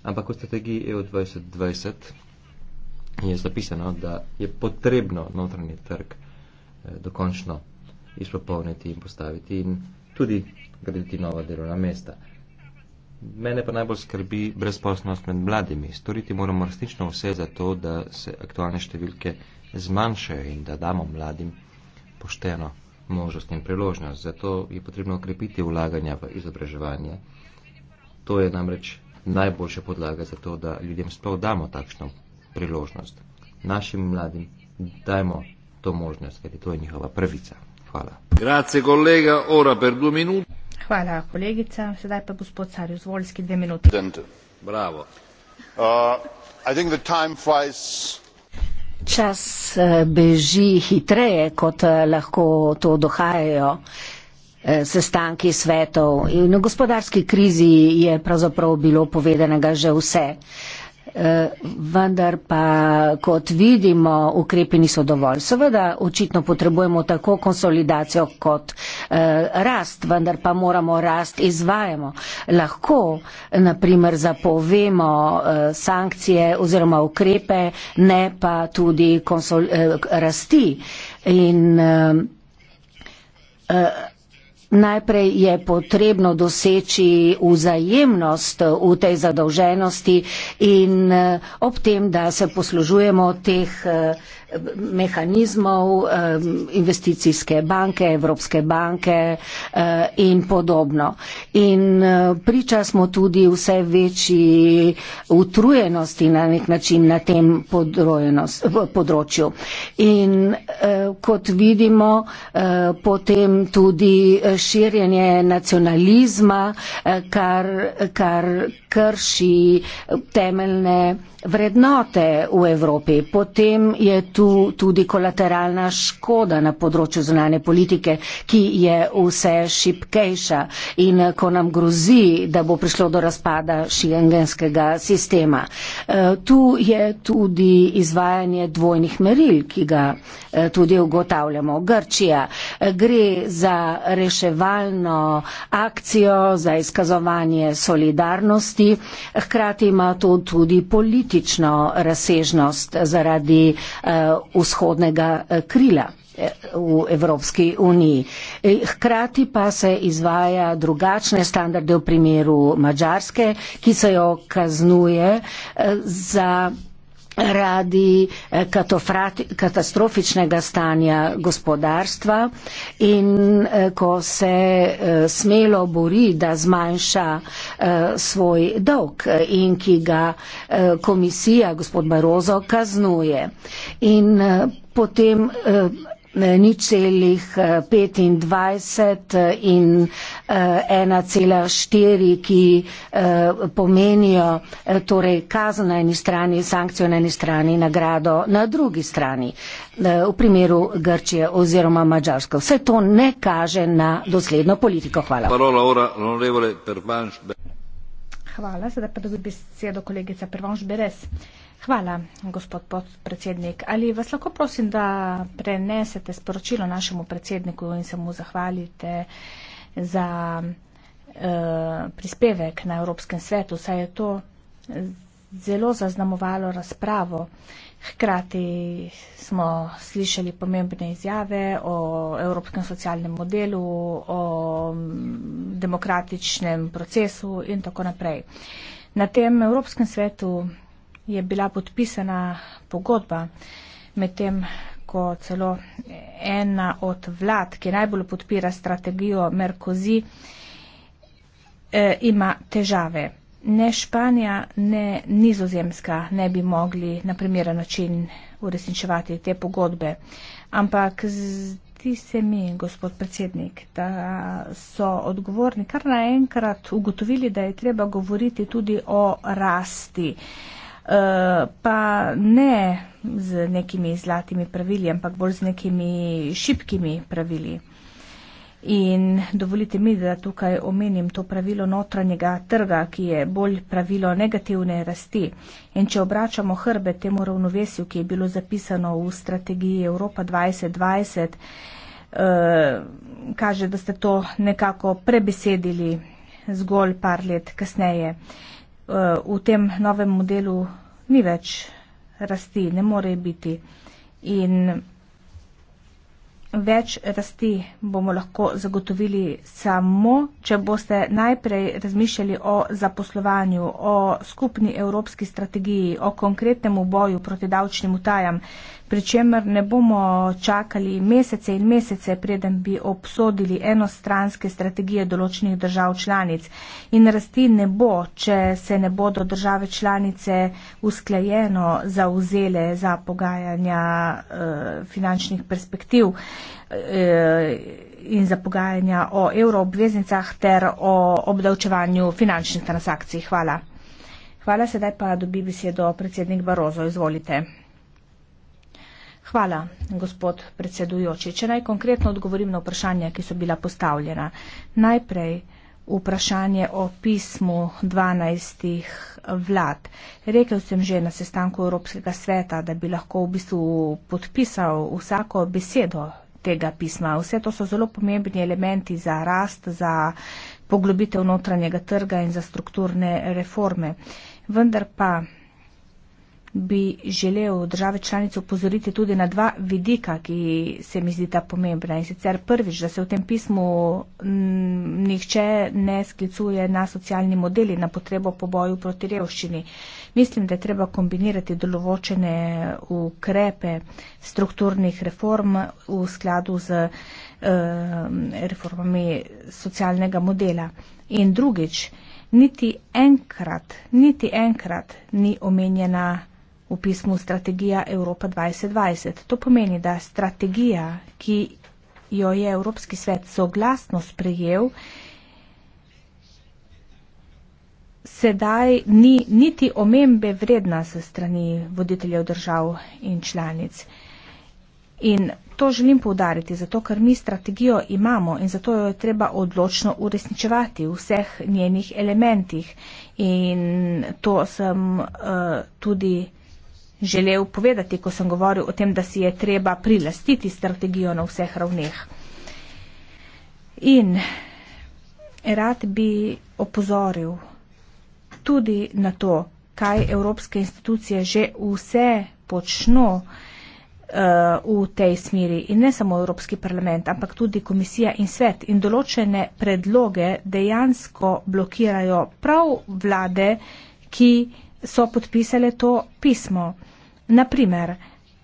Speaker 2: Ampak v strategiji EU 2020 je zapisano, da je potrebno notranji trg eh, dokončno izpopolniti in postaviti in tudi graditi nova delovna mesta. Mene pa najbolj skrbi brezposobnost med mladimi. Storiti moramo resnično vse za to, da se aktualne številke zmanjšajo in da damo mladim pošteno možnost in priložnost. Zato je potrebno okrepiti vlaganja v izobraževanje. To je namreč najboljša podlaga za to, da ljudem sploh damo takšno priložnost. Našim mladim dajmo to možnost, ker je to njihova pravica. Hvala. Grazie,
Speaker 1: kolega. Ora per due minuti.
Speaker 4: Hvala, kolegica. Sedaj pa gospod Carju, zvoljski dve minuti.
Speaker 1: Bravo. Uh, flies...
Speaker 3: Čas eh, beži hitreje, kot eh, lahko to dohajajo eh, sestanki svetov. In v gospodarski krizi je pravzaprav bilo povedanega že vse. Uh, Vendar pa, kot vidimo, ukrepi niso dovolj. Seveda, očitno potrebujemo tako konsolidacijo kot eh, rast, vendar pa moramo rast izvajamo. Lahko, naprimer, zapovemo eh, sankcije oziroma ukrepe, ne pa tudi eh, rasti. In, Najprej je potrebno doseči vzajemnost v tej zadolženosti in eh, ob tem, da se poslužujemo teh eh, mehanizmov, investicijske banke, Evropske banke eh, in podobno. In eh, priča smo tudi vse večji utrujenosti na nek način na tem področju. In eh, kot vidimo, potem tudi širjenje nacionalizma, kar, kar krši temeljne vrednote v Evropi. Potem je tudi tu tudi kolateralna škoda na področju zunanje politike, ki je vse šipkejša in eh, ko nam grozi, da bo prišlo do razpada šengenskega sistema. Eh, tu je tudi izvajanje dvojnih meril, ki ga eh, tudi ugotavljamo. Grčija gre za reševalno akcijo, za izkazovanje solidarnosti, hkrati ima to tudi politično razsežnost zaradi vzhodnega eh, krila eh, v Evropski uniji. Eh, hkrati pa se izvaja drugačne standarde v primeru Mačarske, ki se jo kaznuje za radi eh, katastrofičnega stanja gospodarstva in eh, ko se eh, smelo bori, da zmanjša svoj dolg in ki ga komisija gospod Barozo kaznuje. In potem Eh, nič celih 25 eh, eh, in 1,4, ki pomenijo torej kazen na eni strani, sankcijo na eni strani, nagrado na drugi strani v primeru Grčije oziroma Mačarske. Vse to ne kaže na dosledno politiko. Hvala.
Speaker 4: Hvala, sedaj pa dobi besedo kolegica Pervanš Beres. Hvala, gospod podpredsednik. Ali vas lahko prosim, da prenesete sporočilo našemu predsedniku in se mu zahvalite za eh, prispevek na Evropskem svetu, saj je to zelo zaznamovalo razpravo. Hkrati smo slišali pomembne izjave o evropskem socialnem modelu, o mm, demokratičnem procesu in tako naprej. Na tem Evropskem svetu je bila podpisana pogodba, medtem ko celo ena od vlad, ki najbolj podpira strategijo Merkozi, eh, ima težave. Ne Španija, ne Nizozemska ne bi mogli na primeren način uresničevati te pogodbe. Ampak zdi se mi, gospod predsednik, da so odgovorni kar naenkrat ugotovili, da je treba govoriti tudi o rasti. Eh, pa ne z nekimi zlatimi pravili, ampak bolj z nekimi šibkimi pravili. In dovolite mi, da tukaj omenim to pravilo notranjega trga, ki je bolj pravilo negativne rasti. In če obračamo hrbe temu ravnovesju, ki je bilo zapisano v strategiji Evropa 2020, eh, kaže, da ste to nekako prebesedili zgolj par let kasneje v tem novem modelu ni več rasti, ne more biti. In več rasti bomo lahko zagotovili samo, če boste najprej razmišljali o zaposlovanju, o skupni evropski strategiji, o konkretnem boju proti davčnim utajam, pri čemer ne bomo čakali mesece in mesece, preden bi obsodili enostranske strategije določenih držav članic. In rasti ne bo, če se ne bodo države članice usklajeno zauzele za pogajanja eh, finančnih perspektiv eh, in za pogajanja o euroobveznicah ter o obdavčevanju finančnih transakcij. Hvala. Hvala, sedaj pa dobi besedo predsednik Barozo. Izvolite. Hvala, gospod predsedujoči. Če naj konkretno odgovorim na vprašanja, ki so bila postavljena. Najprej vprašanje o pismu 12 vlad. Rekel sem že na sestanku Evropskega sveta, da bi lahko v bistvu podpisal vsako besedo tega pisma. Vse to so zelo pomembni elementi za rast, za poglobitev notranjega trga in za strukturne reforme. Vendar pa bi želel države članice upozoriti tudi na dva vidika, ki se mi zdita pomembna. In sicer prvič, da se v tem pismu mm, nihče ne sklicuje na socialni modeli, na potrebo po boju proti revščini. Mislim, da je treba kombinirati določene ukrepe strukturnih reform v skladu z uh, reformami socialnega modela. In drugič, niti enkrat, niti enkrat ni omenjena v pismu Strategija Evropa 2020. To pomeni, da strategija, ki jo je Evropski svet soglasno sprejel, sedaj ni niti omembe vredna se strani voditeljev držav in članic. In to želim poudariti, zato ker mi strategijo imamo in zato jo je treba odločno uresničevati v vseh njenih elementih. In to sem uh, tudi želel povedati, ko sem govoril o tem, da si je treba prilastiti strategijo na vseh ravneh. In rad bi opozoril tudi na to, kaj evropske institucije že vse počno eh, v tej smeri in ne samo Evropski parlament, ampak tudi komisija in svet in določene predloge dejansko blokirajo prav vlade, ki so podpisale to pismo. Naprimer,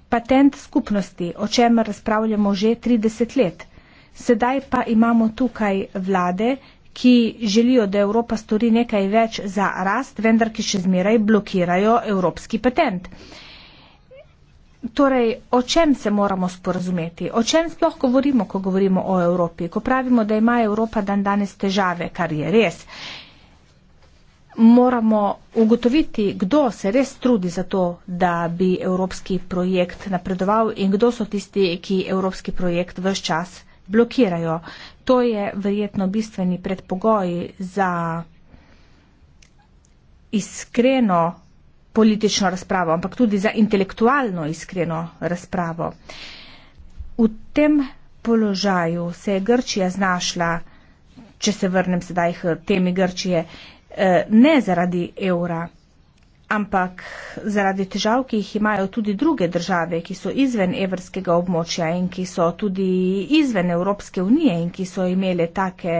Speaker 4: patent skupnosti, o čemer razpravljamo že 30 let. Sedaj pa imamo tukaj vlade, ki želijo, da Evropa stori nekaj več za rast, vendar ki še zmeraj blokirajo evropski patent. Torej, o čem se moramo sporazumeti? O čem sploh govorimo, ko govorimo o Evropi? Ko pravimo, da ima Evropa dan danes težave, kar je res moramo ugotoviti, kdo se res trudi za to, da bi evropski projekt napredoval in kdo so tisti, ki evropski projekt vse čas blokirajo. To je verjetno bistveni predpogoj za iskreno politično razpravo, ampak tudi za intelektualno iskreno razpravo. V tem položaju se je Grčija znašla, če se vrnem sedaj k temi Grčije, Eh, ne zaradi evra, ampak zaradi težav, ki jih imajo tudi druge države, ki so izven evrskega območja in ki so tudi izven Evropske unije in ki so imele take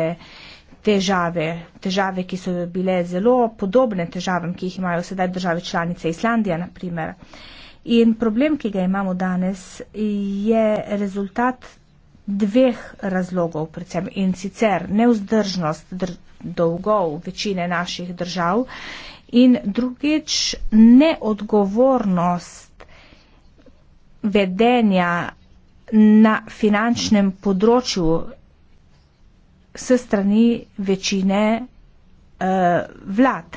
Speaker 4: težave, težave, ki so bile zelo podobne težavam, ki jih imajo sedaj države članice Islandija, naprimer. In problem, ki ga imamo danes, je rezultat dveh razlogov predvsem in sicer neuzdržnost dolgov večine naših držav in drugič neodgovornost vedenja na finančnem področju s strani večine eh, vlad.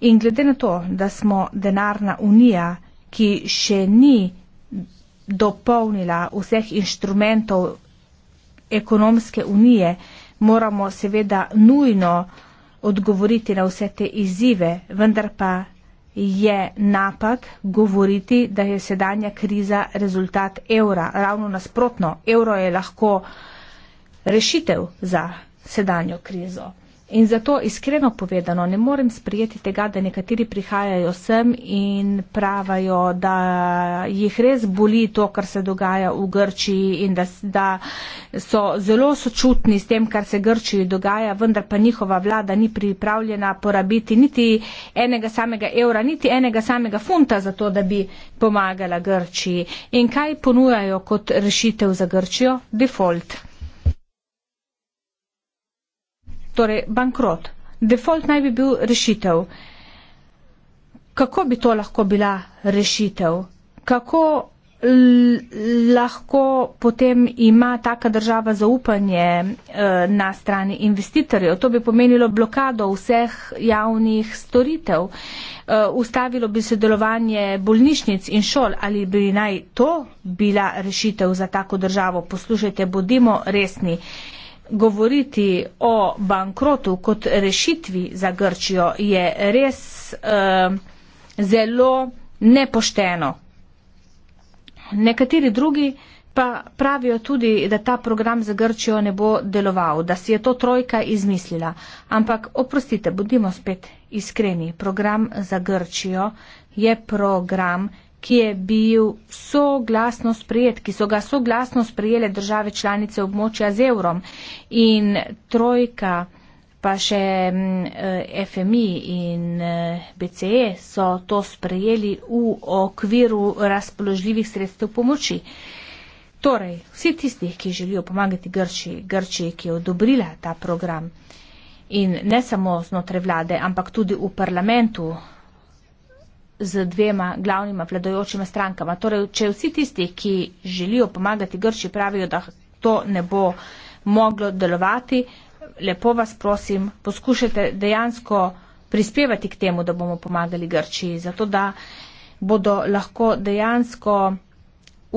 Speaker 4: In glede na to, da smo denarna unija, ki še ni dopolnila vseh inštrumentov ekonomske unije, moramo seveda nujno odgovoriti na vse te izzive, vendar pa je napak govoriti, da je sedanja kriza rezultat evra. Ravno nasprotno, evro je lahko rešitev za sedanjo krizo. In zato iskreno povedano, ne morem sprijeti tega, da nekateri prihajajo sem in pravijo, da jih res boli to, kar se dogaja v Grčiji in da, da so zelo sočutni s tem, kar se Grčiji dogaja, vendar pa njihova vlada ni pripravljena porabiti niti enega samega evra, niti enega samega funta za to, da bi pomagala Grčiji. In kaj ponujajo kot rešitev za Grčijo? Default. torej bankrot. Default naj bi bil rešitev. Kako bi to lahko bila rešitev? Kako lahko potem ima taka država zaupanje eh, na strani investitorjev? To bi pomenilo blokado vseh javnih storitev. Eh, ustavilo bi se delovanje bolnišnic in šol. Ali bi naj to bila rešitev za tako državo? Poslušajte, bodimo resni govoriti o bankrotu kot rešitvi za Grčijo je res uh, zelo nepošteno. Nekateri drugi pa pravijo tudi, da ta program za Grčijo ne bo deloval, da si je to trojka izmislila. Ampak oprostite, bodimo spet iskreni, program za Grčijo je program, ki je bil soglasno sprejet, ki so ga soglasno sprejele države članice območja z evrom in trojka pa še mm, eh, FMI in eh, BCE so to sprejeli v okviru razpoložljivih sredstev pomoči. Torej, vsi tisti, ki želijo pomagati Grči, Grči, ki je odobrila ta program in ne samo znotraj vlade, ampak tudi v parlamentu, z dvema glavnima vladajočima strankama. Torej, če vsi tisti, ki želijo pomagati Grči, pravijo, da to ne bo moglo delovati, lepo vas prosim, poskušajte dejansko prispevati k temu, da bomo pomagali Grčiji, zato da bodo lahko dejansko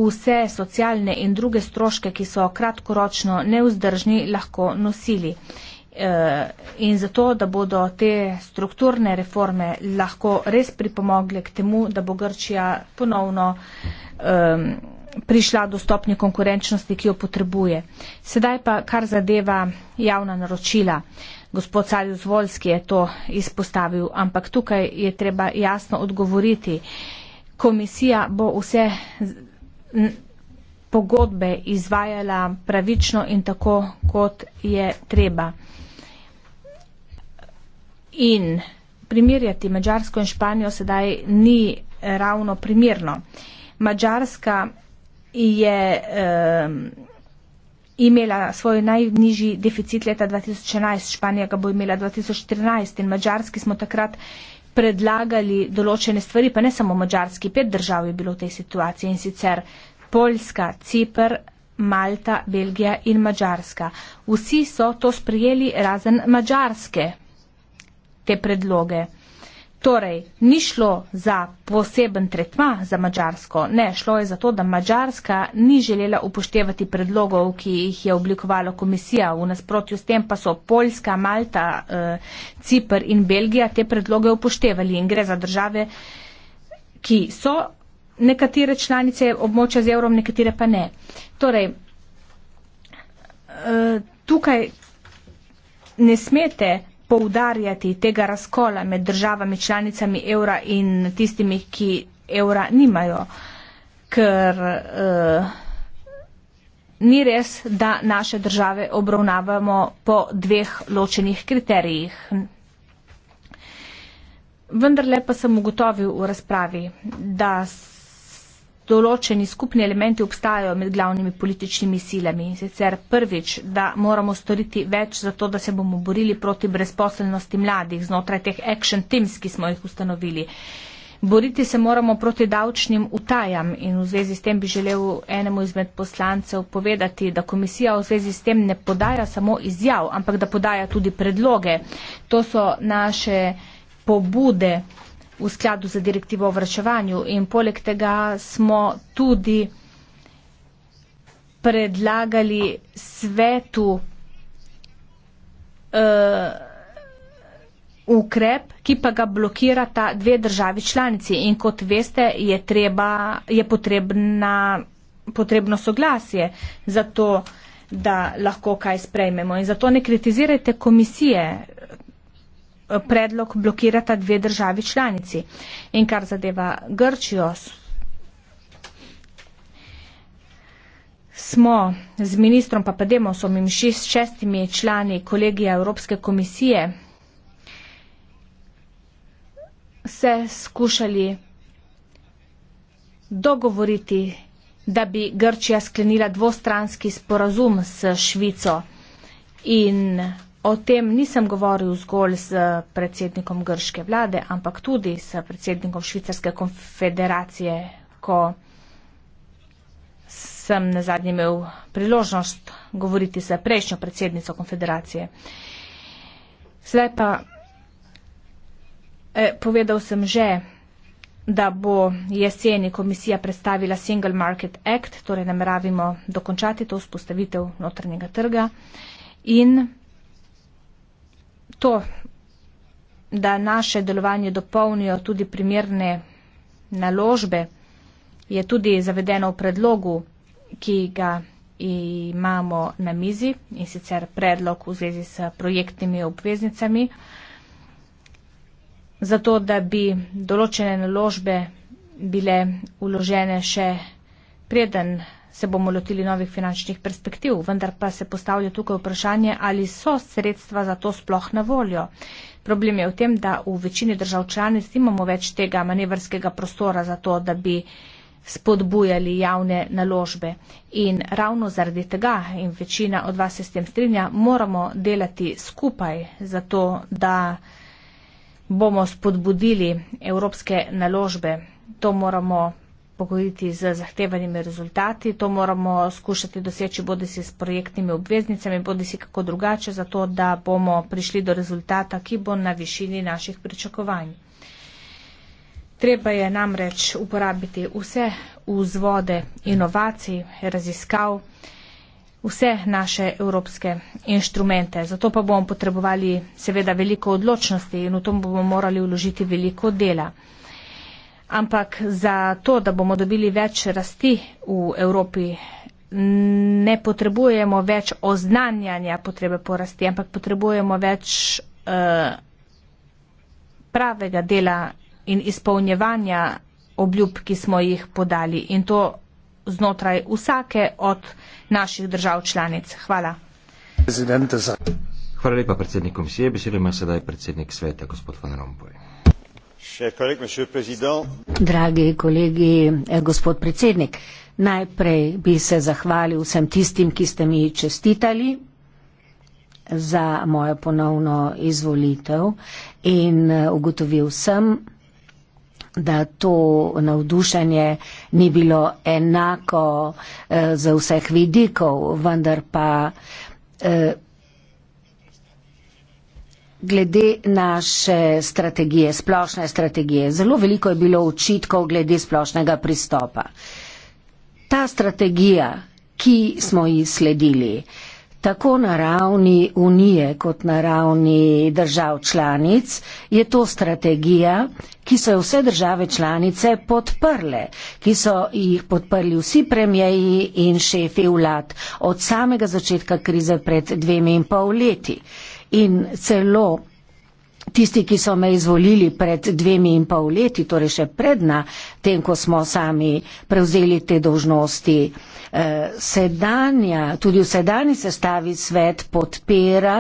Speaker 4: vse socialne in druge stroške, ki so kratkoročno neuzdržni, lahko nosili. Eh, in zato, da bodo te strukturne reforme lahko res pripomogle k temu, da bo Grčija ponovno um, prišla do stopnje konkurenčnosti, ki jo potrebuje. Sedaj pa, kar zadeva javna naročila, gospod Sarjus Volski je to izpostavil, ampak tukaj je treba jasno odgovoriti. Komisija bo vse pogodbe izvajala pravično in tako, kot je treba in primerjati Mačarsko in Španijo sedaj ni eh, ravno primerno. Mačarska je um, imela svoj najnižji deficit leta 2011, Španija ga bo imela 2014 in Mačarski smo takrat predlagali določene stvari, pa ne samo Mačarski, pet držav je bilo v tej situaciji in sicer Poljska, Cipr, Malta, Belgija in Mačarska. Vsi so to sprijeli razen Mačarske, te predloge. Torej, ni šlo za poseben tretma za Mačarsko, ne, šlo je za to, da Mačarska ni želela upoštevati predlogov, ki jih je oblikovala komisija. V nasprotju s tem pa so Poljska, Malta, eh, Cipr in Belgija te predloge upoštevali in gre za države, ki so nekatere članice območja z evrom, nekatere pa ne. Torej, eh, tukaj ne smete poudarjati tega razkola med državami članicami evra in tistimi, ki evra nimajo. Ker uh, ni res, da naše države obravnavamo po dveh ločenih kriterijih. Vendar le pa sem ugotovil v razpravi, da se določeni skupni elementi obstajajo med glavnimi političnimi silami. Sicer prvič, da moramo storiti več za to, da se bomo borili proti brezposelnosti mladih znotraj teh action teams, ki smo jih ustanovili. Boriti se moramo proti davčnim utajam in v zvezi s tem bi želel enemu izmed poslancev povedati, da komisija v zvezi s tem ne podaja samo izjav, ampak da podaja tudi predloge. To so naše pobude v skladu za direktivo o vrševanju in poleg tega smo tudi predlagali svetu uh, ukrep, ki pa ga blokirata dve državi članici in kot veste je, treba, je potrebna, potrebno soglasje za to, da lahko kaj sprejmemo. In zato ne kritizirajte komisije, predlog blokirata dve državi članici. In kar zadeva Grčijo, smo z ministrom Papademosom in šest, šestimi člani kolegija Evropske komisije se skušali dogovoriti, da bi Grčija sklenila dvostranski sporazum s Švico in O tem nisem govoril zgolj z predsednikom grške vlade, ampak tudi s predsednikom švicarske konfederacije, ko sem na zadnji imel priložnost govoriti s prejšnjo predsednico konfederacije. Zdaj pa eh, povedal sem že, da bo jeseni komisija predstavila Single Market Act, torej nameravimo dokončati to vzpostavitev notranjega trga in to, da naše delovanje dopolnijo tudi primerne naložbe, je tudi zavedeno v predlogu, ki ga imamo na mizi in sicer predlog v zvezi s projektnimi obveznicami, zato da bi določene naložbe bile uložene še preden se bomo lotili novih finančnih perspektiv, vendar pa se postavlja tukaj vprašanje, ali so sredstva za to sploh na voljo. Problem je v tem, da v večini držav članic imamo več tega manevrskega prostora za to, da bi spodbujali javne naložbe. In ravno zaradi tega, in večina od vas se s tem strinja, moramo delati skupaj za to, da bomo spodbudili evropske naložbe. To moramo pogoditi z zahtevanimi rezultati. To moramo skušati doseči bodi si s projektnimi obveznicami, bodi si kako drugače, zato da bomo prišli do rezultata, ki bo na višini naših pričakovanj. Treba je namreč uporabiti vse vzvode inovacij, raziskav, vse naše evropske inštrumente. Zato pa bomo potrebovali seveda veliko odločnosti in v tom bomo morali vložiti veliko dela ampak za to, da bomo dobili več rasti v Evropi, ne potrebujemo več oznanjanja potrebe po rasti, ampak potrebujemo več uh, pravega dela in izpolnjevanja obljub, ki smo jih podali in to znotraj vsake od naših držav članic. Hvala.
Speaker 2: Hvala lepa predsednik komisije. Besedo ima sedaj predsednik sveta, gospod Van Rompuy.
Speaker 3: Dragi kolegi, eh, gospod predsednik, najprej bi se zahvalil vsem tistim, ki ste mi čestitali za mojo ponovno izvolitev in eh, ugotovil sem, da to navdušenje ni bilo enako eh, za vseh vidikov, vendar pa glede naše strategije, splošne strategije. Zelo veliko je bilo očitkov glede splošnega pristopa. Ta strategija, ki smo ji sledili, tako na ravni Unije kot na ravni držav članic, je to strategija, ki so jo vse države članice podprle, ki so jih podprli vsi premjeji in šefi vlad od samega začetka krize pred dvemi in pol leti in celo tisti, ki so me izvolili pred dvemi in pol leti, torej še predna tem, ko smo sami prevzeli te dožnosti, eh, sedanja, tudi v sedanji sestavi svet podpira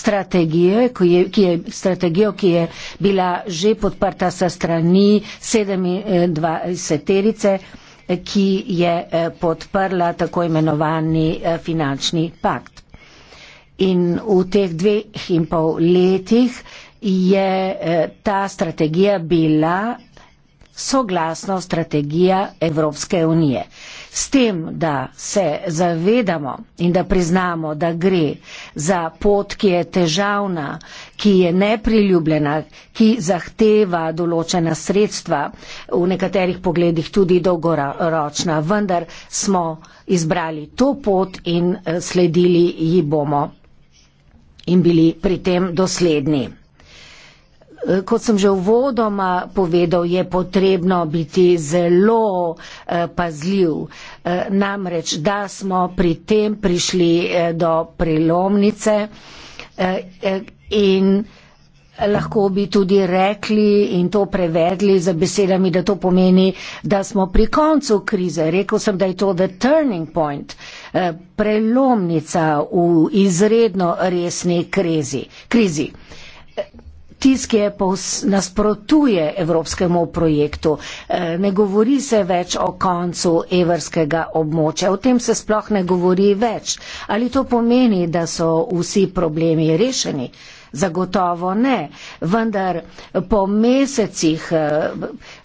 Speaker 3: strategijo, ki je, ki je, strategijo, ki je bila že podprta sa strani 27. terice, eh, ki je eh, podprla tako imenovani finančni pakt in v teh dveh in pol letih je eh, ta strategija bila soglasno strategija Evropske unije. S tem, da se zavedamo in da priznamo, da gre za pot, ki je težavna, ki je nepriljubljena, ki zahteva določena sredstva, v nekaterih pogledih tudi dolgoročna, vendar smo izbrali to pot in eh, sledili ji bomo in bili pri tem dosledni. Eh, kot sem že v vodoma povedal, je potrebno biti zelo eh, pazljiv. Eh, namreč, da smo pri tem prišli do prelomnice in lahko bi tudi rekli in to prevedli za besedami, da to pomeni, da smo pri koncu krize. Rekel sem, da je to the turning point, eh, prelomnica v izredno resni krizi. krizi. Tisk je nasprotuje evropskemu projektu, eh, ne govori se več o koncu evrskega območja, o tem se sploh ne govori več. Ali to pomeni, da so vsi problemi rešeni? Zagotovo ne, vendar po mesecih eh,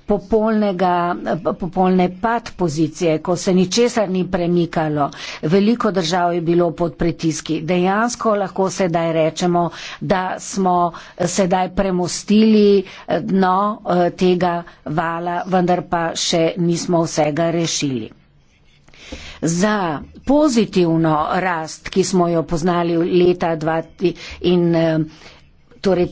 Speaker 3: popolnega, eh, popolne pad pozicije, ko se ničesar ni premikalo, veliko držav je bilo pod pritiski. Dejansko lahko sedaj rečemo, da smo eh, sedaj premostili dno tega vala, vendar pa še nismo vsega rešili za pozitivno rast, ki smo jo poznali leta 2020 in eh, torej eh,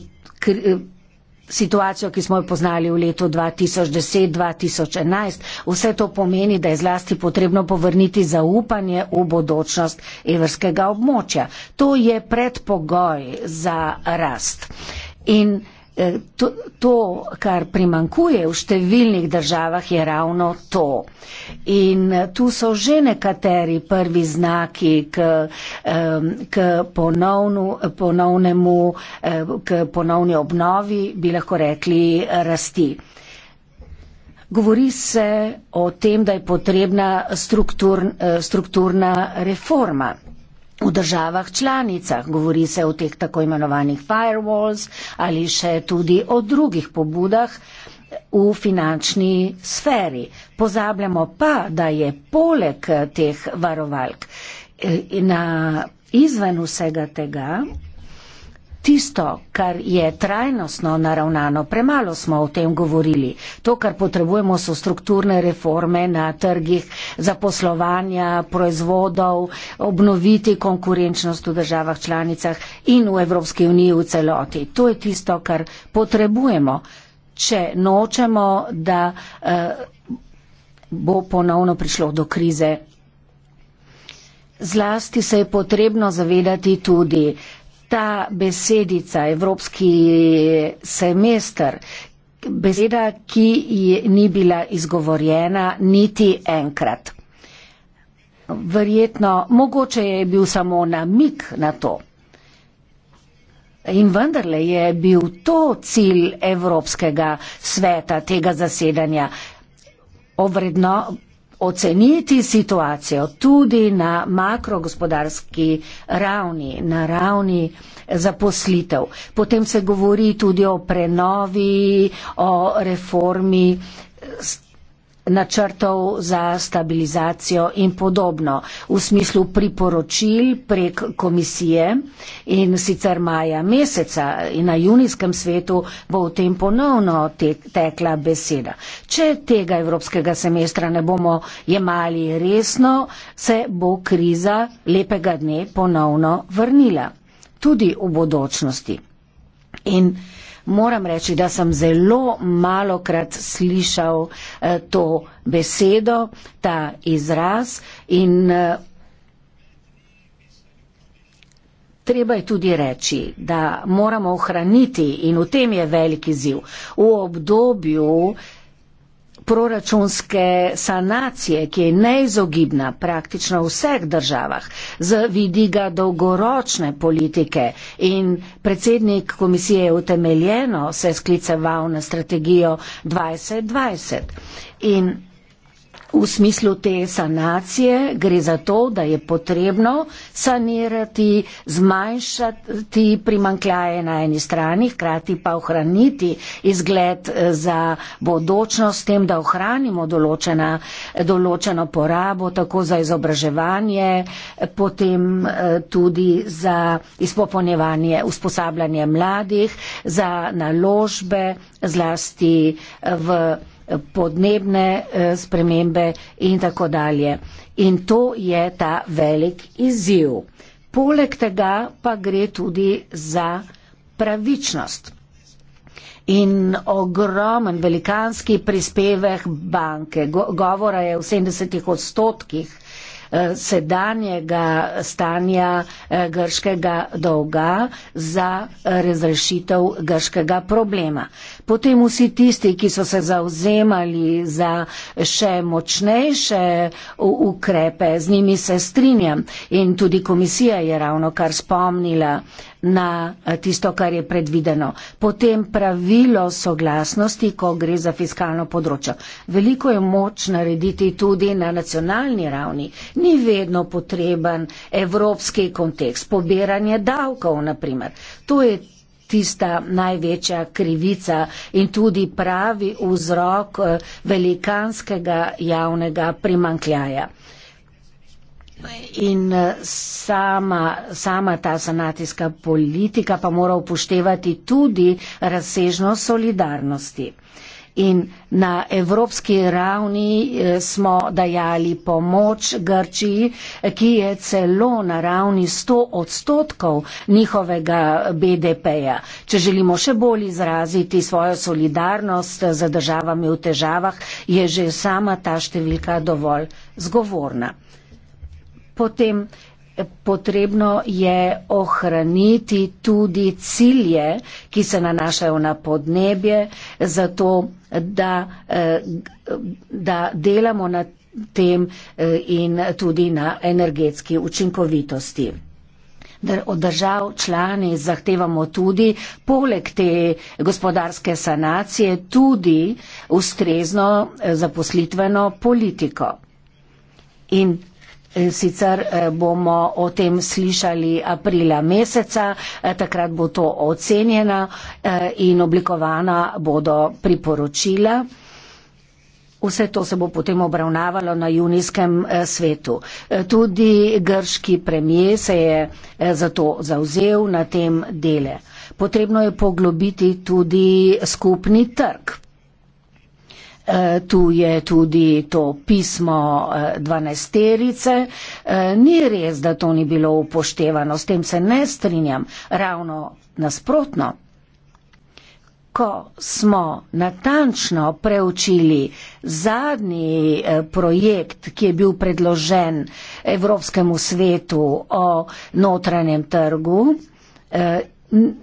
Speaker 3: situacijo, ki smo jo poznali v letu 2010-2011. Vse to pomeni, da je zlasti potrebno povrniti zaupanje v bodočnost evrskega območja. To je predpogoj za rast. In Eh, to, to, kar primankuje v številnih državah, je ravno to. In eh, tu so že nekateri prvi znaki k, k, ponovnu, ponovnemu, eh, k ponovni obnovi, bi lahko rekli, rasti. Govori se o tem, da je potrebna struktur, strukturna reforma v državah članicah. Govori se o teh tako imenovanih firewalls ali še tudi o drugih pobudah v finančni sferi. Pozabljamo pa, da je poleg teh varovalk eh, na, izven vsega tega tisto, kar je trajnostno naravnano, premalo smo o tem govorili. To, kar potrebujemo, so strukturne reforme na trgih zaposlovanja, proizvodov, obnoviti konkurenčnost v državah članicah in v Evropski uniji v celoti. To je tisto, kar potrebujemo, če nočemo, da eh, bo ponovno prišlo do krize. Zlasti se je potrebno zavedati tudi, ta besedica, evropski semester, beseda, ki je, ni bila izgovorjena niti enkrat. Verjetno, mogoče je bil samo namik na to. In vendarle je bil to cilj Evropskega sveta, tega zasedanja, ovredno, oceniti situacijo tudi na makrogospodarski ravni, na ravni zaposlitev. Potem se govori tudi o prenovi, o reformi načrtov za stabilizacijo in podobno. V smislu priporočil prek komisije in sicer maja meseca in na junijskem svetu bo v tem ponovno te tekla beseda. Če tega evropskega semestra ne bomo jemali resno, se bo kriza lepega dne ponovno vrnila. Tudi v bodočnosti. In moram reči, da sem zelo malokrat slišal eh, to besedo, ta izraz in eh, Treba je tudi reči, da moramo ohraniti in v tem je veliki ziv. V obdobju, proračunske sanacije, ki je neizogibna praktično v vseh državah, z vidika dolgoročne politike in predsednik komisije je utemeljeno se skliceval na strategijo 2020. In v smislu te sanacije gre za to, da je potrebno sanirati, zmanjšati primankljaje na eni strani, hkrati pa ohraniti izgled eh, za bodočnost, tem, da ohranimo določena, določeno porabo tako za izobraževanje, potem eh, tudi za izpopolnjevanje, usposabljanje mladih, za naložbe, zlasti eh, v podnebne eh, spremembe in tako dalje. In to je ta velik izziv. Poleg tega pa gre tudi za pravičnost. In ogromen, velikanski prispevek banke, govora je v 70 odstotkih eh, sedanjega stanja eh, grškega dolga za razrešitev grškega problema potem vsi tisti, ki so se zauzemali za še močnejše ukrepe, z njimi se strinjam. In tudi komisija je ravno kar spomnila na eh, tisto, kar je predvideno. Potem pravilo soglasnosti, ko gre za fiskalno področje. Veliko je moč narediti tudi na nacionalni ravni. Ni vedno potreben evropski kontekst, pobiranje davkov, naprimer. To je tista največja krivica in tudi pravi vzrok eh, velikanskega javnega primankljaja. In eh, sama, sama ta sanatijska politika pa mora upoštevati tudi razsežnost solidarnosti in na evropski ravni eh, smo dajali pomoč Grčiji, eh, ki je celo na ravni 100 odstotkov njihovega BDP-ja. Če želimo še bolj izraziti svojo solidarnost eh, z državami v težavah, je že sama ta številka dovolj zgovorna. Potem potrebno je ohraniti tudi cilje, ki se nanašajo na podnebje, zato da, eh, da delamo na tem eh, in tudi na energetski učinkovitosti. Od držav člani zahtevamo tudi, poleg te gospodarske sanacije, tudi ustrezno eh, zaposlitveno politiko. In In sicer eh, bomo o tem slišali aprila meseca, eh, takrat bo to ocenjena eh, in oblikovana bodo priporočila. Vse to se bo potem obravnavalo na junijskem svetu. Tudi grški premije se je za to zauzel na tem dele. Potrebno je poglobiti tudi skupni trg, Eh, tu je tudi to pismo eh, dvanajsterice. Eh, ni res, da to ni bilo upoštevano, s tem se ne strinjam, ravno nasprotno. Ko smo natančno preučili zadnji projekt, ki je bil predložen Evropskemu svetu o notranjem trgu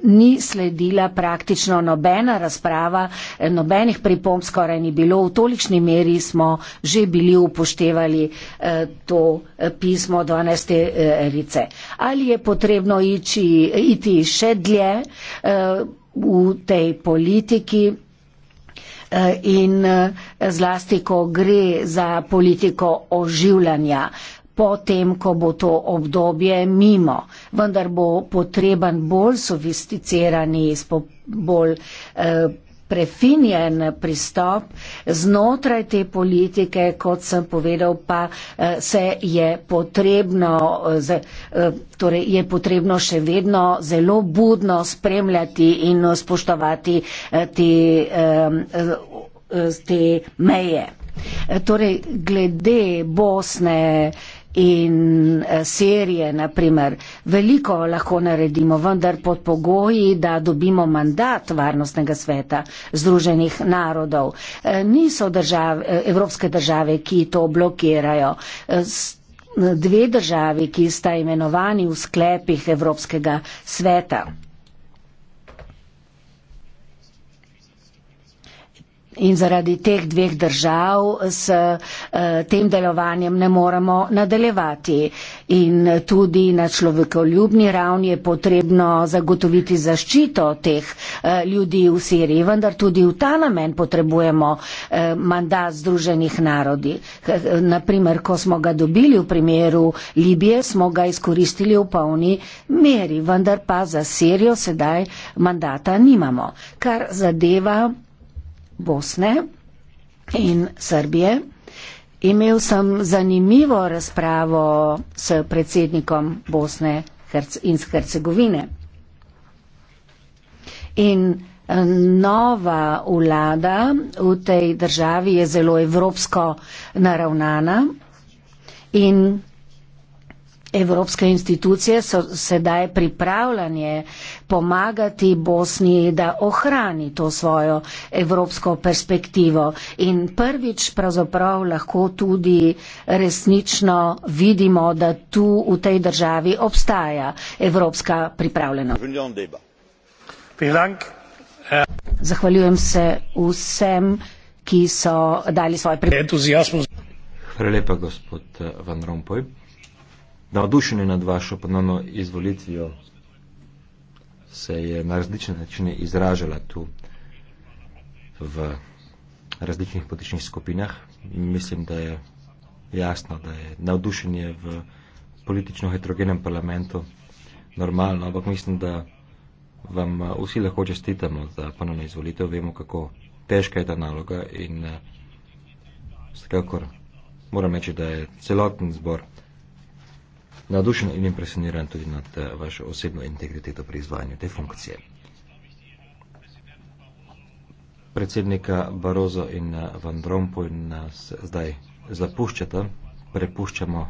Speaker 3: ni sledila praktično nobena razprava, eh, nobenih pripomb skoraj ni bilo. V tolikšni meri smo že bili upoštevali eh, to eh, pismo 12. rice. Ali je potrebno iči, iti še dlje v tej politiki? In zlasti, ko gre za politiko oživljanja potem, ko bo to obdobje mimo, vendar bo potreben bolj sofisticirani, bolj eh, prefinjen pristop znotraj te politike, kot sem povedal, pa eh, se je potrebno, eh, torej je potrebno še vedno zelo budno spremljati in spoštovati te, te meje. Torej, glede Bosne, in eh, serije, naprimer, veliko lahko naredimo, vendar pod pogoji, da dobimo mandat Varnostnega sveta Združenih narodov. Eh, niso države, eh, evropske države, ki to blokirajo. Dve državi, ki sta imenovani v sklepih Evropskega sveta. In zaradi teh dveh držav s eh, tem delovanjem ne moremo nadaljevati. In tudi na človekoljubni ravni je potrebno zagotoviti zaščito teh eh, ljudi v Siriji, vendar tudi v ta namen potrebujemo eh, mandat Združenih narodi. Naprimer, ko smo ga dobili v primeru Libije, smo ga izkoristili v polni meri, vendar pa za Sirijo sedaj mandata nimamo. Kar zadeva Bosne in Srbije. Imel sem zanimivo razpravo s predsednikom Bosne in Hercegovine. In eh, nova vlada v tej državi je zelo evropsko naravnana in evropske institucije so sedaj pripravljanje pomagati Bosni, da ohrani to svojo evropsko perspektivo in prvič pravzaprav lahko tudi resnično vidimo, da tu v tej državi obstaja evropska pripravljenost. Zahvaljujem se vsem, ki so dali svoje pripombe.
Speaker 2: Hvala lepa, gospod eh, Van Rompuy navdušeni nad vašo ponovno izvolitvijo, se je na različne načine izražala tu v različnih političnih skupinah. Mislim, da je jasno, da je navdušenje v politično heterogenem parlamentu normalno, ampak mislim, da vam eh, vsi lahko čestitamo za ponovno izvolitev. Vemo, kako težka je ta naloga in eh, vsekakor moram reči, da je celoten zbor navdušen in impresioniran tudi nad eh, vašo osebno integriteto pri izvajanju te funkcije. Predsednika Barozo in eh, Van Rompuy nas zdaj zapuščata, prepuščamo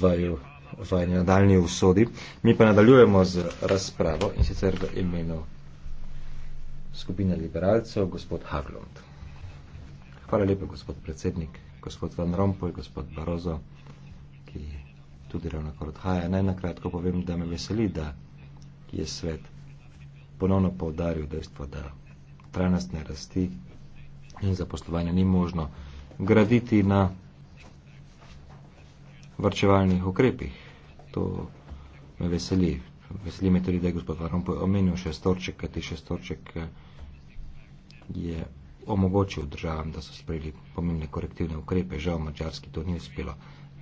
Speaker 2: vaju v nadaljni usodi. Mi pa nadaljujemo z razpravo in sicer v imenu skupine liberalcev, gospod Haglund. Hvala lepa, gospod predsednik, gospod Van Rompuy, gospod Barozo tudi ravno kar odhaja. Naj nakratko povem, da me veseli, da je svet ponovno povdaril dejstvo, da trajnostne rasti in zaposlovanja ni možno graditi na vrčevalnih ukrepih. To me veseli. Veseli me tudi, da je gospod Varon omenil šestorček, kajti šestorček eh, je omogočil državam, da so sprejeli pomembne korektivne ukrepe. Žal, mačarski to ni uspelo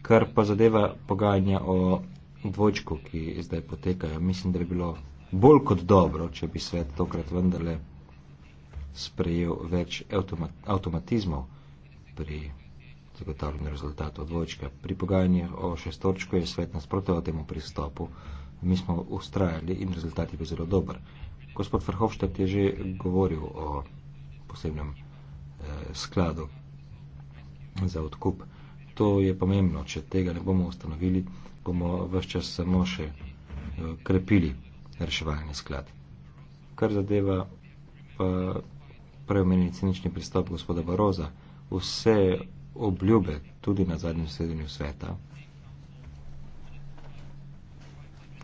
Speaker 2: kar pa zadeva pogajanja o dvočku, ki zdaj potekajo. Mislim, da je bilo bolj kot dobro, če bi svet tokrat vendarle sprejel več avtomatizmov pri zagotavljanju rezultatov dvočka. Pri pogajanju o šestorčku je svet nasprotoval temu pristopu. Mi smo ustrajali in rezultat je bil zelo dober. Gospod Verhofštad je že govoril o posebnem eh, skladu za odkup. To je pomembno. Če tega ne bomo ustanovili, bomo vse čas samo še eh, krepili reševalni sklad. Kar zadeva preomenjen cinični pristop gospoda Baroza, vse obljube, tudi na zadnjem sedenju sveta,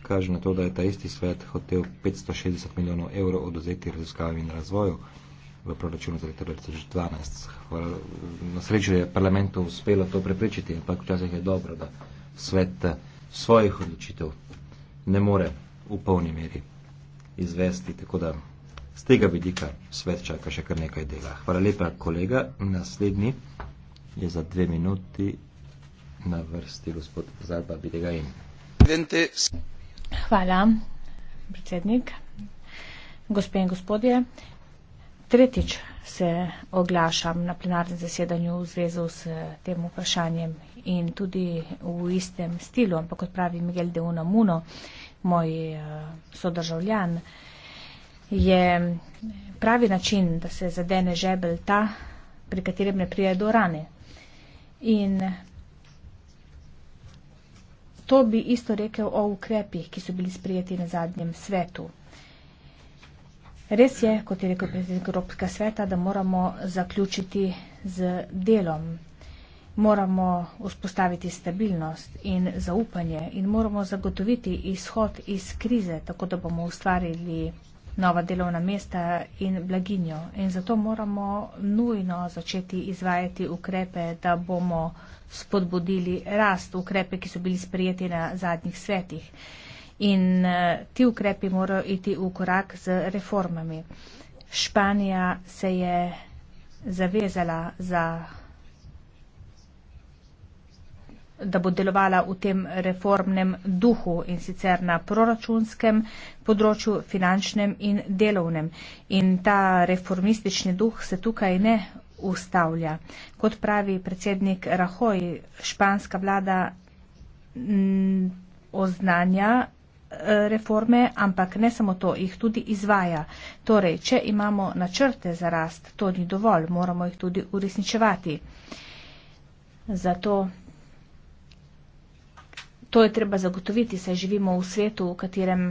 Speaker 2: kaže na to, da je ta isti svet hotel 560 milijonov evrov oduzeti raziskavi in razvoju v proračunu za leto 2012. Na srečo je parlamentu uspelo to preprečiti, ampak včasih je dobro, da svet eh, svojih odločitev ne more v polni meri izvesti, tako da z tega vidika svet čaka še kar nekaj dela. Hvala lepa, kolega. Naslednji je za dve minuti na vrsti gospod Zalba Bidegain.
Speaker 4: Hvala, predsednik. Gospe in gospodje, tretjič se oglašam na plenarnem zasedanju v zvezi s tem vprašanjem in tudi v istem stilu, ampak kot pravi Miguel de Unamuno, moj eh, sodržavljan, je pravi način, da se zadene žebel ta, pri katerem ne prije do rane. In to bi isto rekel o ukrepih, ki so bili sprijeti na zadnjem svetu. Res je, kot je rekel predsednik Evropskega sveta, da moramo zaključiti z delom. Moramo vzpostaviti stabilnost in zaupanje in moramo zagotoviti izhod iz krize, tako da bomo ustvarili nova delovna mesta in blaginjo. In zato moramo nujno začeti izvajati ukrepe, da bomo spodbudili rast, ukrepe, ki so bili sprejeti na zadnjih svetih. Uh, In eh, ti ukrepi morajo iti v korak z reformami. Španija se je zavezala za da bo delovala v tem reformnem duhu in sicer na proračunskem področju, finančnem in delovnem. In ta reformistični duh se tukaj ne ustavlja. Kot pravi predsednik Rahoj, španska vlada oznanja Eh, reforme, ampak ne samo to, jih tudi izvaja. Torej, če imamo načrte za rast, to ni dovolj, moramo jih tudi uresničevati. Zato to je treba zagotoviti, saj živimo v svetu, v katerem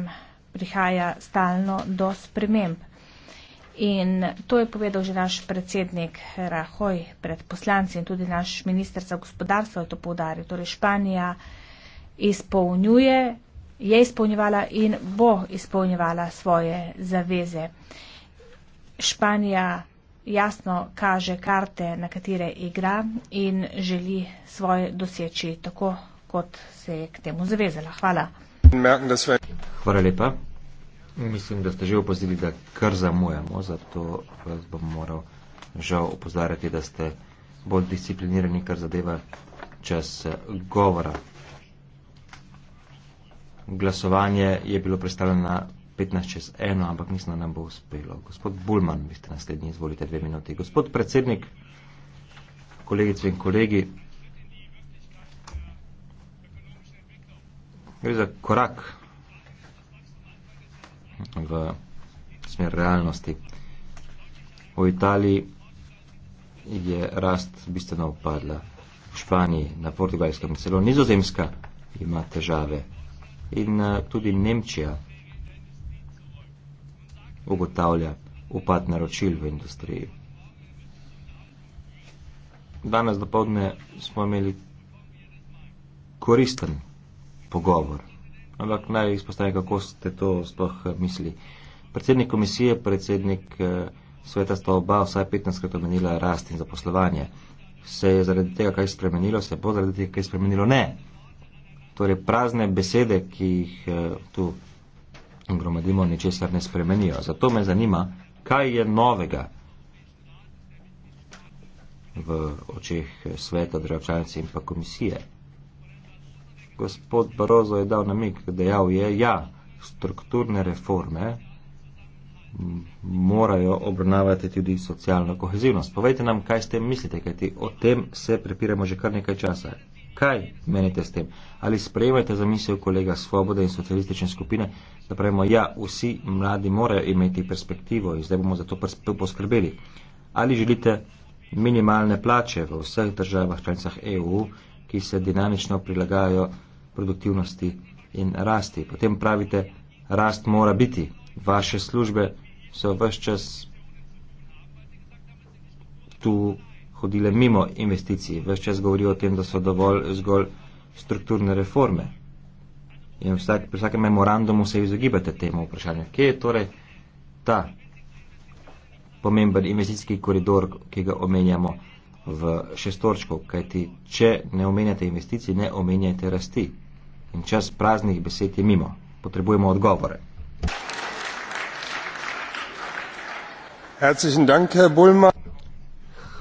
Speaker 4: prihaja stalno do sprememb. In to je povedal že naš predsednik Rahoj pred poslanci in tudi naš minister za gospodarstvo je to povdaril. Torej Španija izpolnjuje je izpolnjevala in bo izpolnjevala svoje zaveze. Španija jasno kaže karte, na katere igra in želi svoje doseči tako, kot se je k temu zavezala. Hvala.
Speaker 2: Hvala lepa. Mislim, da ste že opozili, da kar zamujamo, zato vas bom moral žal opozarjati, da ste bolj disciplinirani, kar zadeva čas eh, govora glasovanje je bilo predstavljeno na 15 čez 1, ampak mislim, da nam bo uspelo. Gospod Bulman, vi ste naslednji, izvolite dve minuti. Gospod predsednik, kolegice in kolegi, gre za korak v smer realnosti. V Italiji je rast bistveno upadla. V Španiji, na Portugalskem, celo Nizozemska ima težave in eh, tudi Nemčija ugotavlja upad naročil v industriji. Danes dopoledne smo imeli koristen pogovor, ampak naj izpostavim, kako ste to sploh eh, mislili. Predsednik komisije, predsednik eh, sveta sta oba vsaj 15krat omenila rast in zaposlovanje. Se je zaradi tega kaj spremenilo, se bo zaradi tega kaj spremenilo? Ne torej prazne besede, ki jih eh, tu gromadimo, ničesar ne spremenijo. Zato me zanima, kaj je novega v očeh eh, sveta državčanice in pa komisije. Gospod Barozo je dal namik, dejal je, ja, strukturne reforme morajo obravnavati tudi socialno kohezivnost. Povejte nam, kaj s tem mislite, kajti o tem se prepiramo že kar nekaj časa kaj menite s tem? Ali sprejemate za misel kolega Svobode in socialistične skupine, da pravimo, ja, vsi mladi morajo imeti perspektivo in zdaj bomo za to poskrbeli? Ali želite minimalne plače v vseh državah članicah EU, ki se dinamično prilagajajo produktivnosti in rasti? Potem pravite, rast mora biti, vaše službe so vse čas tu hodile mimo investicij. Ves čas govori o tem, da so dovolj zgolj strukturne reforme. In vsak, pri vsakem memorandumu se izogibate temu vprašanju. Kje je torej ta pomemben investicijski koridor, ki ga omenjamo v šestorčkov? Kajti, če ne omenjate investicij, ne omenjate rasti. In čas praznih besed je mimo. Potrebujemo odgovore. Herzlichen Dank, Herr Bulma.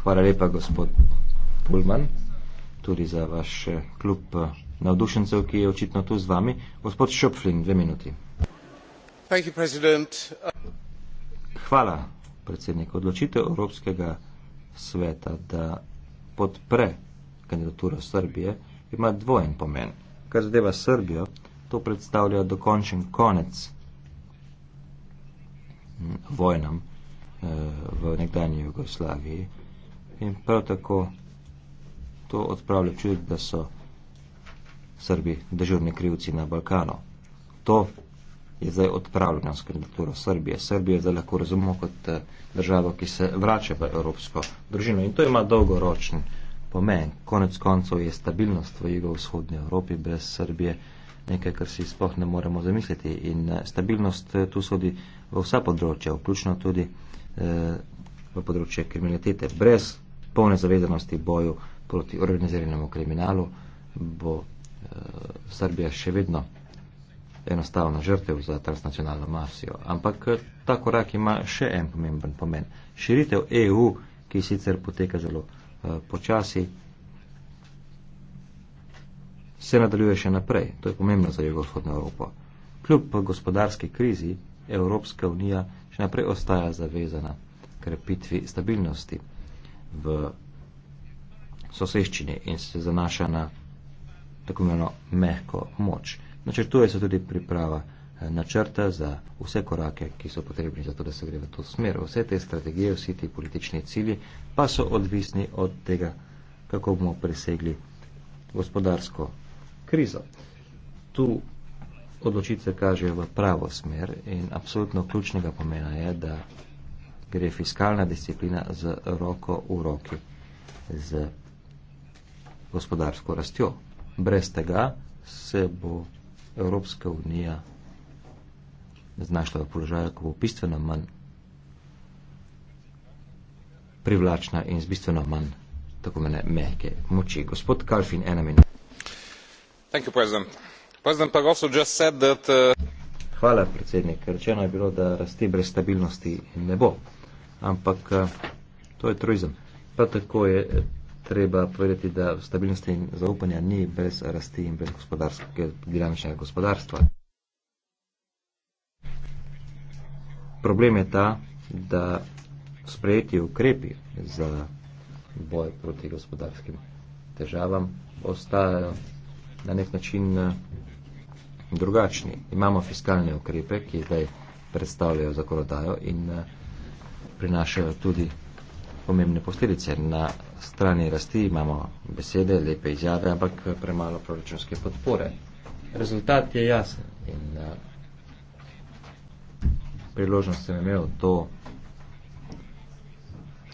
Speaker 2: Hvala lepa, gospod Pulman, tudi za vaš eh, klub eh, navdušencev, ki je očitno tu z vami. Gospod Šopflin, dve minuti.
Speaker 1: Thank you, president.
Speaker 2: Hvala, predsednik. Odločitev Evropskega sveta, da podpre kandidaturo Srbije, ima dvojen pomen. Kar zadeva Srbijo, to predstavlja dokončen konec vojnam eh, v nekdanji Jugoslaviji in prav tako to odpravlja čud, da so Srbi državni krivci na Balkanu. To je zdaj odpravljeno s kandidaturo Srbije. Srbijo zdaj lahko razumemo kot eh, državo, ki se vrača v evropsko družino in to ima dolgoročen pomen. Konec koncev je stabilnost v jugovzhodni Evropi brez Srbije nekaj, kar si sploh ne moremo zamisliti in eh, stabilnost eh, tu sodi v vsa področja, vključno tudi eh, v področje kriminalitete. Brez polne zavedanosti boju proti organiziranemu kriminalu, bo e, Srbija še vedno enostavna žrtev za transnacionalno mafijo. Ampak eh, ta korak ima še en pomemben pomen. Širitev EU, ki sicer poteka zelo e, počasi, se nadaljuje še naprej. To je pomembno za jugovzhodno Evropo. Kljub gospodarski krizi Evropska unija še naprej ostaja zavezana krepitvi stabilnosti v soseščini in se zanaša na tako imeno mehko moč. Načrtuje se tudi priprava eh, načrta za vse korake, ki so potrebni za to, da se gre v to smer. Vse te strategije, vsi ti politični cilji pa so odvisni od tega, kako bomo presegli gospodarsko krizo. Tu odločitve kažejo v pravo smer in absolutno ključnega pomena je, da gre fiskalna disciplina z roko v roki z gospodarsko rastjo. Brez tega se bo Evropska unija znašla v položaju, ko bo bistveno manj privlačna in z bistveno manj tako mene mehke moči. Gospod Kalfin, ena minuta.
Speaker 1: President. President uh...
Speaker 2: Hvala, predsednik. Rečeno je bilo, da rasti brez stabilnosti ne bo ampak eh, to je truizem. Pa tako je eh, treba povedati, da stabilnosti in zaupanja ni brez rasti in brez dinamičnega gospodarstva. Problem je ta, da sprejeti ukrepi za boj proti gospodarskim težavam ostajajo na nek način eh, drugačni. Imamo fiskalne ukrepe, ki zdaj predstavljajo zakonodajo in uh, prinašajo tudi pomembne posledice. Na strani rasti imamo besede, lepe izjave, ampak premalo proračunske podpore. Rezultat je jasen in eh, priložnost sem imel to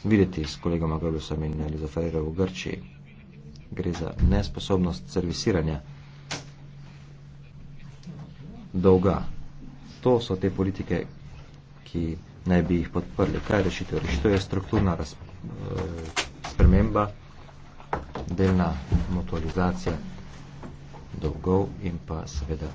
Speaker 2: videti s kolegoma Grobusom in Elizofero v Grčiji. Gre za nesposobnost servisiranja dolga. To so te politike, ki ne bi jih podprli. Kaj je rešitev? Rešitev je strukturna raz, eh, sprememba, delna motorizacija dolgov in pa seveda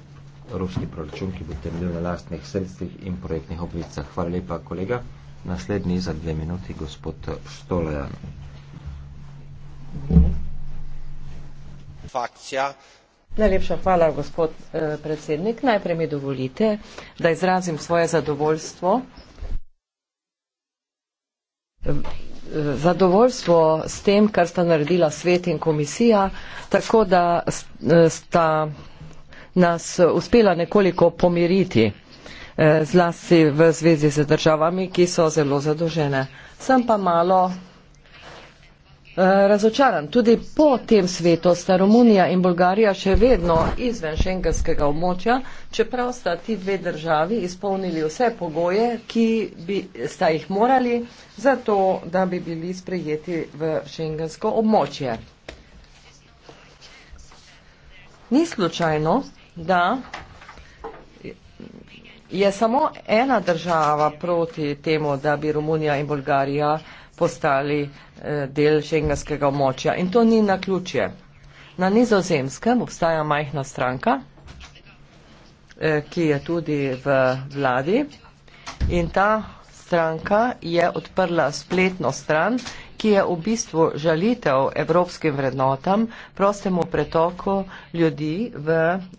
Speaker 2: ruski proračun, ki bo temeljil na lastnih sredstvih in projektnih oblicah. Hvala lepa, kolega. Naslednji za dve minuti, gospod Štolajan. Fakcija.
Speaker 6: Najlepša hvala, gospod eh, predsednik. Najprej mi dovolite, da izrazim svoje zadovoljstvo zadovoljstvo s tem, kar sta naredila svet in komisija, tako da eh, sta nas uspela nekoliko pomiriti eh, zlasti v zvezi z državami, ki so zelo zadožene. Sem pa malo Eh, razočaran. Tudi po tem svetu sta Romunija in Bolgarija še vedno izven šengenskega območja, čeprav sta ti dve državi izpolnili vse pogoje, ki bi sta jih morali za to, da bi bili sprejeti v šengensko območje. Ni slučajno, da je samo ena država proti temu, da bi Romunija in Bolgarija postali eh, del šengenskega območja. In to ni na ključje. Na nizozemskem obstaja majhna stranka, eh, ki je tudi v vladi in ta stranka je odprla spletno stran, ki je v bistvu žalitev evropskim vrednotam, prostemu pretoku ljudi v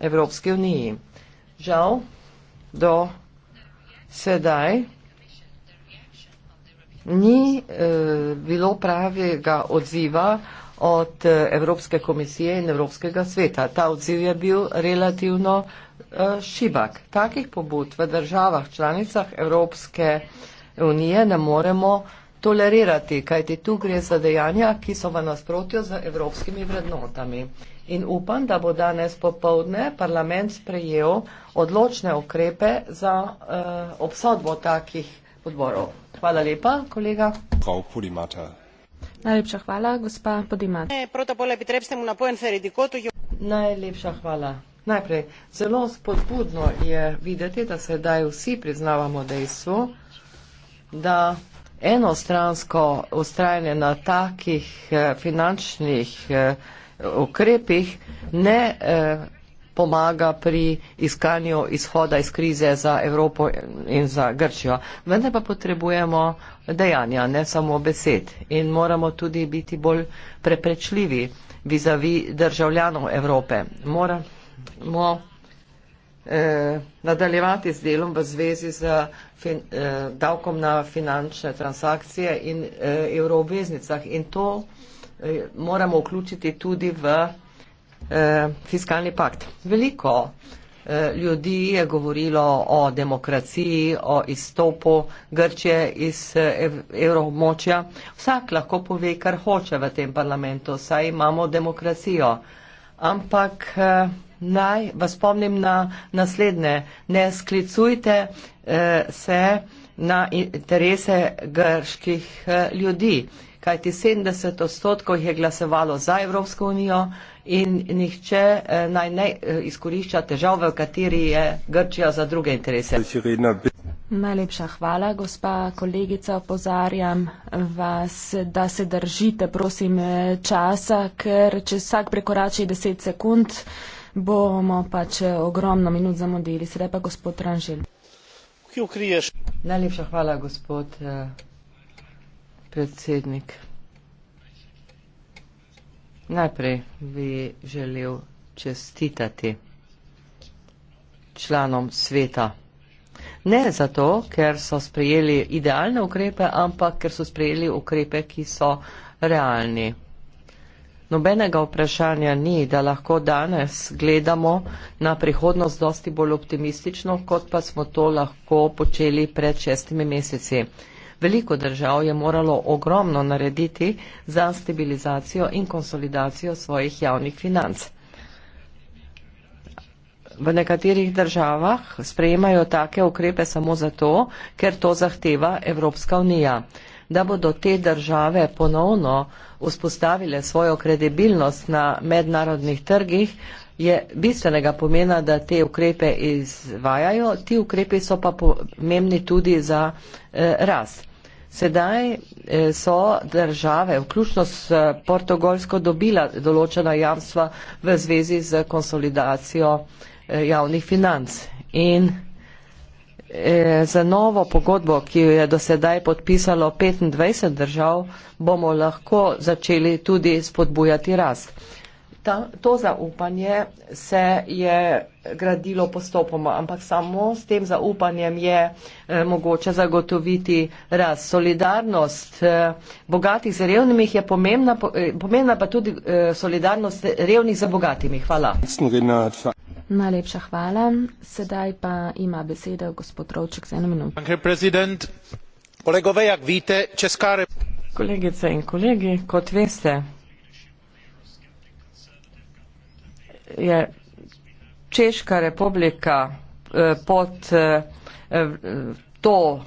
Speaker 6: Evropski uniji. Žal, do sedaj ni eh, bilo pravega odziva od eh, Evropske komisije in Evropskega sveta. Ta odziv je bil relativno eh, šibak. Takih pobud v državah članicah Evropske unije ne moremo tolerirati, kajti tu gre za dejanja, ki so v nasprotju z evropskimi vrednotami. In upam, da bo danes popovdne parlament sprejel odločne ukrepe za eh, obsodbo takih odborov. Hvala lepa, kolega.
Speaker 1: Prav, Podimata.
Speaker 6: Najlepša hvala, gospa Podimata. Eh, Protokole bi trebali stemu napojen feridikotu. Najlepša hvala. Najprej, zelo spodbudno je videti, da sedaj vsi priznavamo dejstvo, da enostransko ustrajanje na takih eh, finančnih eh, ukrepih ne. Eh, pomaga pri iskanju izhoda iz krize za Evropo in za Grčijo. Vendar pa potrebujemo dejanja, ne samo besed. In moramo tudi biti bolj preprečljivi vizavi državljanov Evrope. Moramo eh, nadaljevati z delom v zvezi z fin, eh, davkom na finančne transakcije in eh, evroobveznicah. In to eh, moramo vključiti tudi v eh, fiskalni pakt. Veliko eh, ljudi je govorilo o demokraciji, o izstopu Grčije iz eh, ev, evromočja. Vsak lahko pove, kar hoče v tem parlamentu, saj imamo demokracijo. Ampak eh, naj vas spomnim na naslednje. Ne sklicujte eh, se na interese grških eh, ljudi kajti 70 odstotkov jih je glasovalo za Evropsko unijo in nihče eh, naj ne eh, izkorišča težav, v kateri je Grčija za
Speaker 2: druge interese.
Speaker 7: Najlepša hvala, gospa kolegica. Opozarjam vas, da se držite, prosim, eh, časa, ker če vsak prekorači 10 sekund, bomo pač ogromno minut zamudili. Sedaj pa gospod
Speaker 6: Ranžel. Najlepša hvala, gospod predsednik. Najprej bi želel čestitati članom sveta. Ne zato, ker so sprejeli idealne ukrepe, ampak ker so sprejeli ukrepe, ki so realni. Nobenega vprašanja ni, da lahko danes gledamo na prihodnost dosti bolj optimistično, kot pa smo to lahko počeli pred šestimi meseci. Veliko držav je moralo ogromno narediti za stabilizacijo in konsolidacijo svojih javnih financ. V nekaterih državah sprejemajo take ukrepe samo zato, ker to zahteva Evropska unija. Da bodo te države ponovno vzpostavile svojo kredibilnost na mednarodnih trgih, je bistvenega pomena, da te ukrepe izvajajo. Ti ukrepi so pa pomembni tudi za eh, rast. Sedaj eh, so države, vključno s eh, Portugalsko, dobila določena jamstva v zvezi z konsolidacijo eh, javnih financ. In za novo pogodbo, ki jo je do sedaj podpisalo 25 držav, bomo lahko začeli tudi spodbujati rast ta, to zaupanje se je gradilo postopoma, ampak samo s tem zaupanjem je eh, mogoče zagotoviti rast. Solidarnost eh, bogatih z revnimi je pomembna, po, eh, pomembna pa tudi eh, solidarnost revnih z bogatimi. Hvala.
Speaker 7: Najlepša hvala. Sedaj pa ima besedo gospod Rovček za eno minuto.
Speaker 6: Kolegice in kolegi, kot veste, je Češka republika eh, pod eh, to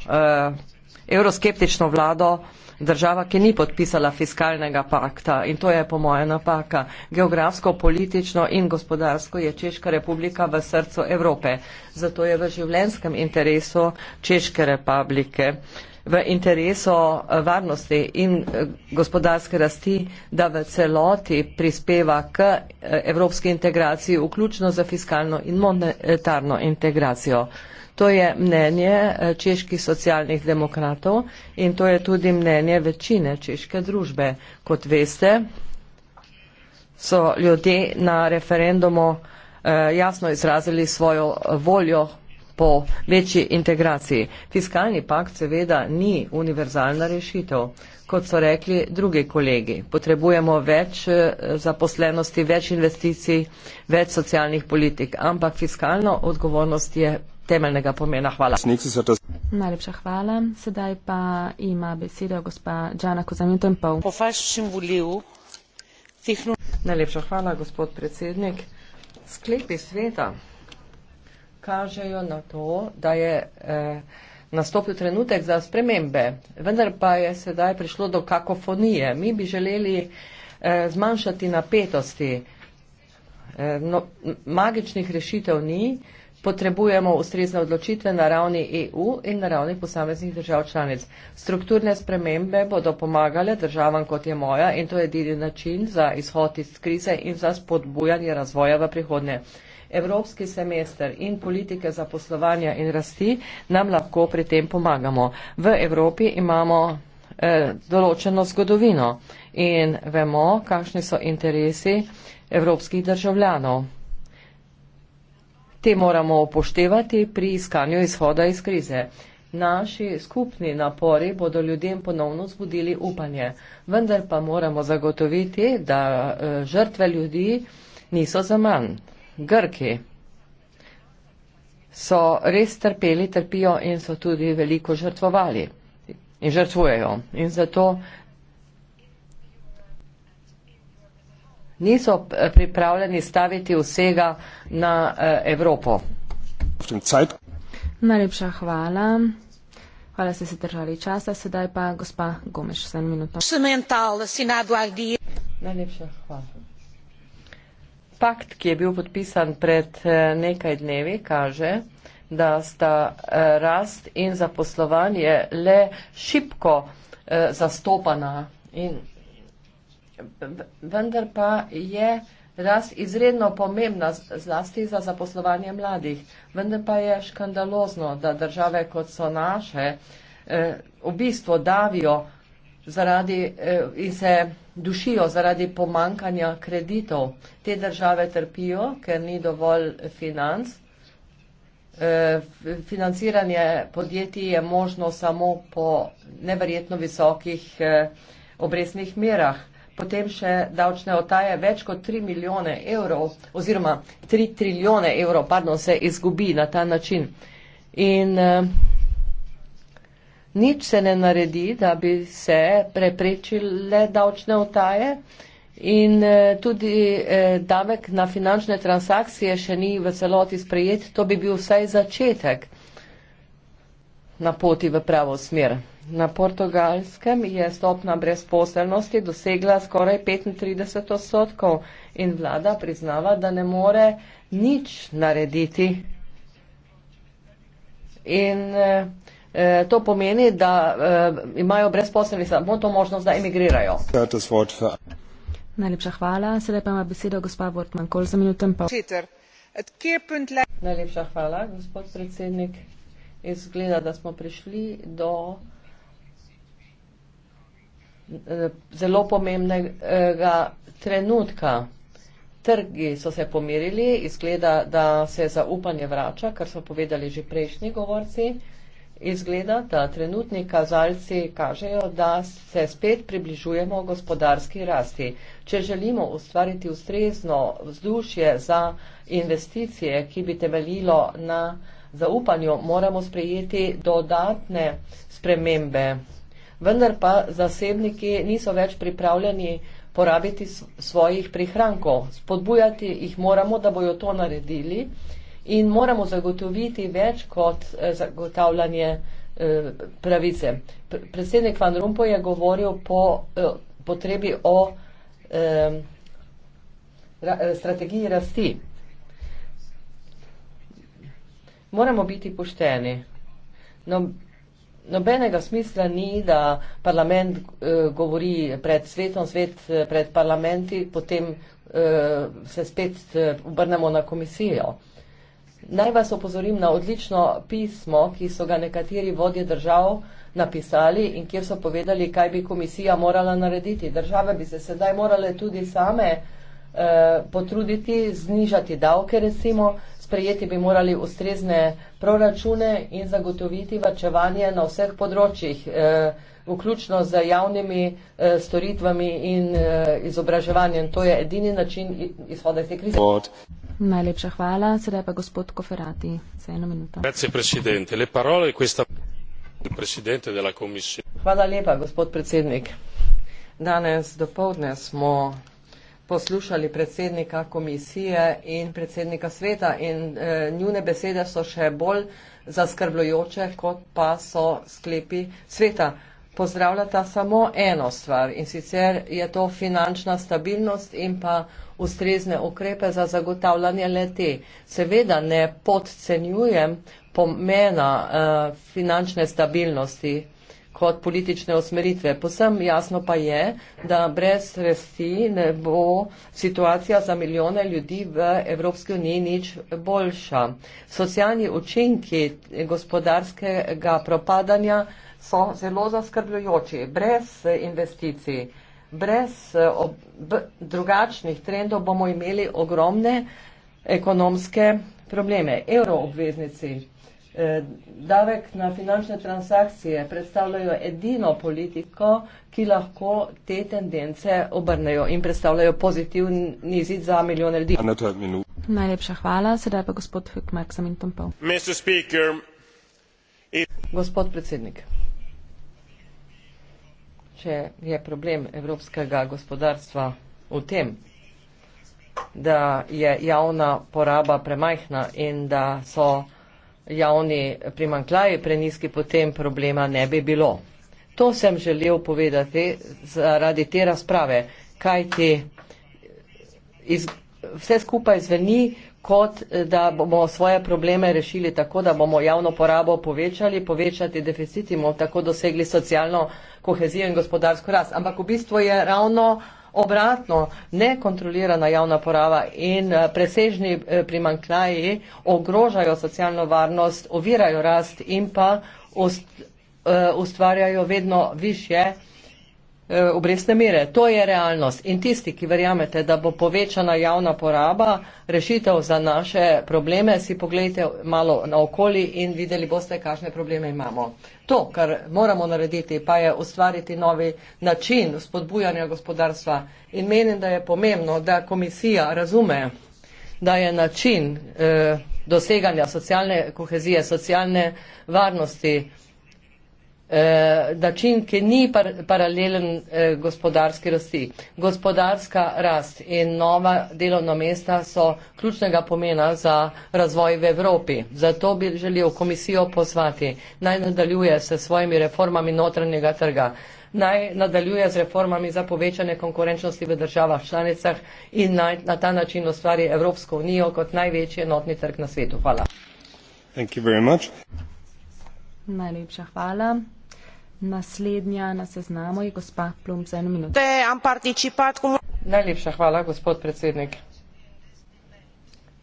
Speaker 6: euroskeptično eh, vlado država, ki ni podpisala fiskalnega pakta in to je po moje napaka. Geografsko, politično in gospodarsko je Češka republika v srcu Evrope. Zato je v življenskem interesu Češke republike. Uh, v interesu eh, varnosti in eh, gospodarske rasti, da v celoti prispeva k eh, evropski integraciji, vključno za fiskalno in monetarno integracijo. To je mnenje čeških socialnih demokratov in to je tudi mnenje večine češke družbe. Kot veste, so ljudje na referendumu jasno izrazili svojo voljo po večji integraciji. Fiskalni pakt seveda ni univerzalna rešitev, kot so rekli drugi kolegi. Potrebujemo več eh, zaposlenosti, več investicij, več socialnih politik, ampak fiskalna odgovornost je temeljnega pomena. Hvala.
Speaker 7: Najlepša hvala. Sedaj pa ima besedo gospa Džana Kozaminto in pol.
Speaker 6: Najlepša hvala, gospod predsednik. Sklepi sveta kažejo na to, da je eh, nastopil trenutek za spremembe. Vendar pa je sedaj prišlo do kakofonije. Mi bi želeli eh, zmanjšati napetosti. Eh, no, magičnih rešitev ni, potrebujemo ustrezne odločitve na ravni EU in na ravni posameznih držav članic. Strukturne spremembe bodo pomagale državam, kot je moja, in to je edini način za izhod iz krize in za spodbujanje razvoja v prihodnje evropski semester in politike zaposlovanja in rasti, nam lahko pri tem pomagamo. V Evropi imamo eh, določeno zgodovino in vemo, kakšni so interesi evropskih državljanov. Te moramo upoštevati pri iskanju izhoda iz krize. Naši skupni napori bodo ljudem ponovno zbudili upanje, vendar pa moramo zagotoviti, da eh, žrtve ljudi niso za manj. Grki so res trpeli, trpijo in so tudi veliko žrtvovali in žrtvujejo. In zato niso pripravljeni staviti vsega na
Speaker 1: eh, Evropo.
Speaker 7: Najlepša hvala. Hvala, da ste se držali časa. Sedaj pa gospa Gomeš,
Speaker 6: sedem minut.
Speaker 3: Najlepša hvala
Speaker 6: pakt, ki je bil podpisan pred eh, nekaj dnevi, kaže, da sta eh, rast in zaposlovanje le šipko eh, zastopana. In vendar pa je rast izredno pomembna zlasti za zaposlovanje mladih. Vendar pa je škandalozno, da države kot so naše v bistvu davijo zaradi, eh, in se dušijo zaradi pomankanja kreditov. Te države trpijo, ker ni dovolj financ. Eh, financiranje podjetij je možno samo po neverjetno visokih eh, obresnih merah. Potem še davčne otaje, več kot 3 milijone evrov oziroma 3 trilijone evrov, pardon, se izgubi na ta način. In, eh, nič se ne naredi, da bi se preprečile davčne utaje in eh, tudi eh, davek na finančne transakcije še ni v celoti sprejet, to bi bil vsaj začetek na poti v pravo smer. Na portugalskem je stopna brezposelnosti dosegla skoraj 35 odstotkov in vlada priznava, da ne more nič narediti. In eh, Eh, to pomeni, da eh, imajo brezposelni samo to možnost, da emigrirajo.
Speaker 7: Najlepša hvala. Sedaj pa ima besedo gospa Wortman. Kol za minutem
Speaker 2: pa.
Speaker 6: Najlepša hvala, gospod predsednik. Izgleda, da smo prišli do eh, zelo pomembnega trenutka. Trgi so se pomirili, izgleda, da se zaupanje vrača, kar so povedali že prejšnji govorci. Izgleda, da trenutni kazalci kažejo, da se spet približujemo gospodarski rasti. Če želimo ustvariti ustrezno vzdušje za investicije, ki bi temeljilo na zaupanju, moramo sprejeti dodatne spremembe. Vendar pa zasebniki niso več pripravljeni porabiti svojih prihrankov. Spodbujati jih moramo, da bojo to naredili in moramo zagotoviti več kot eh, zagotavljanje eh, pravice. Predsednik Van Rompuy je govoril po eh, potrebi o strategiji rasti. Moramo biti pošteni. No, nobenega smisla ni, da parlament govori pred svetom, svet pred parlamenti, potem se spet obrnemo na komisijo. Naj vas opozorim na odlično pismo, ki so ga nekateri vodje držav napisali in kjer so povedali, kaj bi komisija morala narediti. Države bi se sedaj morale tudi same eh, potruditi, znižati davke recimo, sprejeti bi morali ustrezne proračune in zagotoviti vrčevanje na vseh področjih. Eh, vključno z javnimi eh, storitvami in eh, izobraževanjem. To je edini način izhoda iz te krize. Od.
Speaker 7: Najlepša hvala. Sedaj pa gospod Koferati. Za eno minuto.
Speaker 1: Hvala lepa, gospod
Speaker 6: predsednik. Danes dopovdne smo poslušali predsednika komisije in predsednika sveta in eh, njune besede so še bolj zaskrbljujoče, kot pa so sklepi sveta pozdravljata samo eno stvar in sicer je to finančna stabilnost in pa ustrezne ukrepe za zagotavljanje lete. Seveda ne podcenjujem pomena uh, finančne stabilnosti kot politične osmeritve. Posem jasno pa je, da brez rasti ne bo situacija za milijone ljudi v Evropski uniji nič boljša. Socialni učinki gospodarskega propadanja so zelo zaskrbljujoči. Brez investicij, brez ob, drugačnih trendov bomo imeli ogromne ekonomske probleme. Euroobveznici. E, davek na finančne transakcije predstavljajo edino politiko, ki lahko te tendence obrnejo in predstavljajo pozitivni izid za milijone ljudi. Najlepša hvala, sedaj pa
Speaker 7: gospod Hükmark za minutom pol.
Speaker 6: Gospod predsednik, če je problem evropskega gospodarstva v tem, da je javna poraba premajhna in da so javni primankljaj preniski, potem problema ne bi bilo. To sem želel povedati zaradi te razprave, kaj ti iz, vse skupaj zveni, kot da bomo svoje probleme rešili tako, da bomo javno porabo povečali, povečati deficitimo, tako dosegli socialno kohezijo in gospodarsko rast. Ampak v bistvu je ravno uh, obratno, nekontrolirana javna poraba in eh, presežni eh, primankljaji ogrožajo socialno varnost, ovirajo rast in pa ust, eh, ustvarjajo vedno više Eh, obrestne mere. To je realnost. In tisti, ki verjamete, da bo povečana javna poraba rešitev za naše probleme, si pogledajte malo naokoli in videli boste, kakšne probleme imamo. To, kar moramo narediti, pa je ustvariti novi način spodbujanja gospodarstva. In menim, da je pomembno, da komisija razume, da je način eh, doseganja socialne kohezije, socialne varnosti, Eh, način, ki ni par, paralelen eh, gospodarski rasti. Gospodarska rast in nova delovna mesta so ključnega pomena za razvoj v Evropi. Zato bi želel komisijo pozvati, naj nadaljuje se svojimi reformami notranjega trga, naj nadaljuje z reformami za povečanje konkurenčnosti v državah članicah in naj na ta način ustvari Evropsko unijo kot največji enotni trg na svetu. Hvala.
Speaker 7: Najlepša hvala. Naslednja na seznamu je
Speaker 6: gospa Plum za eno minuto. Najlepša hvala, gospod predsednik.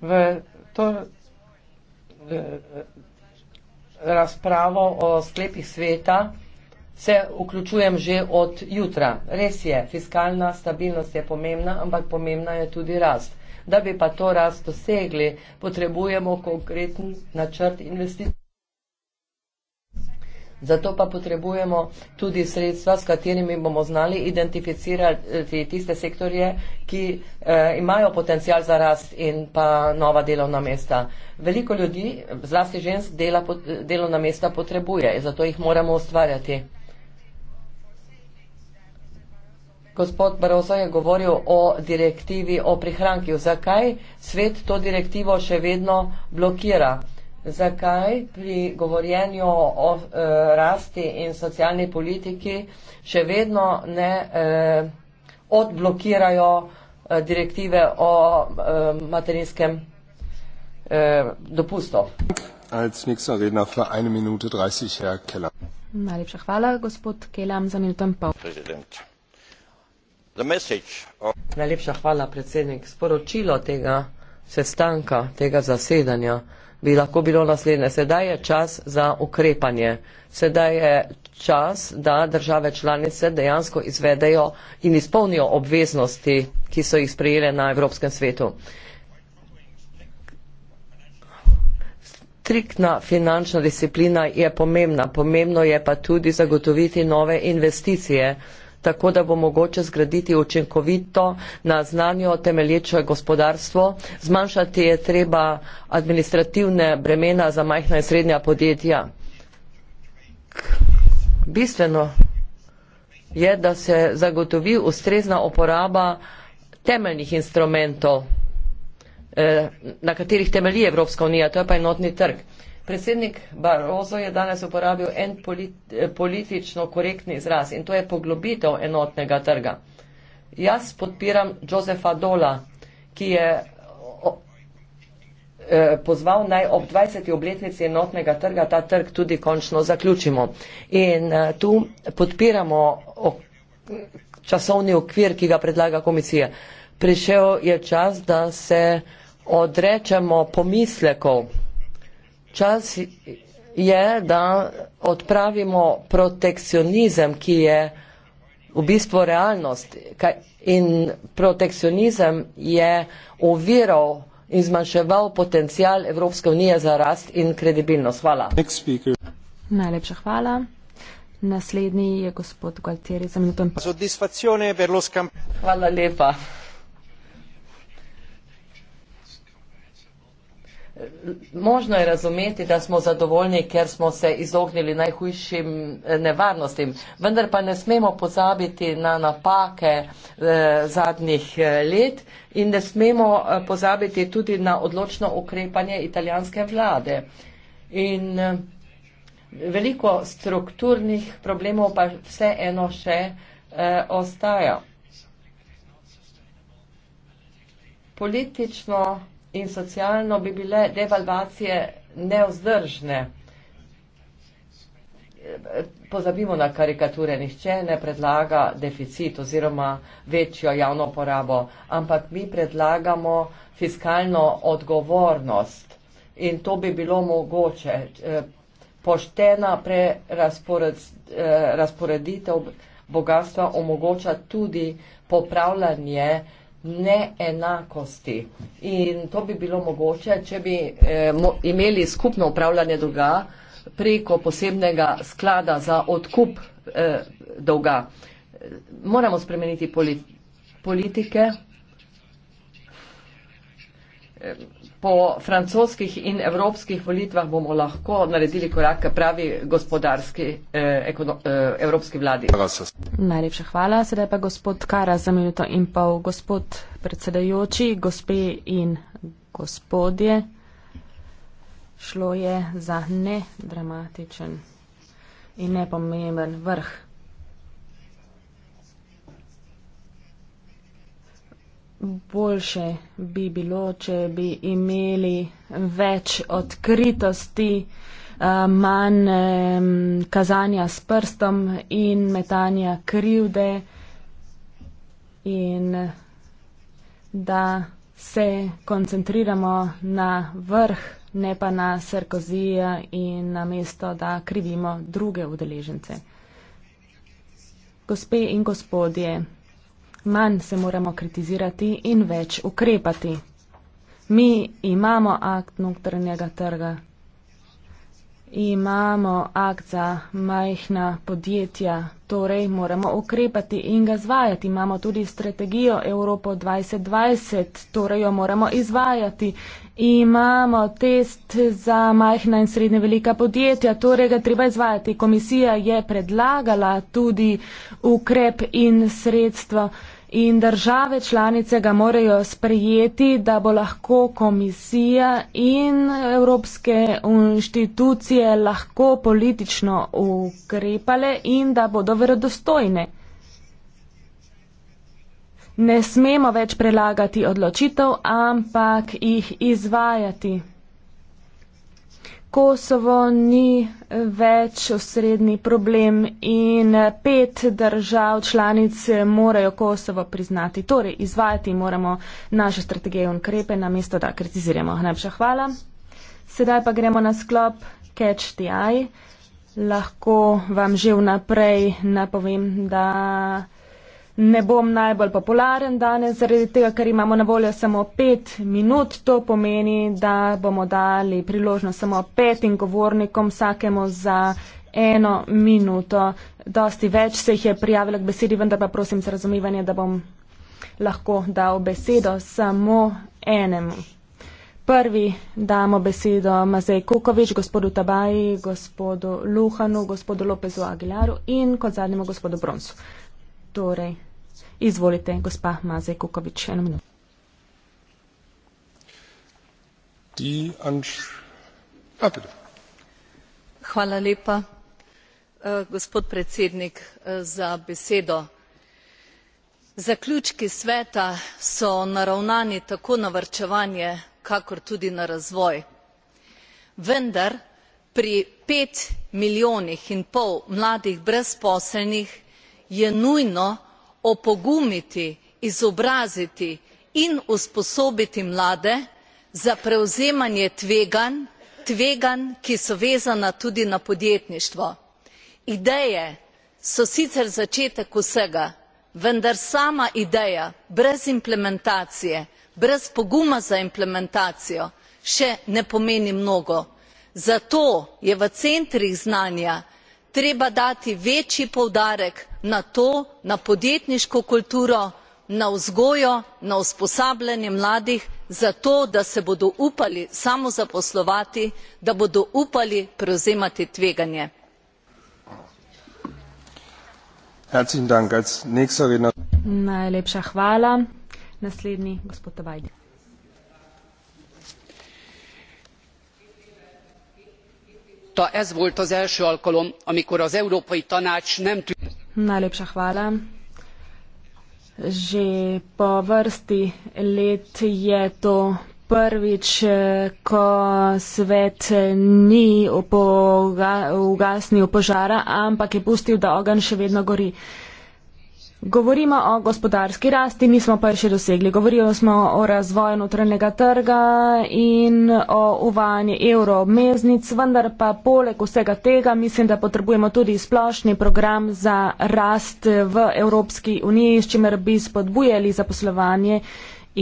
Speaker 6: V to eh, eh, razpravo o sklepih sveta se vključujem že od jutra. Res je, fiskalna stabilnost je pomembna, ampak pomembna je tudi rast. Da bi pa to rast dosegli, potrebujemo konkreten načrt investicij. Zato pa potrebujemo tudi sredstva, s katerimi bomo znali identificirati tiste sektorje, ki eh, imajo potencial za rast in pa nova delovna mesta. Veliko ljudi, zlasti žensk, dela, delovna mesta potrebuje, zato jih moramo ustvarjati. Gospod Barozo je govoril o direktivi o prihrankih. Zakaj svet to direktivo še vedno blokira? zakaj pri govorjenju o e, rasti in socialni politiki še vedno ne e, odblokirajo e, direktive o e, materinskem
Speaker 1: e, dopustu.
Speaker 7: Najlepša hvala, gospod Kelam, za minuto in pol.
Speaker 6: Najlepša hvala, predsednik. Sporočilo tega sestanka, tega zasedanja, bi lahko bilo naslednje. Sedaj je čas za ukrepanje. Sedaj je čas, da države članice dejansko izvedejo in izpolnijo obveznosti, ki so jih sprejele na Evropskem svetu. Striktna finančna disciplina je pomembna. Pomembno je pa tudi zagotoviti nove investicije tako da bo mogoče zgraditi učinkovito na znanju temelječe gospodarstvo. Zmanjšati je treba administrativne bremena za majhna in srednja podjetja. Bistveno je, da se zagotovi ustrezna uporaba temeljnih instrumentov, eh, na katerih temelji Evropska unija, to je pa enotni trg. Predsednik Barozo je danes uporabil en politi, politično korektni izraz in to je poglobitev enotnega trga. Jaz podpiram Josefa Dola, ki je e, pozval naj ob 20. obletnici enotnega trga ta trg tudi končno zaključimo. In e, tu podpiramo časovni okvir, ki ga predlaga komisija. Prišel je čas, da se odrečemo pomislekov Čas je, da odpravimo protekcionizem, ki je v bistvu realnost. In protekcionizem je oviral in zmanjševal potencial Evropske unije za rast in kredibilnost. Hvala.
Speaker 7: Najlepša hvala. Naslednji je gospod Gualtieri za minuto
Speaker 6: in pol. Hvala lepa. Možno je razumeti, da smo zadovoljni, ker smo se izognili najhujšim eh, nevarnostim, vendar pa ne smemo pozabiti na napake eh, zadnjih eh, let in ne smemo eh, pozabiti tudi na odločno ukrepanje italijanske vlade. In eh, veliko strukturnih problemov pa vseeno še eh, ostaja. Politično in socialno bi bile devalvacije neozdržne. Pozabimo na karikature, nihče ne predlaga deficit oziroma večjo javno porabo, ampak mi predlagamo fiskalno odgovornost in to bi bilo mogoče. Eh, poštena prerasporeditev eh, bogatstva omogoča tudi popravljanje neenakosti. In to bi bilo mogoče, če bi eh, mo imeli skupno upravljanje dolga preko posebnega sklada za odkup eh, dolga. Moramo spremeniti politi politike. Eh, po francoskih in evropskih volitvah bomo lahko naredili korak k pravi gospodarski eh, ekono, eh, evropski vladi.
Speaker 5: Najlepša
Speaker 7: hvala. Sedaj pa gospod Kara za minuto in pol. Gospod predsedajoči, gospe in gospodje, šlo je za nedramatičen in nepomemben vrh boljše bi bilo, če bi imeli več odkritosti, eh, manj kazanja s prstom in metanja krivde in da se koncentriramo na vrh, ne pa na srkozija in na mesto, da krivimo druge udeležence. Gospe in gospodje, manj se moramo kritizirati in več ukrepati. Mi imamo akt notranjega trga, imamo akt za majhna podjetja, torej moramo ukrepati in ga zvajati. Imamo tudi strategijo Evropo 2020, torej jo moramo izvajati Imamo test za majhna in srednje velika podjetja, torej ga treba izvajati. Komisija je predlagala tudi ukrep in sredstvo in države članice ga morajo sprejeti, da bo lahko komisija in evropske inštitucije lahko politično ukrepale in da bodo verodostojne ne smemo več prelagati odločitev, ampak jih izvajati. Kosovo ni več osrednji problem in pet držav članic morajo Kosovo priznati. Torej, izvajati moramo naše strategije in ukrepe, namesto da kritiziramo. Najlepša hvala. Sedaj pa gremo na sklop Catch the Eye. Lahko vam že vnaprej napovem, da ne bom najbolj popularen danes, zaradi tega, ker imamo na voljo samo pet minut. To pomeni, da bomo dali priložnost samo petim govornikom, vsakemu za eno minuto. Dosti več se jih je prijavilo k besedi, vendar pa prosim za razumivanje, da bom lahko dal besedo samo enemu. Prvi damo besedo Mazej Kukovič, gospodu Tabaji, gospodu Luhanu, gospodu Lopezu Aguilaru in kot zadnjemu gospodu Bronsu. Torej, Izvolite, gospa Mazej Kukovič, eno minuto.
Speaker 5: Hvala lepa, eh, gospod predsednik, eh, za besedo. Zaključki sveta so naravnani tako na vrčevanje, kakor tudi na razvoj. Vendar pri pet milijonih in pol mladih brezposelnih je nujno, opogumiti izobraziti in usposobiti mlade za prevzemanje tveganj tveganj ki so vezana tudi na podjetništvo. ideje so sicer začetek vsega vendar sama ideja brez implementacije brez poguma za implementacijo še ne pomeni mnogo zato je v centrih znanja treba dati večji poudarek na to na podjetniško kulturo na vzgojo na usposabljanje mladih zato da se bodo upali samozaposlovati da bodo upali prevzemati tveganje.
Speaker 1: óta
Speaker 6: ez volt az első alkalom amikor az európai tanács nem
Speaker 7: Najlepša hvala. Že po vrsti let je to prvič, ko svet ni upoga, ugasnil požara, ampak je pustil, da ogenj še vedno gori. Govorimo o gospodarski rasti, nismo pa jo še dosegli. Govorili smo o razvoju notranjega trga in o uvajanju evroobmeznic, vendar pa poleg vsega tega mislim, da potrebujemo tudi splošni program za rast v Evropski uniji, s čimer bi spodbujali zaposlovanje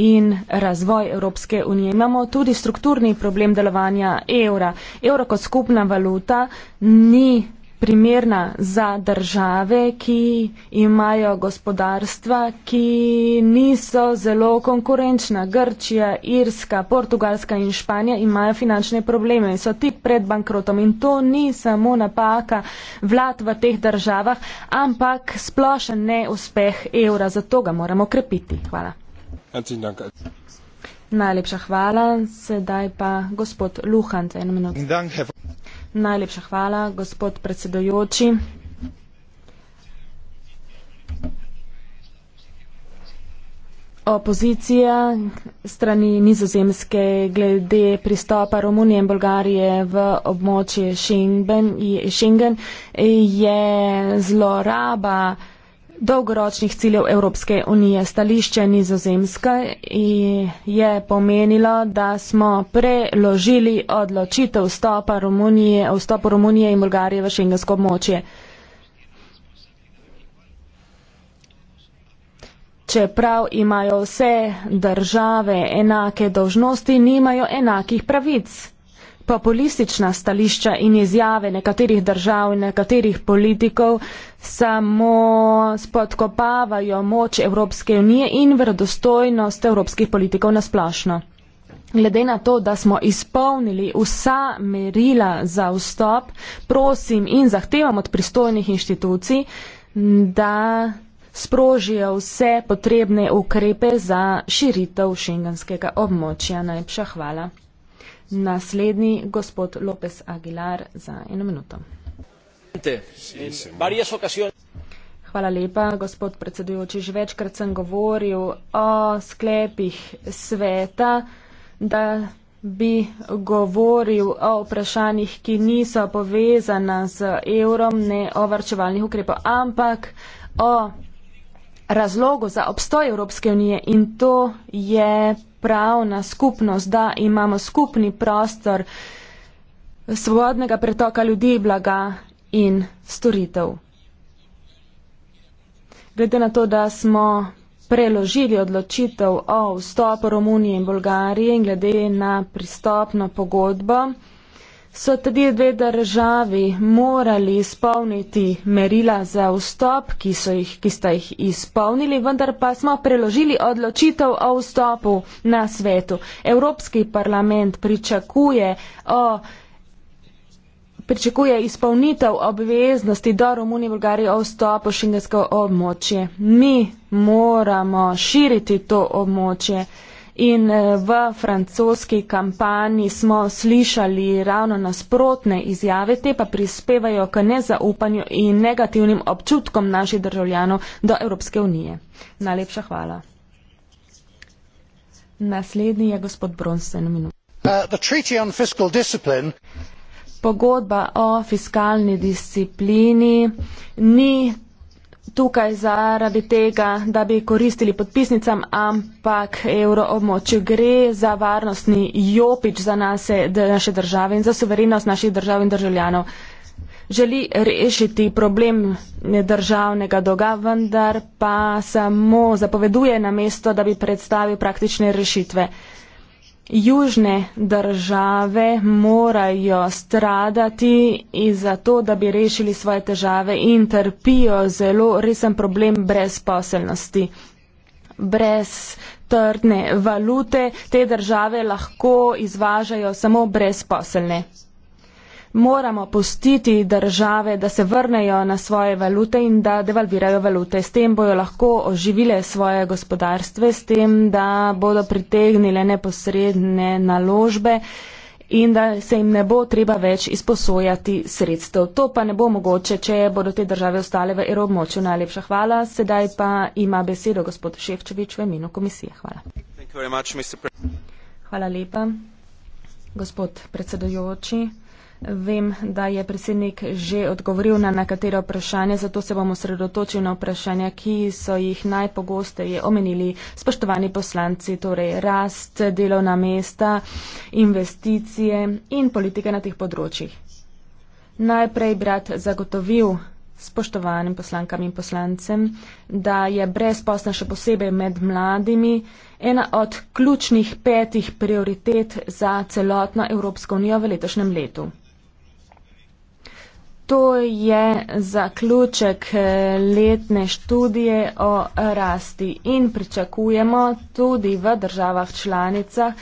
Speaker 7: in razvoj Evropske unije. Imamo tudi strukturni problem delovanja evra. Evro kot skupna valuta ni primerna za države, ki imajo gospodarstva, ki niso zelo konkurenčna. Grčija, Irska, Portugalska in Španija imajo finančne probleme in so tik pred bankrotom. In to ni samo napaka vlad v teh državah, ampak splošen neuspeh evra. Zato ga moramo krepiti. Hvala. Najlepša hvala. Sedaj pa gospod Luhant, eno minuto. Najlepša hvala, gospod predsedojoči. Opozicija strani nizozemske glede pristopa Romunije in Bolgarije v območje Schengen je zloraba dolgoročnih ciljev Evropske unije. Stališče nizozemske je pomenilo, da smo preložili odločitev vstopa Romunije, vstopu Romunije in Bolgarije v šengensko območje. Čeprav imajo vse države enake dožnosti, nimajo enakih pravic populistična stališča in izjave nekaterih držav in nekaterih politikov samo spodkopavajo moč Evropske unije in verodostojnost evropskih politikov nasplašno. Glede na to, da smo izpolnili vsa merila za vstop, prosim in zahtevam od pristojnih inštitucij, da sprožijo vse potrebne ukrepe za širitev šengenskega območja. Najlepša hvala. Naslednji gospod López Aguilar za eno minuto. Hvala lepa, gospod predsedujoči. Že večkrat sem govoril o sklepih sveta, da bi govoril o vprašanjih, ki niso povezana z evrom, ne o varčevalnih ukrepov, ampak o razlogu za obstoj Evropske unije in to je prav na skupnost, da imamo skupni prostor svobodnega pretoka ljudi, blaga in storitev. Glede na to, da smo preložili odločitev o vstopu Romunije in Bolgarije in glede na pristopno pogodbo, so tudi dve državi morali izpolniti merila za vstop, ki, jih, ki sta jih izpolnili, vendar pa smo preložili odločitev o vstopu na svetu. Evropski parlament pričakuje o. Pričakuje izpolnitev obveznosti do Romunije in Bolgarije o vstopu v šengensko območje. Mi moramo širiti to območje. In eh, v francoski kampanji smo slišali ravno nasprotne izjave, te pa prispevajo k nezaupanju in negativnim občutkom naših državljanov do Evropske unije. Najlepša hvala. Naslednji je gospod Bronsen.
Speaker 1: Uh,
Speaker 7: Pogodba o fiskalni disciplini ni tukaj zaradi tega, da bi koristili podpisnicam, ampak evroobmočju gre za varnostni jopič za nas, da naše države in za suverenost naših držav in državljanov. Želi rešiti problem državnega doga, vendar pa samo zapoveduje na mesto, da bi predstavil praktične rešitve južne države morajo stradati za to, da bi rešili svoje težave in trpijo zelo resen problem brezposelnosti. Brez trdne valute te države lahko izvažajo samo brezposelne moramo pustiti države, da se vrnejo na svoje valute in da devalvirajo valute. S tem bojo lahko oživile svoje gospodarstve, s tem, da bodo pritegnile neposredne naložbe in da se jim ne bo treba več izposojati sredstev. To pa ne bo mogoče, če bodo te države ostale v evroobmočju. Najlepša hvala. Sedaj pa ima besedo gospod Ševčevič v imenu komisije. Hvala. Much, hvala lepa. Gospod predsedujoči. Vem, da je predsednik že odgovoril na nekatere vprašanja, zato se bomo sredotočili na vprašanja, ki so jih najpogosteje omenili spoštovani poslanci, torej rast, delovna mesta, investicije in politike na teh področjih. Najprej brat zagotovil spoštovanim poslankam in poslancem, da je brezposna še posebej med mladimi ena od ključnih petih prioritet za celotno Evropsko unijo v letošnjem letu. To je zaključek eh, letne študije o rasti in pričakujemo tudi v državah članicah,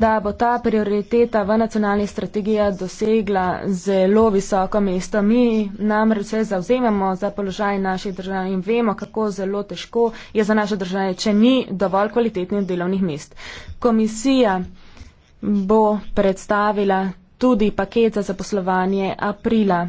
Speaker 7: da bo ta prioriteta v nacionalni strategiji dosegla zelo visoko mesto. Mi namreč se zauzemamo za položaj naših držav in vemo, kako zelo težko je za naše države, če ni dovolj kvalitetnih delovnih mest. Komisija bo predstavila tudi paket za zaposlovanje aprila.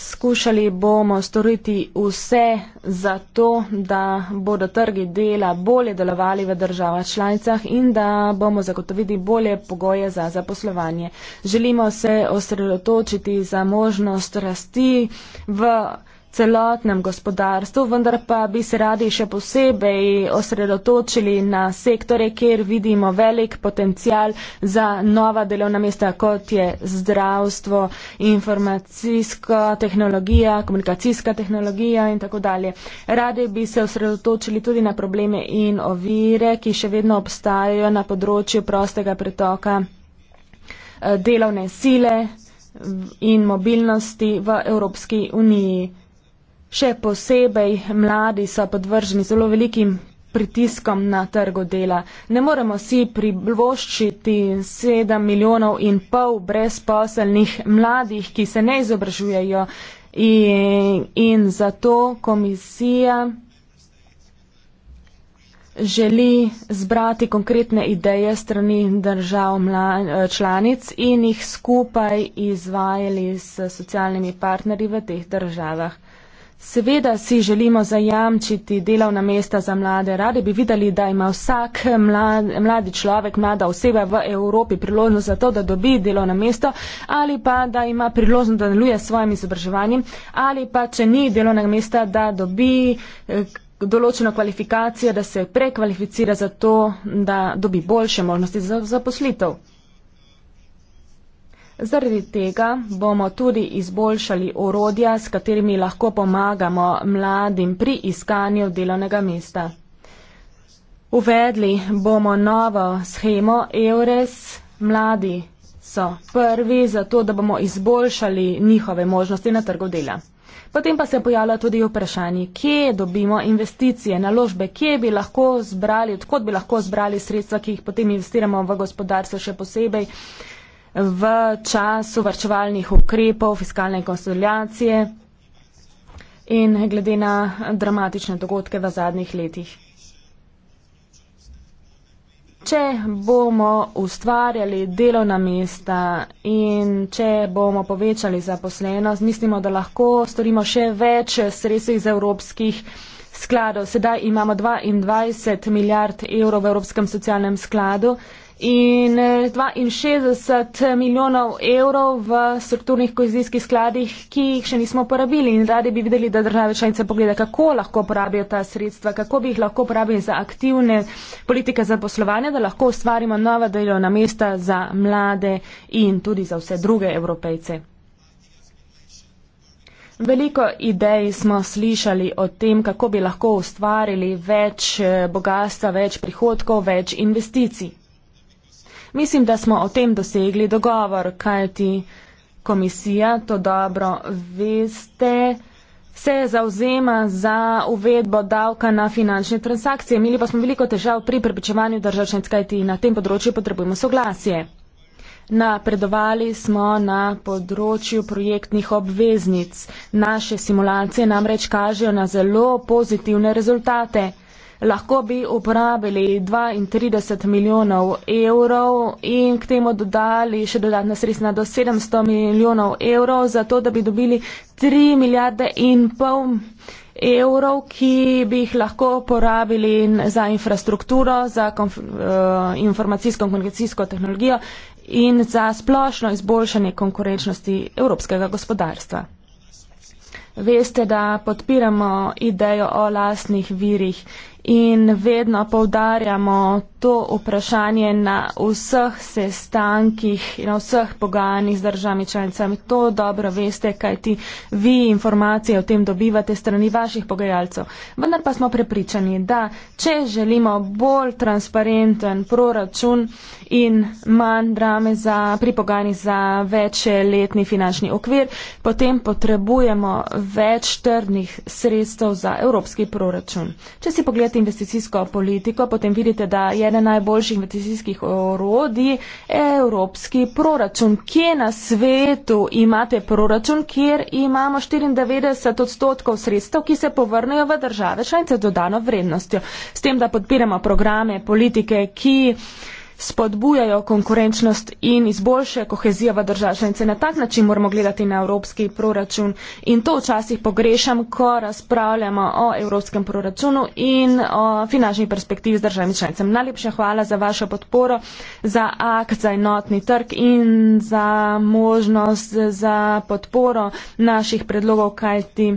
Speaker 7: Skušali bomo storiti vse za to, da bodo trgi dela bolje delovali v državah članicah in da bomo zagotovili bolje pogoje za zaposlovanje. Želimo se osredotočiti za možnost rasti v celotnem gospodarstvu, vendar pa bi se radi še posebej osredotočili na sektore, kjer vidimo velik potencial za nova delovna mesta, kot je zdravstvo, informacijska tehnologija, komunikacijska tehnologija in tako dalje. Radi bi se osredotočili tudi na probleme in ovire, ki še vedno obstajajo na področju prostega pretoka eh, delovne sile in mobilnosti v Evropski uniji še posebej mladi so podvrženi zelo velikim pritiskom na trgu dela. Ne moremo si privoščiti 7 milijonov in pol brezposelnih mladih, ki se ne izobražujejo in, in zato komisija želi zbrati konkretne ideje strani držav članic in jih skupaj izvajali s socialnimi partnerji v teh državah. Seveda si želimo zajamčiti delovna mesta za mlade. Radi bi videli, da ima vsak mladi človek, mlada oseba v Evropi priložnost za to, da dobi delovno mesto ali pa da ima priložnost, da deluje s svojim izobraževanjem ali pa, če ni delovnega mesta, da dobi eh, določeno kvalifikacijo, da se prekvalificira za to, da dobi boljše možnosti za zaposlitev. Zaradi tega bomo tudi izboljšali orodja, s katerimi lahko pomagamo mladim pri iskanju delovnega mesta. Uvedli bomo novo schemo EURES. Mladi so prvi za to, da bomo izboljšali njihove možnosti na trgu dela. Potem pa se pojavlja tudi vprašanje, kje dobimo investicije, naložbe, kje bi lahko zbrali, odkot bi lahko zbrali sredstva, ki jih potem investiramo v gospodarstvo še posebej v času varčevalnih ukrepov, fiskalne konsolidacije in glede na dramatične dogodke v zadnjih letih. Če bomo ustvarjali delovna mesta in če bomo povečali zaposlenost, mislimo, da lahko storimo še več sredstev iz evropskih skladov. Sedaj imamo 22 milijard evrov v Evropskem socialnem skladu in 62 eh, milijonov evrov v strukturnih kozijskih skladih, ki jih še nismo porabili in radi bi videli, da države članice pogleda, kako lahko porabijo ta sredstva, kako bi jih lahko porabili za aktivne politike za poslovanje, da lahko ustvarimo nova delovna mesta za mlade in tudi za vse druge evropejce. Veliko idej smo slišali o tem, kako bi lahko ustvarili več eh, bogatstva, več prihodkov, več investicij. Mislim, da smo o tem dosegli dogovor, kaj ti komisija, to dobro veste, se zauzema za uvedbo davka na finančne transakcije. Imeli pa smo veliko težav pri prepričevanju državčanic, kaj ti na tem področju potrebujemo soglasje. Napredovali smo na področju projektnih obveznic. Naše simulacije namreč kažejo na zelo pozitivne rezultate lahko bi uporabili 32 milijonov evrov in k temu dodali še dodatna sredstva do 700 milijonov evrov, zato da bi dobili 3 milijarde in pol evrov, ki bi jih lahko porabili za infrastrukturo, za konf, uh, informacijsko in komunikacijsko tehnologijo in za splošno izboljšanje konkurenčnosti evropskega gospodarstva. Veste, da podpiramo idejo o lastnih virih uh, in vedno povdarjamo to vprašanje na vseh sestankih in na vseh pogajanjih z državami članicami. To dobro veste, kaj ti vi informacije o tem dobivate strani vaših pogajalcev. Vendar pa smo prepričani, da če želimo bolj transparenten proračun in manj drame za pripogajanje za večje letni finančni okvir, potem potrebujemo več trdnih sredstev za evropski proračun. Če si pogledate, pogledate investicijsko politiko, potem vidite, da je eden najboljših investicijskih orodij evropski proračun. Kje na svetu imate proračun, kjer imamo 94 odstotkov sredstev, ki se povrnejo v države članice dodano vrednostjo, s tem, da podpiramo programe politike, ki spodbujajo konkurenčnost in izboljšajo kohezijo v državah članice. Na tak način moramo gledati na evropski proračun in to včasih pogrešam, ko razpravljamo o evropskem proračunu in o finančni perspektivi z državami članicami. Najlepša hvala za vašo podporo, za akt za enotni trg in za možnost za podporo naših predlogov, kajti.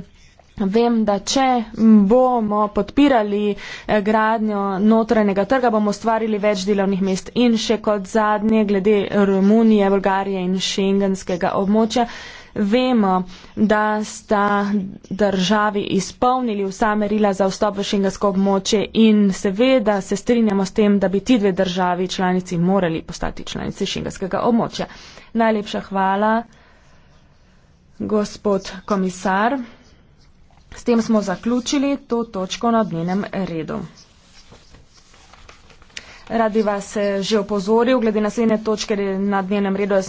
Speaker 7: Vem, da če bomo podpirali eh, gradnjo notranjega trga, bomo stvarili več delovnih mest. In še kot zadnje, glede Romunije, Bolgarije in šengenskega območja, vemo, da sta državi izpolnili vsa merila za vstop v šengensko območje in seveda se strinjamo s tem, da bi ti dve državi članici morali postati članice šengenskega območja. Najlepša hvala, gospod komisar. S tem smo zaključili to točko na dnevnem redu. Radi vas eh, že opozoril, glede naslednje točke na dnevnem redu.